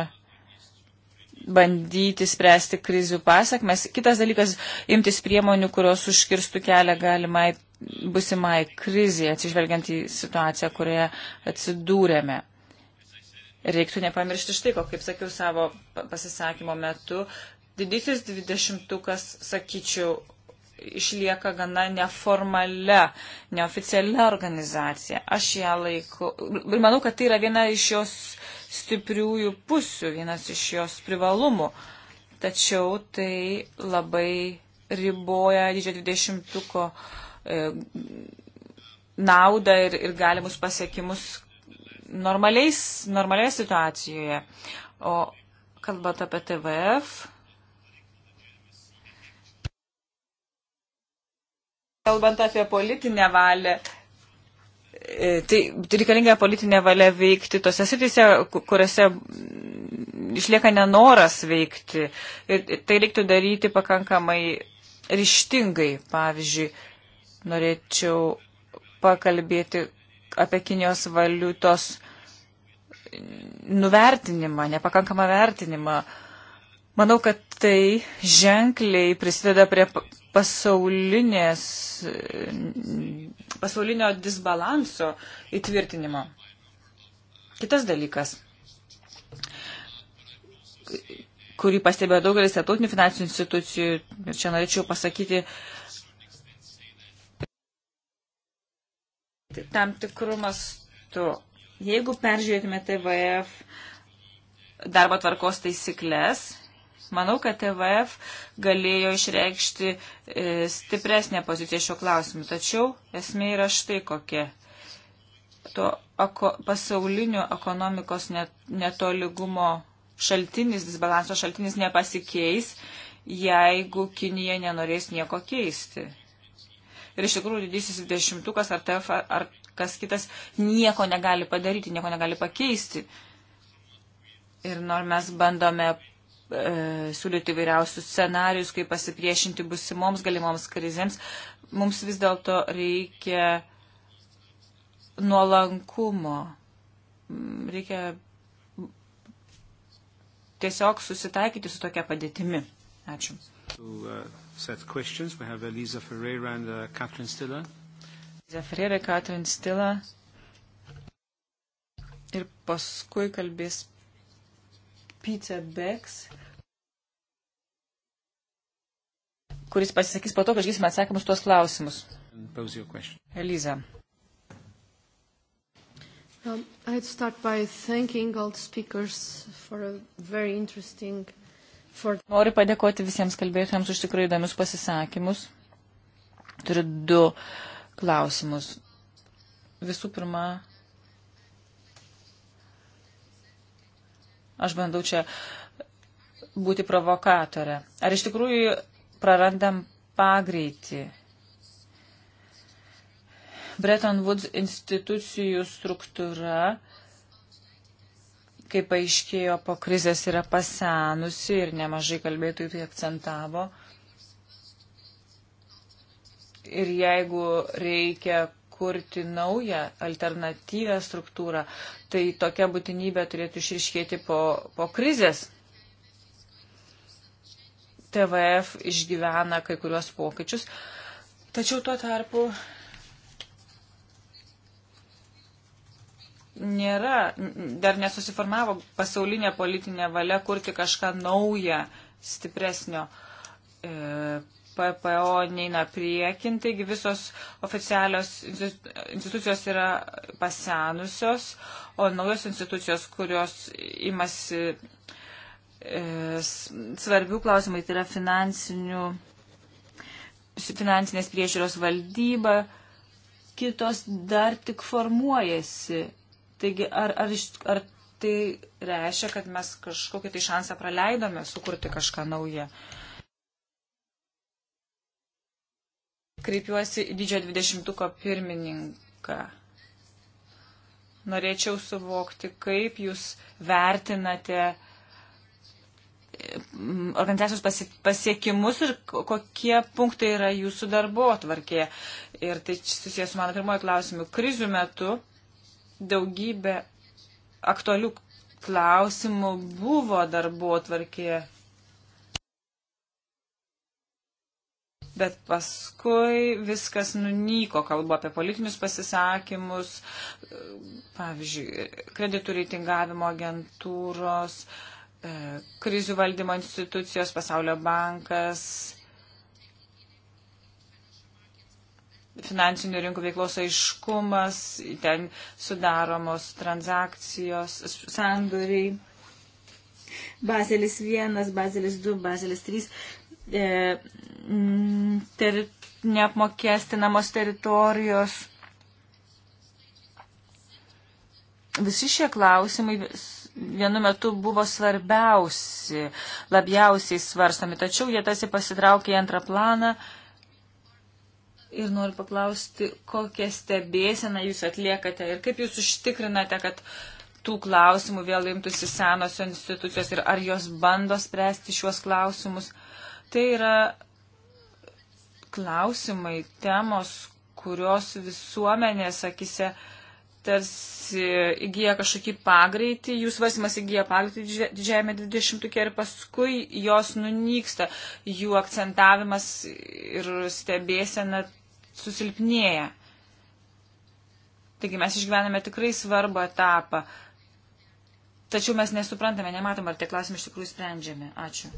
bandyti spręsti krizių pasakmes, kitas dalykas imtis priemonių, kurios užkirstų kelią galimai busimai kriziai, atsižvelgiant į situaciją, kurioje atsidūrėme. Reiktų nepamiršti štai, ko, kaip sakiau savo pasisakymo metu, didysis dvidešimtukas, sakyčiau, išlieka gana neformalia, neoficialia organizacija. Aš ją laiku. Ir manau, kad tai yra viena iš jos stipriųjų pusių, vienas iš jos privalumų. Tačiau tai labai riboja didžio dvidešimtuko e, naudą ir, ir galimus pasiekimus normaliais, normalioje situacijoje. O kalbant apie TVF. Kalbant apie politinę valią, e, tai reikalinga politinė valia veikti tose srityse, kuriuose išlieka nenoras veikti. Ir tai reiktų daryti pakankamai ryštingai. Pavyzdžiui, norėčiau pakalbėti apie Kinijos valiutos nuvertinimą, nepakankamą vertinimą. Manau, kad tai ženkliai prisideda prie pasaulinės, pasaulinio disbalanso įtvirtinimo. Kitas dalykas, kurį pastebėjo daugelis etautinių finansinių institucijų, ir čia norėčiau pasakyti, uh, Tai tam tikrų mastų. Jeigu peržiūrėtume TVF darbo tvarkos taisyklės, manau, kad TVF galėjo išreikšti e, stipresnę poziciją šiuo klausimu. Tačiau esmė yra štai kokia. To ako, pasaulinio ekonomikos net, netoligumo šaltinis, disbalanso šaltinis nepasikeis, jeigu Kinija nenorės nieko keisti ir iš tikrųjų didysis dešimtukas ar TF ar kas kitas nieko negali padaryti, nieko negali pakeisti. Ir nors mes bandome e, siūlyti vairiausius scenarius, kaip pasipriešinti busimoms galimoms krizėms, mums vis dėlto reikia nuolankumo. Mm, reikia tiesiog susitaikyti su tokia padėtimi. Ačiū. To, uh set questions. We have Elisa Ferreira and uh, Catherine Stiller. Elisa Ferreira, Catherine Stiller. Ir paskui kalbės Peter Becks, kuris pasisakys po to, kad išgirsime atsakymus tuos klausimus. Eliza. Um, I'd start by thanking all speakers for a very interesting for... Noriu padėkoti visiems kalbėtojams už tikrai įdomius pasisakymus. Turiu du klausimus. Visų pirma, aš bandau čia būti provokatorė. Ar iš tikrųjų prarandam pagreitį? Bretton Woods institucijų struktūra kaip aiškėjo po krizės, yra pasenusi ir nemažai kalbėtojų tai akcentavo. Ir jeigu reikia kurti naują alternatyvę struktūrą, tai tokia būtinybė turėtų išriškėti po, po krizės. TVF išgyvena kai kuriuos pokyčius, tačiau tuo tarpu nėra, dar nesusiformavo pasaulinė politinė valia kurti kažką naują, stipresnio. E, PPO neina priekin, taigi visos oficialios institucijos yra pasenusios, o naujos institucijos, kurios imasi e, svarbių klausimai, tai yra finansinių, finansinės priežiūros valdyba, kitos dar tik formuojasi Taigi, ar, ar, ar tai reiškia, kad mes kažkokį tai šansą praleidome sukurti kažką naują? Kreipiuosi į didžiojo dvidešimtuko pirmininką. Norėčiau suvokti, kaip jūs vertinate mm, organizacijos pasiekimus ir kokie punktai yra jūsų darbo atvarkėje. Ir tai susijęs su mano pirmojo klausimu. Krizių metu daugybė aktualių klausimų buvo darbo tvarkėje. Bet paskui viskas nunyko, kalbu apie politinius pasisakymus, pavyzdžiui, kreditų reitingavimo agentūros, e, krizių valdymo institucijos, pasaulio bankas, finansinių rinkų veiklos aiškumas, ten sudaromos transakcijos, sandoriai. Bazelis 1, Bazelis 2, Bazelis 3. E, ter, neapmokestinamos teritorijos. Visi šie klausimai vienu metu buvo svarbiausi, labiausiai svarstami, tačiau jie tasi pasitraukė į antrą planą. E, ir noriu paklausti, kokią stebėseną jūs atliekate ir kaip jūs užtikrinate, kad tų klausimų vėl imtųsi senosios institucijos ir ar jos bando spręsti šiuos klausimus. Tai yra klausimai, temos, kurios visuomenės akise tarsi įgyja kažkokį pagreitį, jų svarstymas įgyja pagreitį didžiajame dvidešimtukė ir paskui jos nunyksta, jų akcentavimas ir stebėsena susilpnėja. Taigi mes išgyvename tikrai svarbų etapą. Tačiau mes nesuprantame, nematom, ar tie klausimai iš tikrųjų sprendžiami. Ačiū.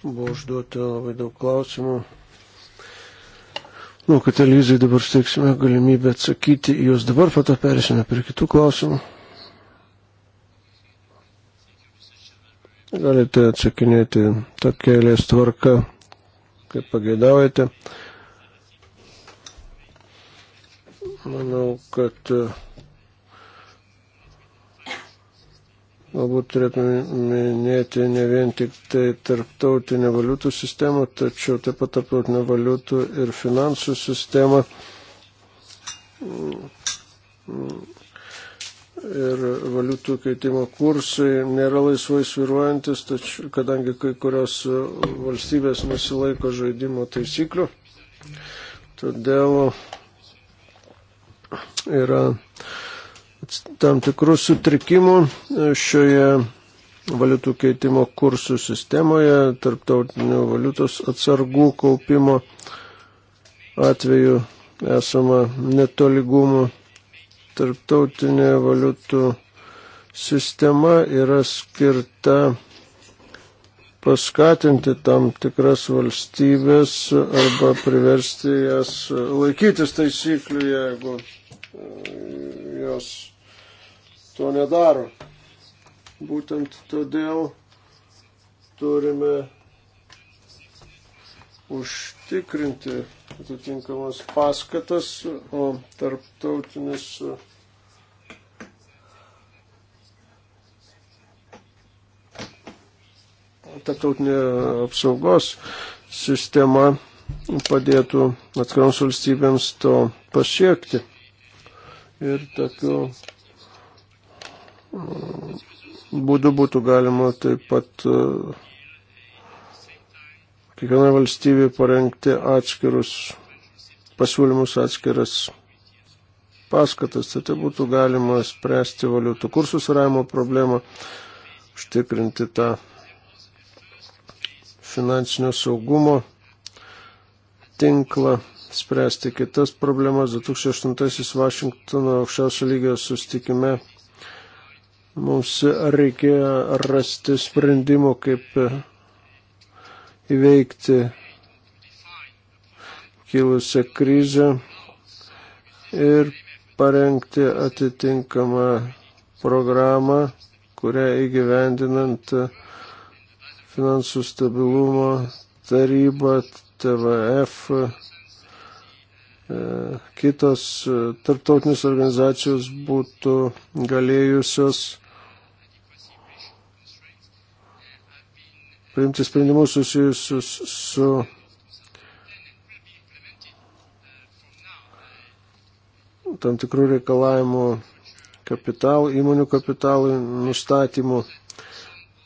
Buvo užduota labai daug klausimų. Nu, kad Elizai dabar steiksime galimybę atsakyti į juos dabar, po to perėsime prie kitų klausimų. Galite atsakinėti tokia eilės tvarka, kaip pageidaujate. Manau, kad e, galbūt turėtume minėti ne vien tik tai tarptautinę valiutų sistemą, tačiau taip pat tarptautinę valiutų ir finansų sistemą. Mm ir valiutų keitimo kursai nėra laisvai sviruojantis, tačiau kadangi kai kurios valstybės nesilaiko žaidimo taisyklių, todėl yra tam tikrų sutrikimų šioje valiutų keitimo kursų sistemoje, tarptautinių valiutos atsargų kaupimo atveju esama netoligumų tarptautinė valiutų sistema yra skirta paskatinti tam tikras valstybės arba priversti jas laikytis taisyklių, jeigu e, jos to nedaro. Būtent todėl turime užtikrinti atitinkamas paskatas, o tarptautinis tarptautinė apsaugos sistema padėtų atskiroms valstybėms to pasiekti. Ir tokiu mm, būdu būtų galima taip pat uh, kiekvienai valstybei parengti atskirus pasiūlymus, atskiras paskatas, tai, tai būtų galima spręsti valiutų kursų suravimo problemą, užtikrinti tą finansinio saugumo tinklą, spręsti kitas problemas. 2008 Vašingtono aukščiausio lygio sustikime mums reikėjo rasti sprendimų, kaip įveikti kilusią krizę ir parengti atitinkamą programą, kurią įgyvendinant finansų stabilumo taryba, TVF, e, kitos tarptautinės organizacijos būtų galėjusios priimti sprendimus susijusius su tam tikrų reikalavimų kapital, įmonių kapitalui nustatymų,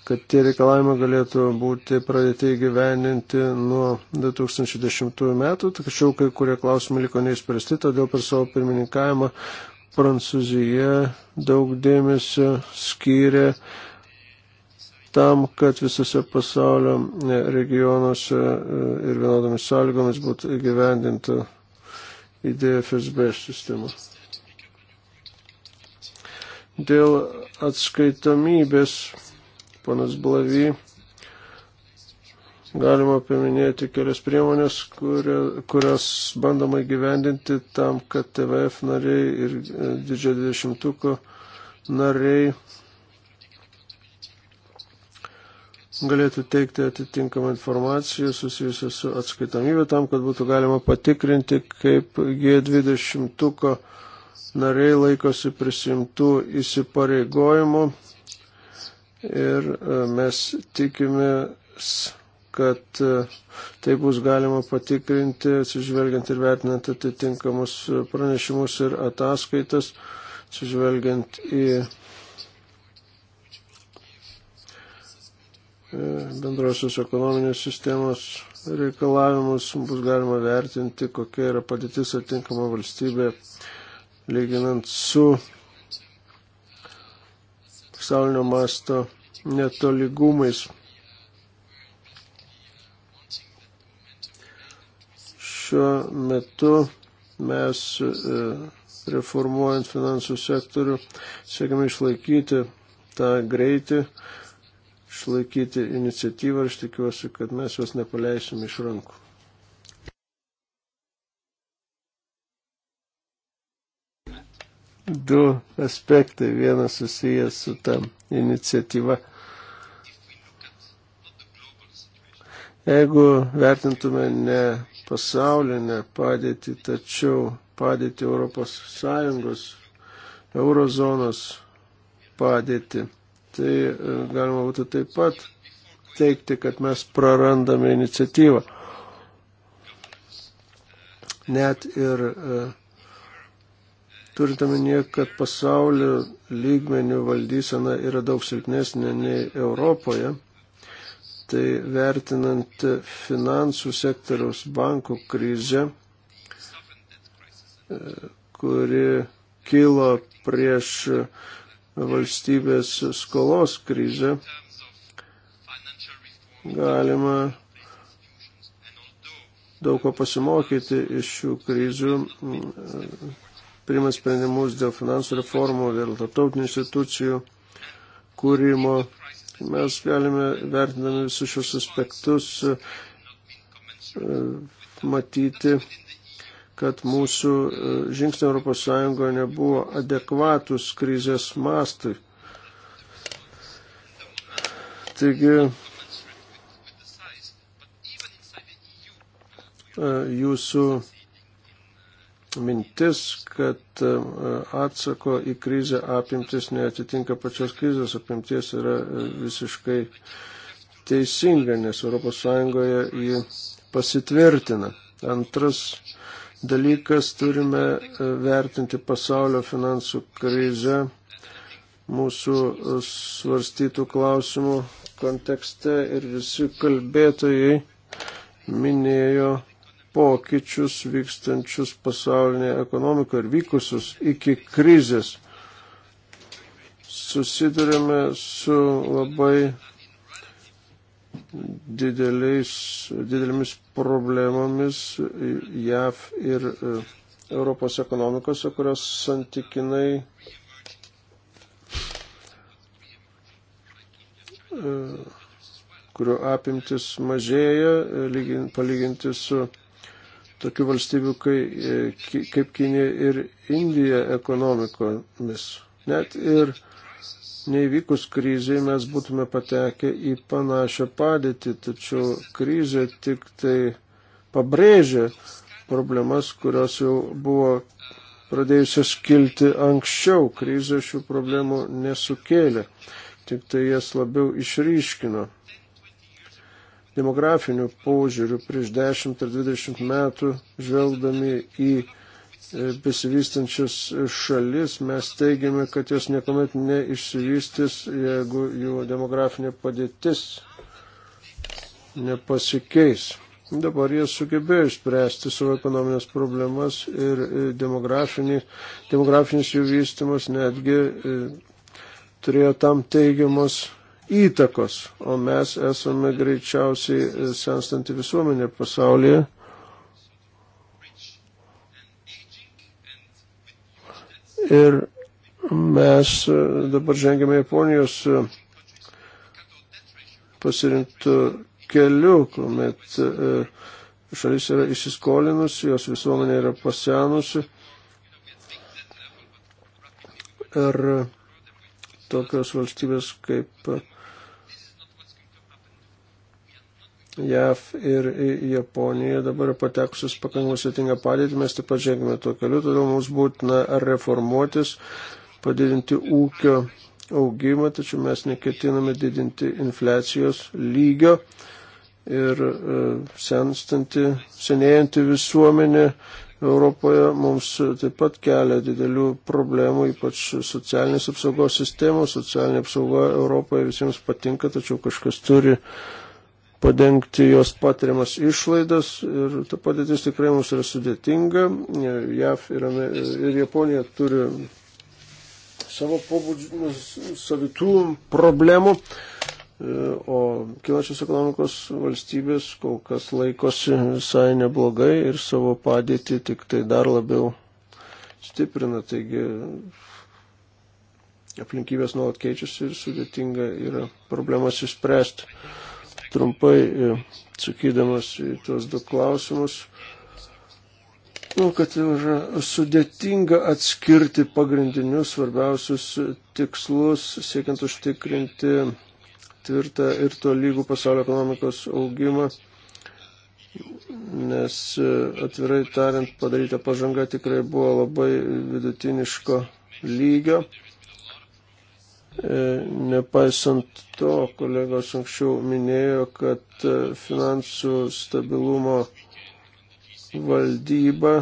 kad tie reikalavimai galėtų būti pradėti įgyveninti nuo 2010 metų, tačiau kai kurie klausimai liko neįspręsti, todėl per savo pirmininkavimą Prancūzija daug dėmesio skyrė tam, kad visose pasaulio e, regionuose e, ir vienodomis sąlygomis būtų įgyvendinta idėja FSB sistema. Dėl atskaitomybės, panas Blavy, galima paminėti kelias priemonės, kuria, kurias bandoma įgyvendinti tam, kad TVF nariai ir e, didžiojo dvidešimtuko nariai galėtų teikti atitinkamą informaciją susijusią su atskaitomybė tam, kad būtų galima patikrinti, kaip G20 nariai laikosi prisimtų įsipareigojimų. Ir e, mes tikimės, kad e, tai bus galima patikrinti, atsižvelgiant ir vertinant atitinkamus pranešimus ir ataskaitas, atsižvelgiant į E, bendrosios ekonominės sistemos reikalavimus, bus galima vertinti, kokia yra padėtis atitinkama valstybė, lyginant su pasaulinio masto netolygumais. Šiuo metu mes e, reformuojant finansų sektorių siekime išlaikyti tą greitį, išlaikyti iniciatyvą ir aš tikiuosi, kad mes juos nepaleisim iš rankų. Du aspektai, vienas susijęs su ta iniciatyva. Jeigu vertintume ne pasaulinę padėtį, tačiau padėtį Europos Sąjungos, eurozonos padėtį, tai e, galima būtų taip pat teikti, kad mes prarandame iniciatyvą. Net ir e, turint omenyje, kad pasaulio lygmenių valdysena yra daug silpnesnė nei Europoje, tai vertinant finansų sektoriaus bankų krizę, e, kuri kilo prieš valstybės skolos krizę galima daug ko pasimokyti iš šių krizių, primant sprendimus dėl finansų reformų, dėl tarptautinių institucijų kūrimo. Mes galime, vertinami visus šios aspektus, matyti, kad mūsų e, žingsniai Europos Sąjungoje nebuvo adekvatus krizės mastui. Taigi, e, jūsų mintis, kad e, atsako į krizę apimtis neatitinka pačios krizės apimties yra visiškai teisinga, nes ES jį pasitvirtina. Antras dalykas, turime e, vertinti pasaulio finansų krizę mūsų e, svarstytų klausimų kontekste ir visi kalbėtojai minėjo pokyčius vykstančius pasaulinėje ekonomikoje ir vykusius iki krizės. Susidurime su labai dideliais, didelėmis problemomis JAV ir e, Europos ekonomikose, kurios santykinai e, kurio apimtis mažėja, e, palyginti su tokių valstybių kai, kaip Kinė ir Indija ekonomikomis. Net ir neįvykus kryžiai mes būtume patekę į panašią padėtį, tačiau kryžė tik tai pabrėžė problemas, kurios jau buvo pradėjusios kilti anksčiau. Kryžė šių problemų nesukėlė, tik tai jas labiau išryškino. Demografinių požiūrių prieš 10 ar 20 metų žvelgdami į E, besivystančias šalis, mes teigiame, kad jos niekuomet neišsivystys, jeigu jų demografinė padėtis nepasikeis. Dabar jie sugebėjo išspręsti savo ekonominės problemas ir e, demografinį, demografinis jų vystimas netgi e, turėjo tam teigiamos įtakos, o mes esame greičiausiai senstanti visuomenė pasaulyje. Ir mes e, dabar žengiame Japonijos e, pasirinktų kelių, kuomet e, šalis yra įsiskolinusi, jos visuomenė yra pasenusi. Ir tokios valstybės kaip JAV ir Japonija dabar patekusius pakankamai sėtingą padėtį, mes taip pat žengime tuo keliu, todėl mums būtina reformuotis, padidinti ūkio augimą, tačiau mes neketiname didinti infliacijos lygio ir e, senstanti, senėjanti visuomenė Europoje mums taip pat kelia didelių problemų, ypač socialinės apsaugos sistemos. Socialinė apsauga Europoje visiems patinka, tačiau kažkas turi padengti jos patiriamas išlaidas ir ta padėtis tikrai mums yra sudėtinga. JAF ir, ir Japonija turi savo pobūdžių savitų problemų, o kilačios ekonomikos valstybės kol kas laikosi visai neblogai ir savo padėtį tik tai dar labiau stiprina. Taigi aplinkybės nuolat keičiasi ir sudėtinga yra problemas išspręsti trumpai e, atsakydamas į tuos du klausimus. Nu, kad yra sudėtinga atskirti pagrindinius svarbiausius tikslus, siekiant užtikrinti tvirtą ir tolygų pasaulio ekonomikos augimą, nes e, atvirai tariant padaryta pažanga tikrai buvo labai vidutiniško lygio. E, nepaisant to, kolegos anksčiau minėjo, kad e, finansų stabilumo valdyba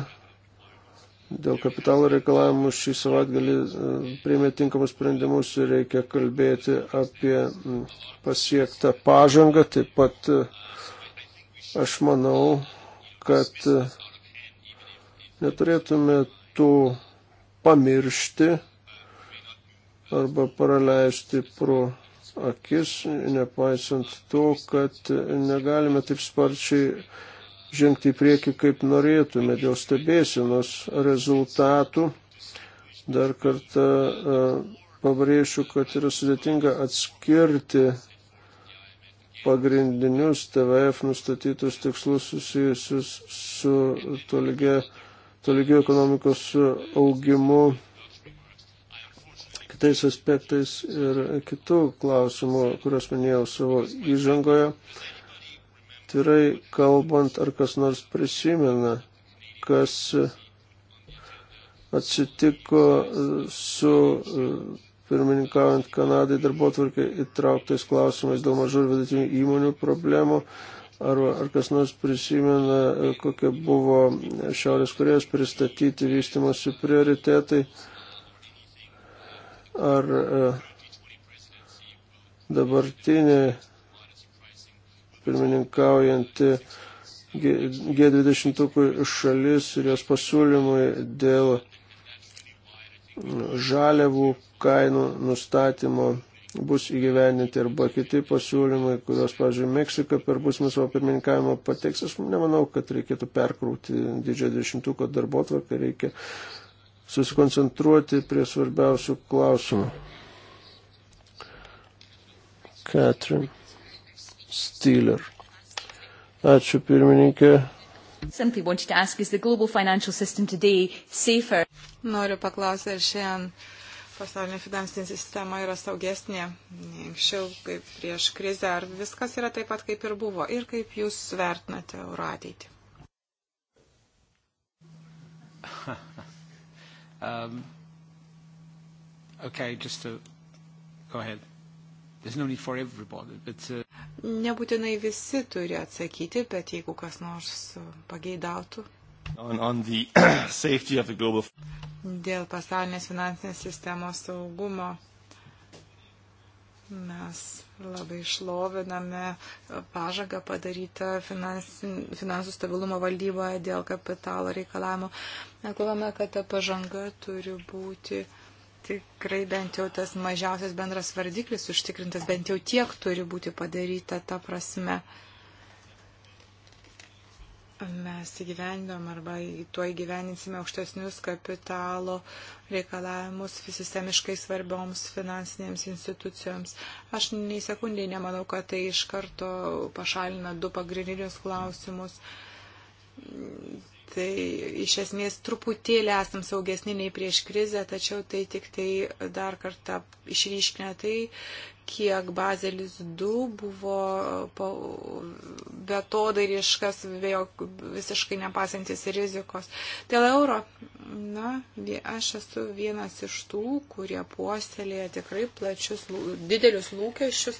dėl kapitalo reikalavimų šį savaitgalį e, priėmė tinkamus sprendimus ir reikia kalbėti apie pasiektą pažangą. Taip pat aš manau, kad neturėtume tų pamiršti arba praleisti pro akis, nepaisant to, kad negalime taip sparčiai žengti į priekį, kaip norėtume dėl stebėsinos rezultatų. Dar kartą e, pabrėšiu, kad yra sudėtinga atskirti pagrindinius TVF nustatytus tikslus susijusius su tolygiu ekonomikos augimu kitais aspektais ir kitų klausimų, kuriuos minėjau savo įžangoje. Tirai kalbant, ar kas nors prisimena, kas atsitiko su e, pirmininkaujant Kanadai darbo tvarkai įtrauktais klausimais dėl mažų ir vidutinių įmonių problemų ar, ar kas nors prisimena, e, kokie buvo Šiaurės Korejos pristatyti vystimosi prioritetai ar e, dabartinė pirmininkaujanti G20 šalis ir jos pasiūlymai dėl žaliavų kainų nustatymo bus įgyveninti arba kiti pasiūlymai, kuriuos, pavyzdžiui, Meksika per būsimą savo pirmininkavimą pateiks. Aš nemanau, kad reikėtų perkrauti didžiojo dešimtuko darbo tvarką, reikia susikoncentruoti prie svarbiausių klausimų. Katrin Steeler. Ačiū pirmininkė. Simply wanted to ask, is the global financial system today safer? Noriu paklausyti, ar šiandien pasaulinė finansinė sistema yra saugesnė nei anksčiau, kaip prieš krizę, ar viskas yra taip pat, kaip ir buvo, ir kaip jūs vertinate euro ateitį? Um, okay, just to go ahead. There's no need for everybody, but. Uh... Nebūtinai visi turi atsakyti, bet jeigu kas nors pageidautų. On, on the safety of the global... Dėl pasaulinės finansinės sistemos saugumo Mes labai šloviname pažagą padarytą finansų stabilumo valdyboje dėl kapitalo reikalavimo. Kalbame, kad ta pažanga turi būti tikrai bent jau tas mažiausias bendras vardiklis užtikrintas, bent jau tiek turi būti padaryta ta prasme. Uh, mes įgyvendom arba tuo įgyveninsime aukštesnius kapitalo reikalavimus sistemiškai svarbioms finansinėms institucijoms. Aš nei sekundiai nemanau, kad tai iš karto pašalina du pagrindinius klausimus. Tai iš esmės truputėlį esam saugesni nei prieš krizę, tačiau tai tik tai dar kartą išryškina tai, kiek Bazelis 2 buvo betodariškas, visiškai nepasantis rizikos. Dėl euro, na, aš esu vienas iš tų, kurie puoselėja tikrai plačius, didelius lūkesčius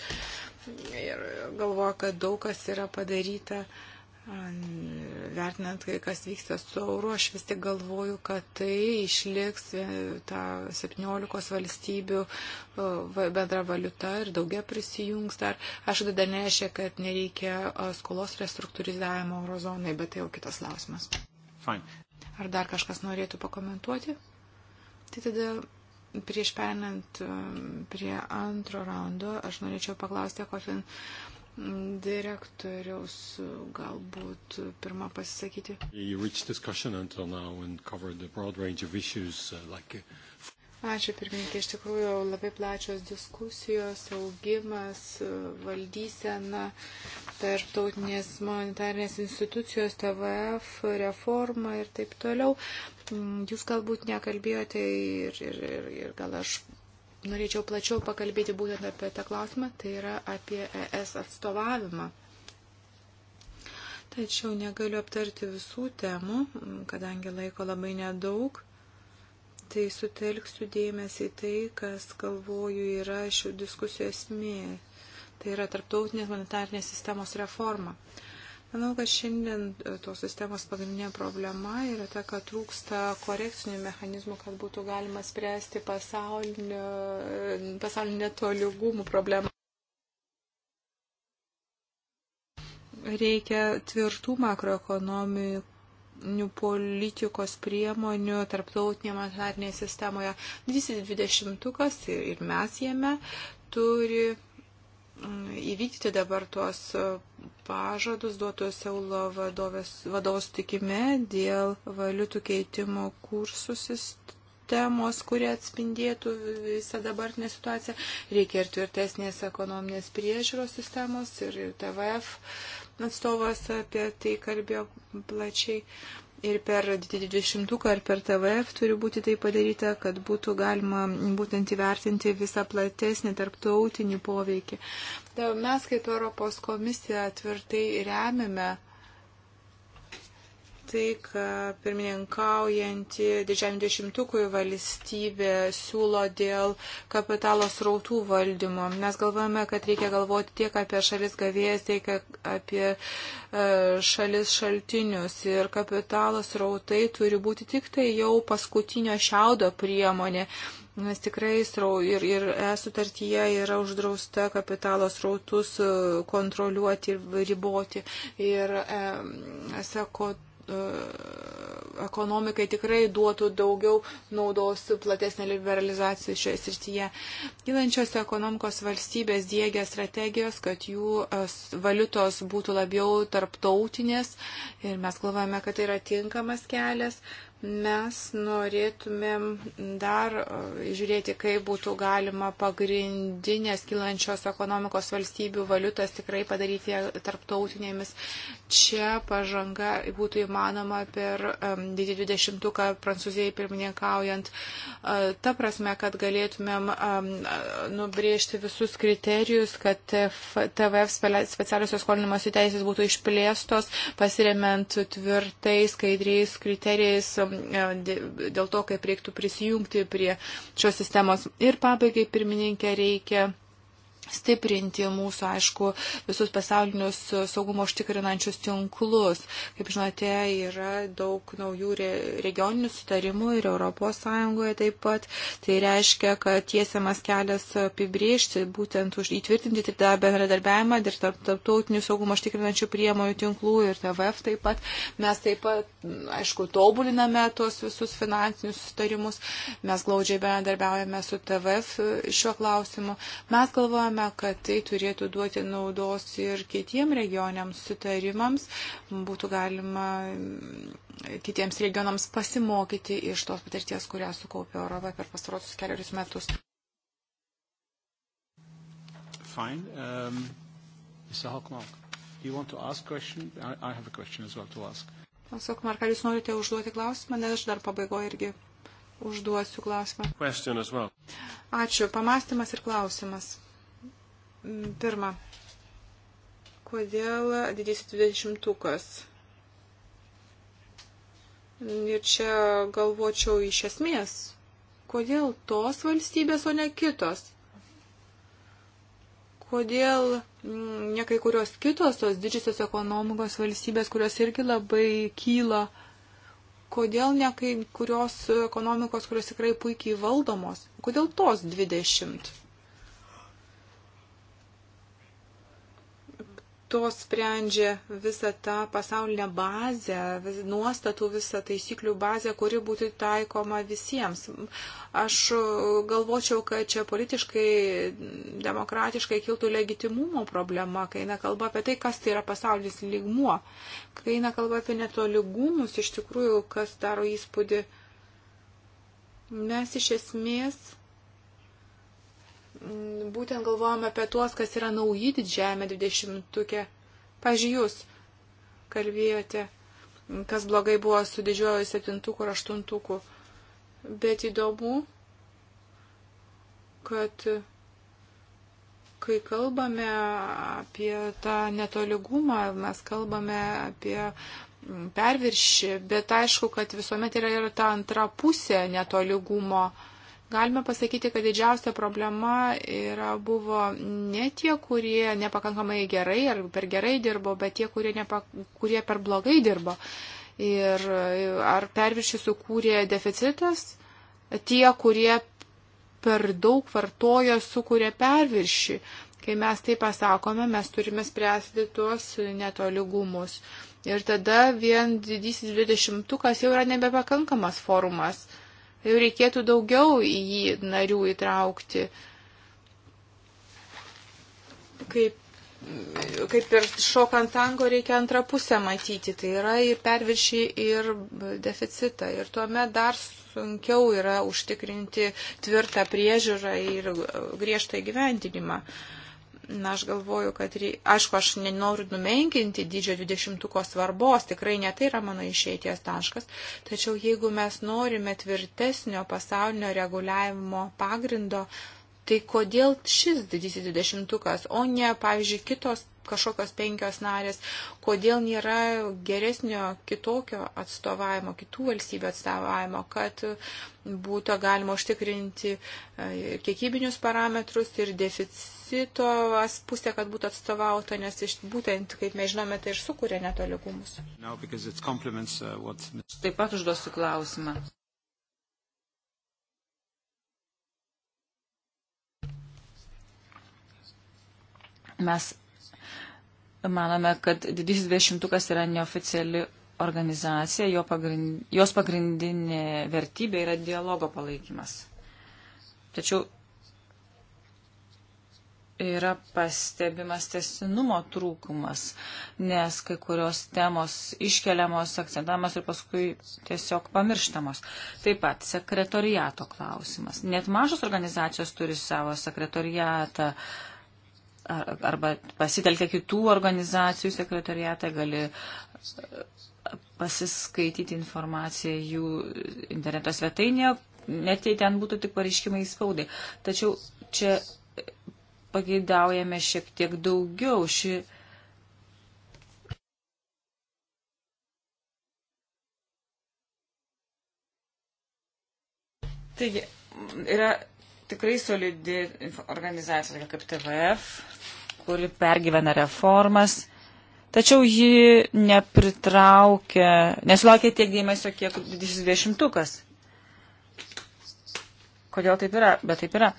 ir galvoju, kad daug kas yra padaryta. Uh, vertinant, kas vyksta su euru, aš vis tik galvoju, kad tai išliks tą 17 valstybių bendra valiuta ir daugia prisijungs dar. Aš tada nereiškia, kad nereikia skolos restruktūrizavimo eurozonai, bet tai jau kitas klausimas. Fine. Ar dar kažkas norėtų pakomentuoti? Tai tada prieš perinant prie antro raundo, aš norėčiau paklausti, Kofin, direktoriaus galbūt pirmą pasisakyti. Uh, uh, Ačiū pirmininkė, iš tikrųjų labai plačios diskusijos, augimas, uh, valdysena, tarptautinės monetarnės institucijos, TVF, reforma ir taip toliau. Mm, jūs galbūt nekalbėjote ir, ir, ir, ir gal aš norėčiau plačiau pakalbėti būtent apie tą klausimą, tai yra apie ES atstovavimą. Tačiau negaliu aptarti visų temų, kadangi laiko labai nedaug. Tai sutelksiu dėmesį į tai, kas, galvoju, yra šių diskusijų esmė. Tai yra tarptautinės monetarnės sistemos reforma. Uh, Manau, kad šiandien e, tos sistemos pagrindinė problema yra ta, kad trūksta korekcinių mechanizmų, kad būtų galima spręsti pasaulinio, e, pasaulinio tolygumų problemą. Reikia tvirtų makroekonomijų ekonominių politikos priemonių tarptautinėje monetarnėje sistemoje. Visi dvidešimtukas ir mes jame turi įvykti dabar tuos e, pažadus duotus Eulo vadovos tikime dėl valiutų keitimo kursų sistemos, kurie atspindėtų visą dabartinę situaciją. Reikia ir tvirtesnės ekonominės priežiūros sistemos ir TVF atstovas apie tai kalbėjo plačiai. Ir per 20-ką ar per TVF turi būti tai padaryta, kad būtų galima būtent įvertinti visą platesnį tarptautinį poveikį. Mes kaip Europos komisija tvirtai remiame tai, ką pirmininkaujantį didžiam dešimtukui valstybė siūlo dėl kapitalo srautų valdymo. Mes galvojame, kad reikia galvoti tiek apie šalis gavėjas, tiek apie e, šalis šaltinius. Ir kapitalo srautai turi būti tik tai jau paskutinio šiaudo priemonė. Nes tikrai srau, ir, ir e sutartyje yra uždrausta kapitalo srautus e, kontroliuoti ir riboti. Ir e, sako, E, ekonomikai tikrai duotų daugiau naudos platesnė liberalizacija šioje srityje. Kylančios ekonomikos valstybės dėgia strategijos, kad jų e, valiutos būtų labiau tarptautinės ir mes galvojame, kad tai yra tinkamas kelias mes norėtumėm dar e, žiūrėti, kaip būtų galima pagrindinės kilančios ekonomikos valstybių valiutas tikrai padaryti tarptautinėmis. Čia pažanga būtų įmanoma per e, didį dvidešimtuką Prancūzijai pirmininkaujant. E, ta prasme, kad galėtumėm nubrėžti visus kriterijus, kad TVF specialiosios skolinimosi teisės būtų išplėstos, pasiremiant tvirtais, skaidriais kriterijais E, dėl to, kaip reiktų prisijungti prie šios sistemos. Ir pabaigai, pirmininkė, reikia stiprinti mūsų, aišku, visus pasaulinius saugumo užtikrinančius tinklus. Kaip žinote, yra daug naujų re, regioninių sutarimų ir ES taip pat. Tai reiškia, kad tiesiamas kelias apibriežti, būtent už, įtvirtinti tą bendradarbiavimą ir tarp tarptautinių saugumo užtikrinančių priemonių tinklų ir TVF taip pat. Mes taip pat, aišku, tobuliname tuos visus finansinius sutarimus. Mes glaudžiai bendradarbiaujame su TVF šiuo klausimu. Mes galvojame, manome, kad tai turėtų duoti naudos ir kitiem regioniams sutarimams, būtų galima kitiems regionams pasimokyti iš tos patirties, kurią sukaupė Europa per pastarosius keliarius metus. Fine. Um, Mr. Hockmark, you want to ask question? I, I have a question as well to ask. Hockmark, ar jūs norite užduoti klausimą, nes aš dar pabaigoje irgi užduosiu klausimą. Well. Ačiū. Pamastymas ir klausimas. Mm, pirma, kodėl didysis dvidešimtukas? Ir čia galvočiau iš esmės, kodėl tos valstybės, o ne kitos? Kodėl mm, ne kai kurios kitos, tos didžiosios ekonomikos valstybės, kurios irgi labai kyla, kodėl ne kai kurios ekonomikos, kurios tikrai puikiai valdomos, kodėl tos dvidešimt? to sprendžia visą tą pasaulinę bazę, nuostatų visą taisyklių bazę, kuri būtų taikoma visiems. Aš galvočiau, kad čia politiškai, demokratiškai kiltų legitimumo problema, kai eina kalba apie tai, kas tai yra pasaulis lygmuo, kai eina kalba apie netolygumus, iš tikrųjų, kas daro įspūdį. Mes iš esmės Mm, būtent galvojame apie tuos, kas yra nauji didžiajame dvidešimtukė. Pavyzdžiui, jūs kalbėjote, mm, kas blogai buvo su didžiuoju septintuku ar aštuntuku. Bet įdomu, kad kai kalbame apie tą netoligumą, mes kalbame apie mm, perviršį, bet aišku, kad visuomet yra ir ta antra pusė netoligumo. Uh, galime pasakyti, kad didžiausia problema yra, buvo ne tie, kurie nepakankamai gerai ar per gerai dirbo, bet tie, kurie, nepa, kurie per blogai dirbo. Ir ar perviršį sukūrė deficitas, tie, kurie per daug vartojo, sukūrė perviršį. Kai mes tai pasakome, mes turime spręsti tuos netolygumus. Ir tada vien didysis dvidešimtukas jau yra nebepakankamas forumas. Jau reikėtų daugiau į jį narių įtraukti. Kaip, kaip ir šokant tango reikia antrą pusę matyti, tai yra ir perviršį, ir deficitą. Ir tuomet dar sunkiau yra užtikrinti tvirtą priežiūrą ir griežtą įgyvendinimą. Uh, Na, aš galvoju, kad, aišku, aš nenoriu numenkinti didžio dvidešimtuko svarbos, tikrai ne tai yra mano išeities taškas, tačiau jeigu mes norime tvirtesnio pasaulinio reguliavimo pagrindo, tai kodėl šis didysis dvidešimtukas, o ne, pavyzdžiui, kitos kažkokios penkios narės, kodėl nėra geresnio kitokio atstovavimo, kitų valstybių atstovavimo, kad būtų galima užtikrinti e, kiekybinius parametrus ir deficitą deficitos pusė, kad būtų atstovauta, nes iš, būtent, kaip mes žinome, tai ir sukuria netolikumus. No, uh, what... Taip pat užduosiu klausimą. Mes manome, kad didysis dvidešimtukas yra neoficiali organizacija, jo pagrind, jos pagrindinė vertybė yra dialogo palaikymas. Tačiau yra pastebimas tesinumo trūkumas, nes kai kurios temos iškeliamos, akcentamos ir paskui tiesiog pamirštamos. Taip pat sekretoriato klausimas. Net mažos organizacijos turi savo sekretoriatą arba pasitelkia kitų organizacijų sekretoriatą, gali e, pasiskaityti informaciją jų interneto svetainėje, net jei ten būtų tik pareiškimai įspaudai. Tačiau čia pageidaujame šiek tiek daugiau. Ši Taigi, yra tikrai solidi organizacija kaip TVF, kuri pergyvena reformas, tačiau ji nepritraukia, nesulaukia tiek dėmesio, kiek didysis dešimtukas. Kodėl taip yra? Bet taip yra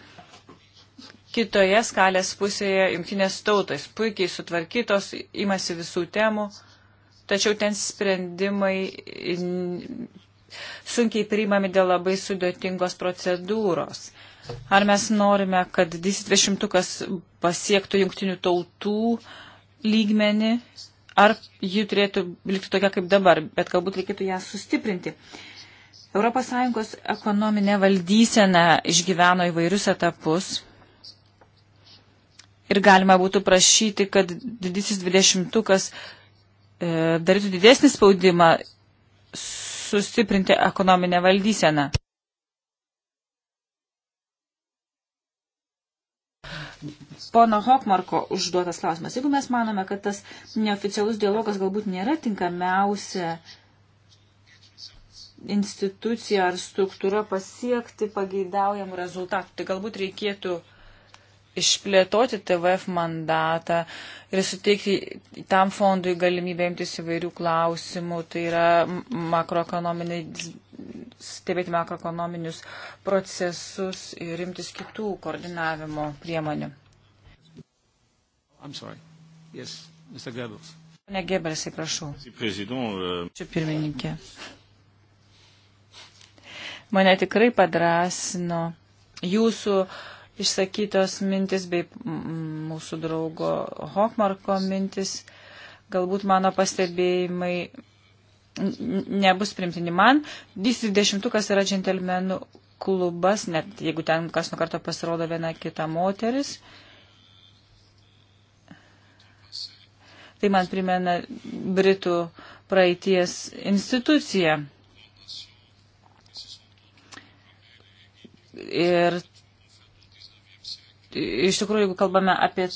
kitoje skalės pusėje jungtinės tautos puikiai sutvarkytos, imasi visų temų, tačiau ten sprendimai sunkiai priimami dėl labai sudėtingos procedūros. Ar mes norime, kad dvidešimtukas pasiektų jungtinių tautų lygmenį, ar ji turėtų likti tokia kaip dabar, bet galbūt reikėtų ją sustiprinti. ES ekonominė valdysena išgyveno įvairius etapus ir galima būtų prašyti, kad didysis dvidešimtukas e, darytų didesnį spaudimą sustiprinti ekonominę valdyseną. Pono Hokmarko užduotas klausimas. Jeigu mes manome, kad tas neoficialus dialogas galbūt nėra tinkamiausia institucija ar struktūra pasiekti pageidaujamų rezultatų, tai galbūt reikėtų uh, išplėtoti TVF mandatą ir suteikti tam fondui galimybę imtis įvairių klausimų, tai yra stebėti makroekonominius procesus ir imtis kitų koordinavimo priemonių. Yes, Pane Gebelsai, prašau. Euh, Ačiū pirmininkė. Mane tikrai padrasino jūsų uh, išsakytos mintis bei mūsų draugo Hokmarko mintis. Galbūt mano pastebėjimai nebus primtini man. Dysis dešimtukas yra džentelmenų klubas, net jeigu ten kas nu kartą pasirodo viena kita moteris. Tai man primena Britų praeities instituciją. Ir iš tikrųjų, jeigu kalbame apie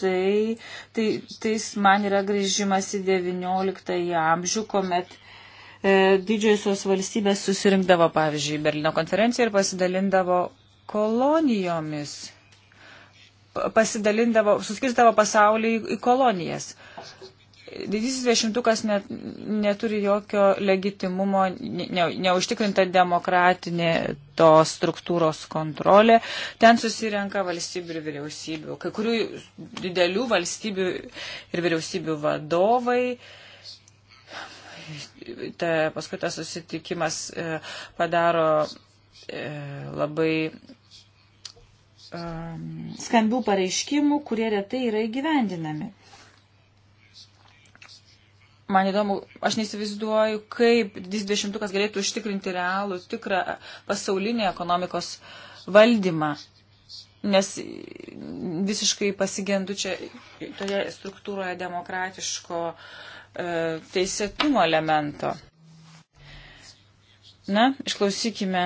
tai, tai, tai man yra grįžimas į XIX amžių, kuomet e, didžiosios valstybės susirinkdavo, pavyzdžiui, Berlyno konferenciją ir pasidalindavo kolonijomis pasidalindavo, suskirstavo pasaulį į kolonijas. Didysis dešimtukas net, neturi jokio legitimumo, ne, neužtikrinta demokratinė to struktūros kontrolė. Ten susirenka valstybių ir vyriausybių, kai kurių didelių valstybių ir vyriausybių vadovai. Ta, paskui tas susitikimas e, padaro e, labai um, skambių pareiškimų, kurie retai yra įgyvendinami. Man įdomu, aš neįsivaizduoju, kaip dvidešimtukas galėtų užtikrinti realų, tikrą pasaulinį ekonomikos valdymą, nes visiškai pasigendu čia toje struktūroje demokratiško e, teisėtumo elemento. Na, išklausykime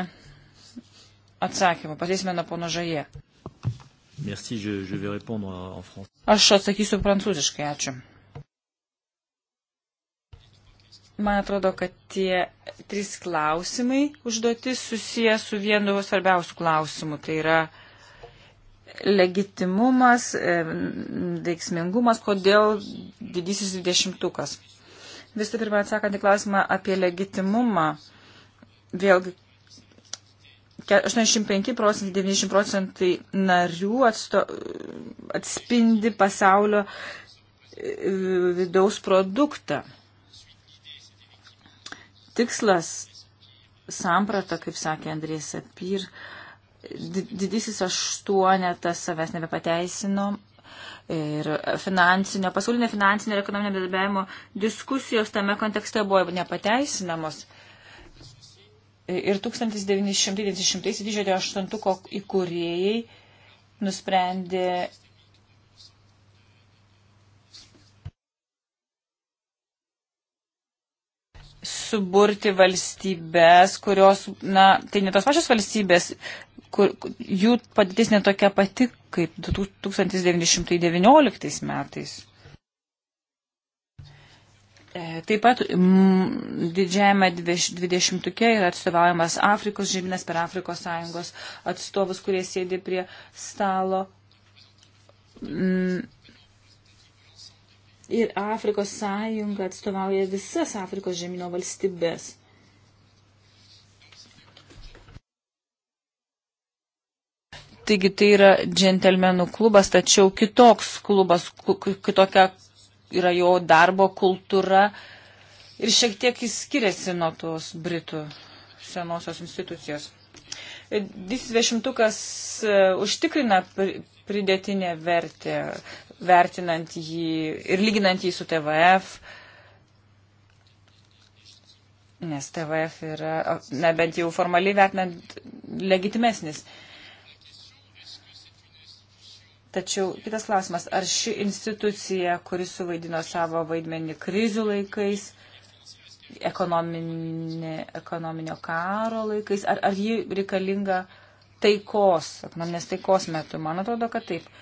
atsakymą. Pasėsime nuo pono Žaje. Merci, je, je vais répondre en français. Aš atsakysiu prancūziškai, ačiū. Man atrodo, kad tie trys klausimai užduoti susiję su vienu svarbiausių klausimų. Tai yra legitimumas, e, veiksmingumas, kodėl didysis dvidešimtukas. Visų pirma, atsakant į klausimą apie legitimumą, vėlgi 85 procentai, 90 procentai narių atsto, atspindi pasaulio e, vidaus produktą tikslas samprata, kaip sakė Andrės Sapyr, didysis aštuonetas savęs nebepateisino. Ir finansinio, pasaulinio finansinio ir ekonominio bedarbiavimo diskusijos tame kontekste buvo nepateisinamos. Ir 1990 didžiojo aštuntuko įkūrėjai nusprendė suburti valstybės, kurios, na, tai ne tos pačios valstybės, kur jų padėtis netokia pati kaip 1919 metais. E, taip pat m, mm, didžiajame dvidešimtuke yra atstovaujamas Afrikos žemynas per Afrikos sąjungos atstovus, kurie sėdi prie stalo. M, mm, ir Afrikos sąjunga atstovauja visas Afrikos žemino valstybės. Taigi tai yra džentelmenų klubas, tačiau kitoks klubas, kitokia yra jo darbo kultūra ir šiek tiek jis skiriasi nuo tos Britų senosios institucijos. Didysis dešimtukas e, užtikrina pridėtinę vertę, vertinant jį ir lyginant jį su TVF, nes TVF yra, na bent jau formaliai vertinant, legitimesnis. Tačiau kitas klausimas, ar ši institucija, kuris suvaidino savo vaidmenį krizių laikais, ekonominė, ekonominio karo laikais, ar, ar ji reikalinga taikos, ekonominės taikos metu? Man atrodo, kad taip. Uh,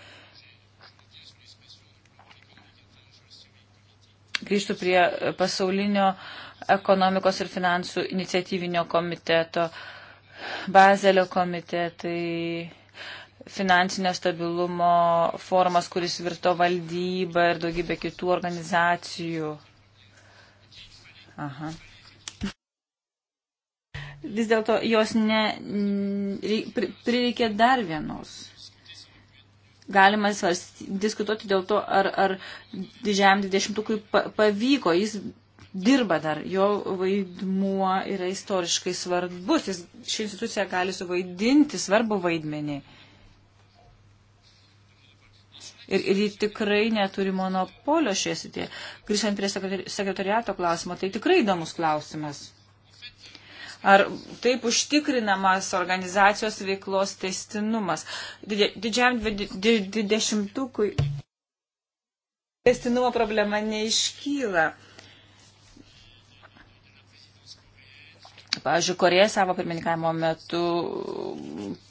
grįžtų prie pasaulinio ekonomikos ir finansų iniciatyvinio komiteto, Bazelio komitetai, finansinio stabilumo formas, kuris virto valdybą ir daugybė kitų organizacijų. Aha. Vis dėlto jos ne, prireikė dar vienos galima diskutuoti dėl to, ar, ar didžiajam dvidešimtukui pavyko. Jis dirba dar, jo vaidmuo yra istoriškai svarbus. Jis, ši institucija gali suvaidinti svarbu vaidmenį. Ir, ir ji tikrai neturi monopolio šioje srityje. Grįžtant prie sekretariato klausimo, tai tikrai įdomus klausimas. Ar taip užtikrinamas organizacijos veiklos testinumas? Didžiam dvidešimtukui testinumo problema neiškyla. Pavyzdžiui, Koreja savo pirmininkavimo metu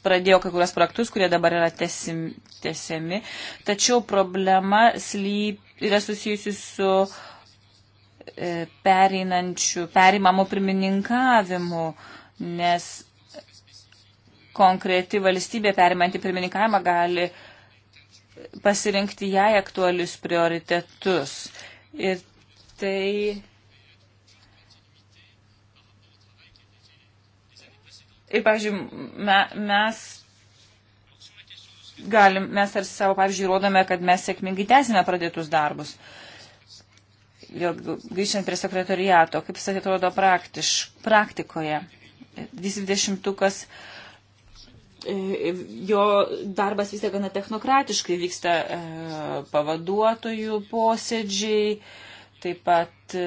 pradėjo kai kurias projektus, kurie dabar yra tesim, tesiami, tačiau problema slyp, yra susijusi su uh, E, pereinančių, perimamų pirmininkavimų, nes konkreti valstybė perimanti pirmininkavimą gali pasirinkti jai aktualius prioritetus. Ir tai Ir, pavyzdžiui, me, mes galim, mes tarsi savo, pavyzdžiui, rodome, kad mes sėkmingai tęsime pradėtus darbus. Uh, vėl grįžtant prie sekretoriato, kaip jis atrodo praktiš, praktikoje. 20-tukas, e, jo darbas vis tiek gana technokratiškai vyksta e, pavaduotojų posėdžiai, taip pat e,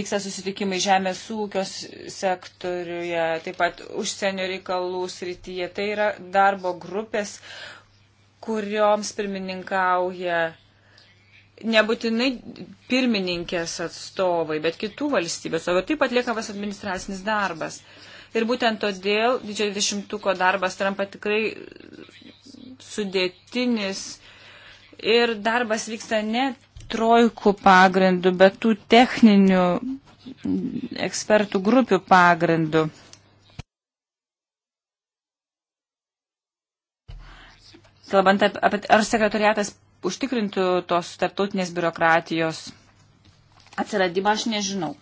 vyksta susitikimai žemės ūkios sektoriuje, taip pat užsienio reikalų srityje. Tai yra darbo grupės, kurioms pirmininkauja nebūtinai pirmininkės atstovai, bet kitų valstybės, o taip atliekamas administracinis darbas. Ir būtent todėl didžiojo dešimtuko darbas trampa tikrai sudėtinis ir darbas vyksta ne trojkų pagrindų, bet tų techninių ekspertų grupių pagrindų. Kalbant apie, ar sekretariatas užtikrintų tos tarptautinės biurokratijos atsiradimą, aš nežinau.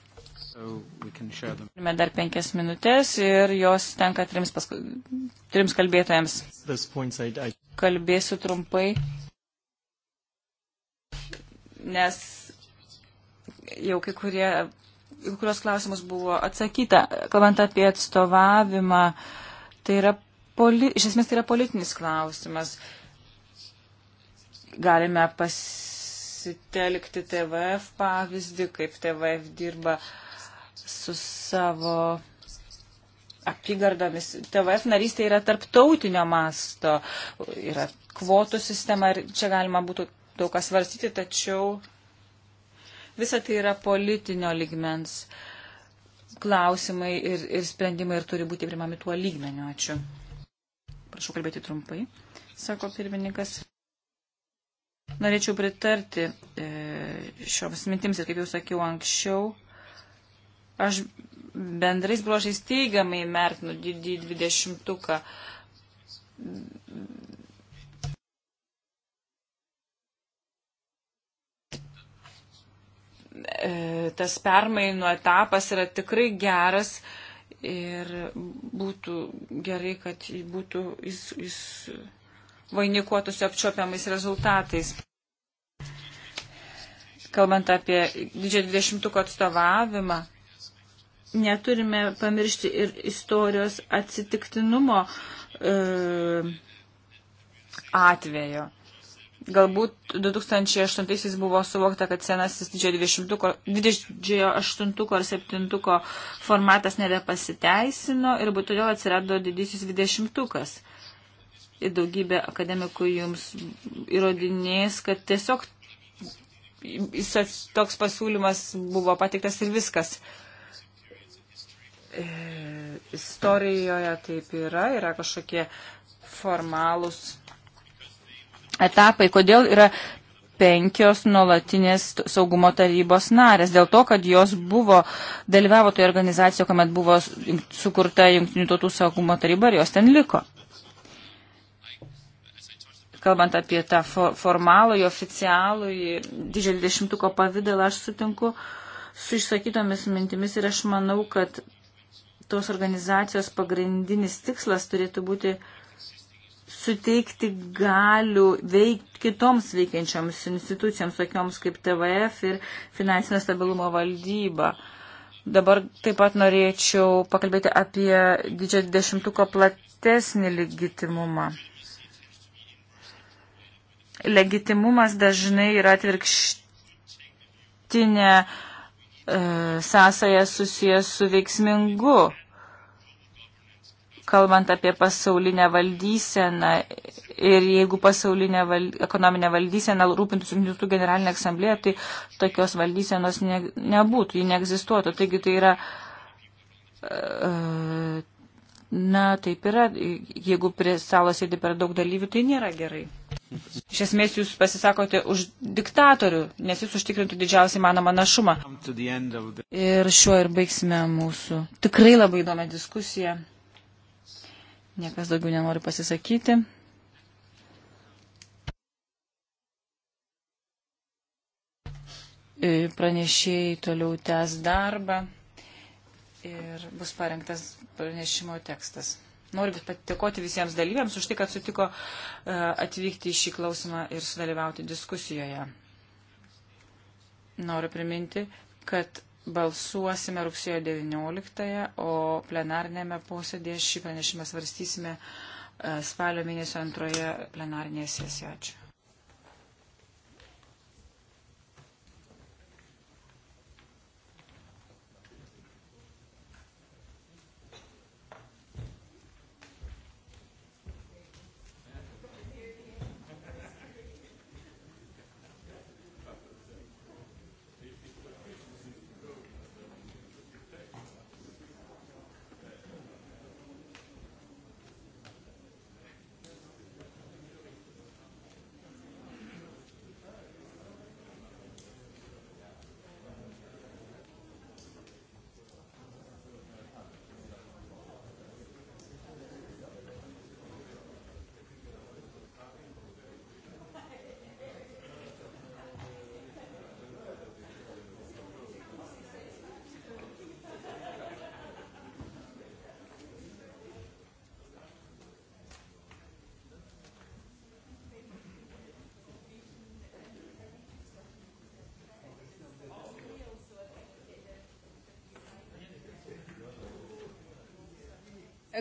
Turime dar penkias minutės ir jos tenka trims, paskui, trims kalbėtojams. Kalbėsiu trumpai, nes jau kai kurie, kurios klausimus buvo atsakyta, kalbant apie atstovavimą, tai yra, poli, iš esmės tai yra politinis klausimas. Uh, galime pasitelkti TVF pavyzdį, kaip TVF dirba su savo apygardomis. TVF narystė yra tarptautinio masto, yra kvotų sistema ir čia galima būtų daug kas svarstyti, tačiau visa tai yra politinio ligmens klausimai ir, ir sprendimai ir turi būti primami tuo lygmeniu. Ačiū. Prašau kalbėti trumpai, sako pirmininkas. Norėčiau pritarti e, šioms mintims ir, kaip jau sakiau anksčiau, aš bendrais bruožais teigiamai mertinu didį dvidešimtuką. E, tas permainų etapas yra tikrai geras ir būtų gerai, kad būtų jis, jis vainikuotųsi apčiopiamais rezultatais. Kalbant apie didžiąją dvidešimtuko atstovavimą, neturime pamiršti ir istorijos atsitiktinumo e, atvejo. Galbūt 2008-aisiais buvo suvokta, kad senasis didžiojo 28-ko ar 7-ko formatas nebepasiteisino ir todėl atsirado didysis 20-kas. 20 daugybė akademikų jums įrodinės, kad tiesiog toks pasiūlymas buvo patiktas ir viskas. E, istorijoje taip yra, yra kažkokie formalūs etapai. Kodėl yra penkios nuolatinės saugumo tarybos narės? Dėl to, kad jos buvo, dalyvavo toje organizacijoje, kuomet buvo sukurta Junktinių tautų saugumo taryba ir jos ten liko kalbant apie tą formalųjį, oficialųjį, didžiulį dešimtuko pavydalą, aš sutinku su išsakytomis mintimis ir aš manau, kad tos organizacijos pagrindinis tikslas turėtų būti suteikti galių veik, kitoms veikiančioms institucijoms, tokioms kaip TVF ir finansinio stabilumo valdyba. Dabar taip pat norėčiau pakalbėti apie didžią dešimtuko platesnį legitimumą legitimumas dažnai yra atvirkštinė e, sąsaja susijęs su veiksmingu. Kalbant apie pasaulinę valdyseną ir jeigu pasaulinė val, ekonominė valdysena rūpintųsi Junktinių generalinė asamblėje, tai tokios valdysenos ne, nebūtų, ji neegzistuotų. Taigi tai yra e, Na, taip yra. Jeigu prie stalo sėdi per daug dalyvių, tai nėra gerai. Iš esmės jūs pasisakote už diktatorių, nes jis užtikrintų didžiausią įmanomą našumą. Ir šiuo ir baigsime mūsų tikrai labai įdomią diskusiją. Niekas daugiau nenori pasisakyti. E, pranešėjai toliau tęs darbą ir bus parengtas pranešimo tekstas. Noriu patikoti visiems dalyviams už tai, kad sutiko e, atvykti į šį klausimą ir sudalyvauti diskusijoje. Noriu priminti, kad balsuosime rugsėjo 19, o plenarnėme posėdėje šį pranešimą svarstysime e, spalio mėnesio antroje plenarnėje sesijoje. Ačiū.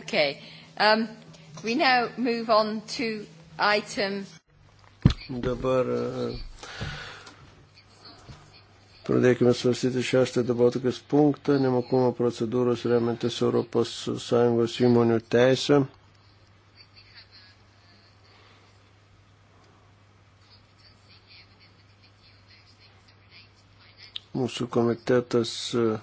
Okay. Um, we now move on to item. Dabar uh, pradėkime svarstyti šeštą darbotokės punktą - nemokumo procedūros remiantis ES įmonių teisę. Mūsų komitetas uh,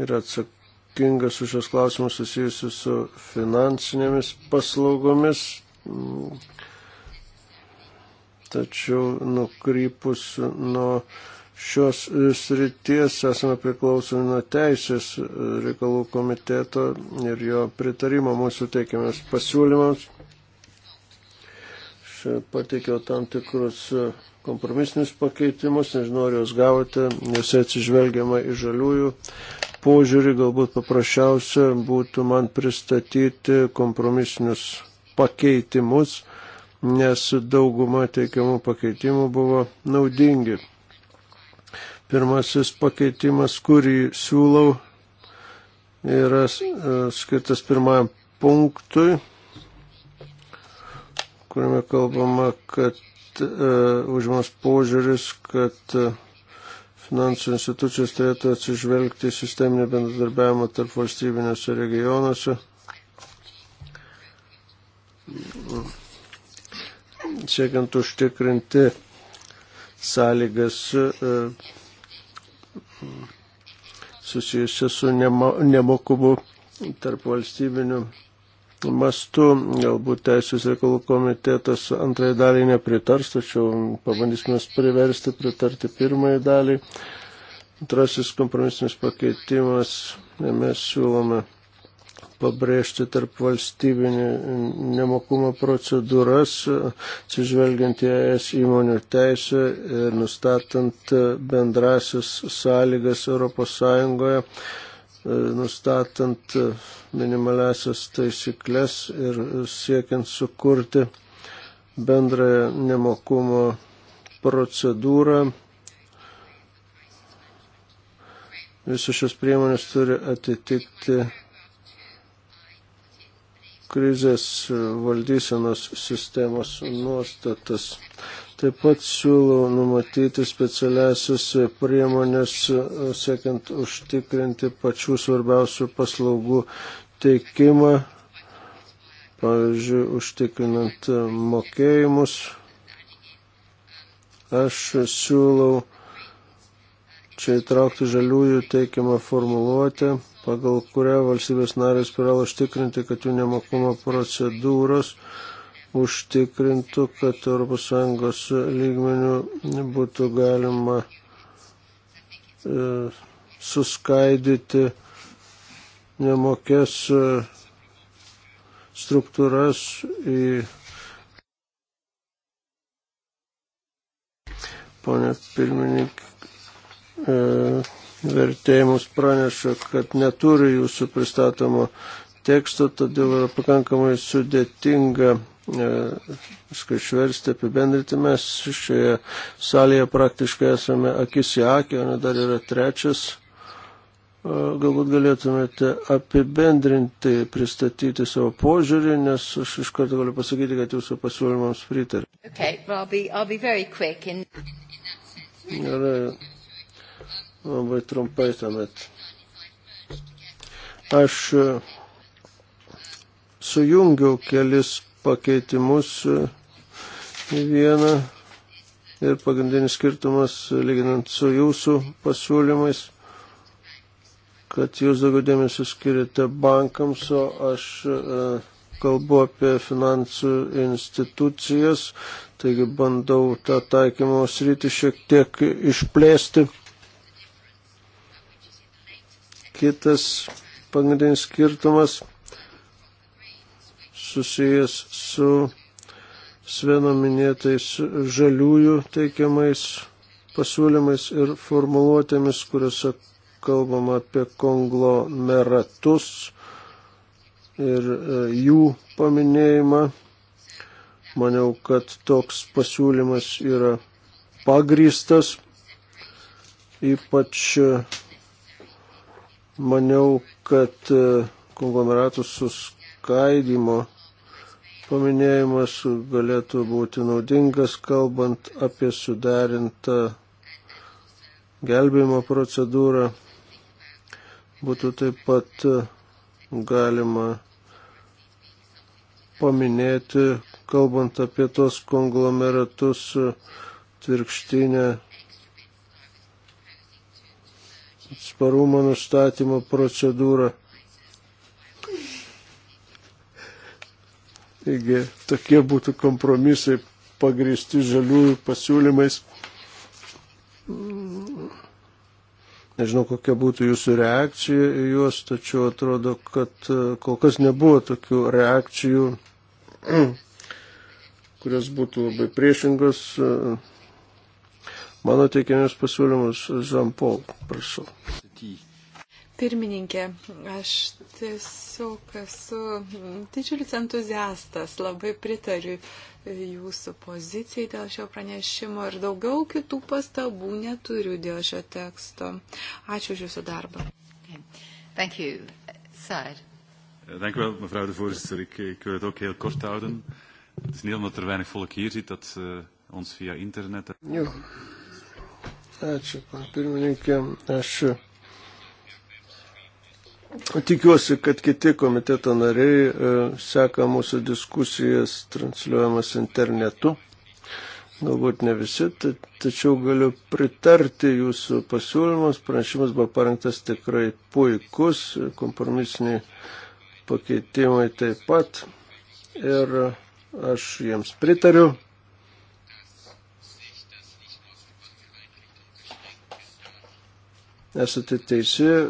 yra atsakingas atsakingas už šios klausimus susijusius su finansinėmis paslaugomis, tačiau nukrypus nuo šios srities esame priklausomi nuo teisės reikalų komiteto ir jo pritarimo mūsų teikiamės pasiūlymams. Aš pateikiau tam tikrus kompromisinius pakeitimus, nežinau, ar jūs gavote, nes atsižvelgiama į žaliųjų požiūrį galbūt paprasčiausia būtų man pristatyti kompromisinius pakeitimus, nes dauguma teikiamų pakeitimų buvo naudingi. Pirmasis pakeitimas, kurį siūlau, yra e, skirtas pirmajam punktui, kuriame kalbama, kad e, užimas požiūris, kad e, finansų institucijos turėtų atsižvelgti sisteminį bendradarbiavimą tarp valstybinėse regionuose. Siekiant užtikrinti sąlygas e, susijusias su nemokumu tarp valstybinių mastu, galbūt Teisės reikalų komitetas antrai daliai nepritars, tačiau pabandysime priversti pritarti pirmai daliai. Antrasis kompromisinis pakeitimas, e, mes siūlome pabrėžti tarp valstybinį nemokumo procedūras, atsižvelgiant į ES įmonių teisę ir nustatant bendrasis sąlygas ES E, nustatant e, minimaliasias taisyklės ir siekiant sukurti bendrąją nemokumo procedūrą. Visos šios priemonės turi atitikti krizės valdysenos sistemos nuostatas. Taip pat siūlau numatyti specialiasius priemonės, e, siekiant užtikrinti pačių svarbiausių paslaugų teikimą, pavyzdžiui, užtikrinant e, mokėjimus. Aš siūlau čia įtraukti žaliųjų teikiamą formuluotę, pagal kurią valstybės narės privalo užtikrinti, kad jų nemokumo procedūros užtikrintų, kad ES lygmenių būtų galima e, suskaidyti nemokės e, struktūras į ponė pirmininkai. E, vertėjimus praneša, kad neturi jūsų pristatomo teksto, todėl yra pakankamai sudėtinga E, viską išversti, apibendrinti. Mes šioje salėje praktiškai esame akis į akį, o ne dar yra trečias. E, galbūt galėtumėte apibendrinti, pristatyti savo požiūrį, nes aš iš karto galiu pasakyti, kad jūsų pasiūlymams pritariu. Okay, well, I'll be, I'll be very quick in... Gerai, labai trumpai tuomet. Aš e, sujungiau kelis pakeitimus e, į vieną ir pagrindinis skirtumas, lyginant su jūsų pasiūlymais, kad jūs daugiau dėmesio skiriate bankams, o aš e, kalbu apie finansų institucijas, taigi bandau tą taikymo sritį šiek tiek išplėsti. Kitas pagrindinis skirtumas susijęs su Sveno minėtais žaliųjų teikiamais pasiūlymais ir formuluotėmis, kuriuose kalbama apie konglomeratus ir e, jų paminėjimą. Maniau, kad toks pasiūlymas yra pagrystas. Ypač e, maniau, kad e, konglomeratų suskaidimo paminėjimas galėtų būti naudingas, kalbant apie suderintą gelbėjimo procedūrą. Būtų taip pat e, galima paminėti, kalbant apie tos konglomeratus, e, tvirkštinę sparumo nustatymo procedūrą. Taigi tokie būtų kompromisai pagristi žaliųjų pasiūlymais. Nežinau, kokia būtų jūsų reakcija į juos, tačiau atrodo, kad e, kol kas nebuvo tokių reakcijų, kurios būtų labai priešingos e, mano teikiamiems pasiūlymus. Žampol, prašau. Pirmininkė, aš tiesiog esu didžiulis entuziastas, labai pritariu jūsų pozicijai dėl šio pranešimo ir daugiau kitų pastabų neturiu dėl šio teksto. Ačiū už jūsų darbą. Thank you. Saad. Eh, dank u wel, mevrouw de voorzitter. Ik, eh, ik wil het ook heel kort houden. Het is niet omdat er weinig volk hier zit dat ze eh, ons via internet... Jo. Ačiū, pirmininkė. Ačiū. Tikiuosi, kad kiti komiteto nariai e, seka mūsų diskusijas transliuojamas internetu. Galbūt ne visi, tačiau galiu pritarti jūsų pasiūlymus. Pranešimas buvo parengtas tikrai puikus, kompromisiniai pakeitimai taip pat. Ir aš jiems pritariu. esate teisi, e,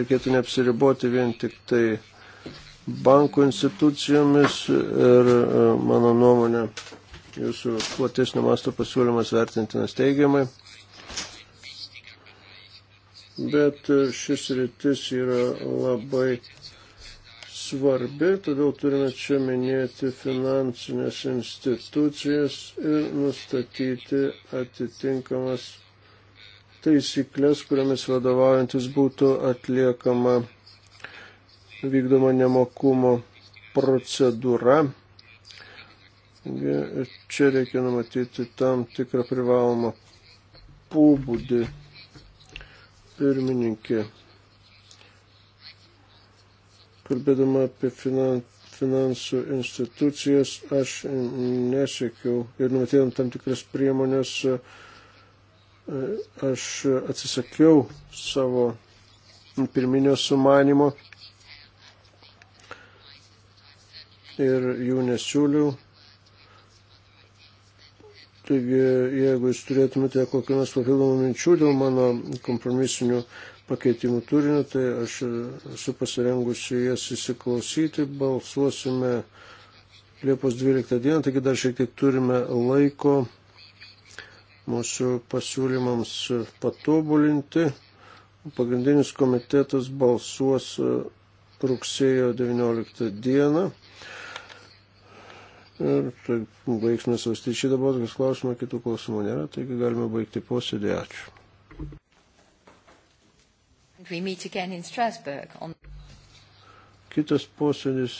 reikėtų neapsiriboti vien tik tai bankų institucijomis ir e, mano nuomonė jūsų platesnio masto pasiūlymas vertintinas teigiamai. Bet e, šis rytis yra labai svarbi, todėl turime čia minėti finansinės institucijas ir nustatyti atitinkamas taisyklės, kuriamis vadovaujantis būtų atliekama vykdoma nemokumo procedūra. Čia reikia numatyti tam tikrą privalomą pobūdį pirmininkė. Kalbėdama apie finan, finansų institucijas, aš nesiekiau ir numatydam tam tikras priemonės uh, aš atsisakiau savo pirminio sumanimo ir jų nesiūliau. Taigi, jeigu jūs turėtumėte kokių nors papildomų minčių dėl mano kompromisinių pakeitimų turinio, tai aš esu pasirengusi jas įsiklausyti, balsuosime Liepos 12 dieną, taigi dar šiek tiek turime laiko mūsų pasiūlymams patobulinti. Pagrindinis komitetas balsuos e, rugsėjo 19 dieną. Ir tai baigsime svarstyti šį dabar, kas klausimą, kitų klausimų nėra, taigi galime baigti posėdį. Ačiū. On... Kitas posėdis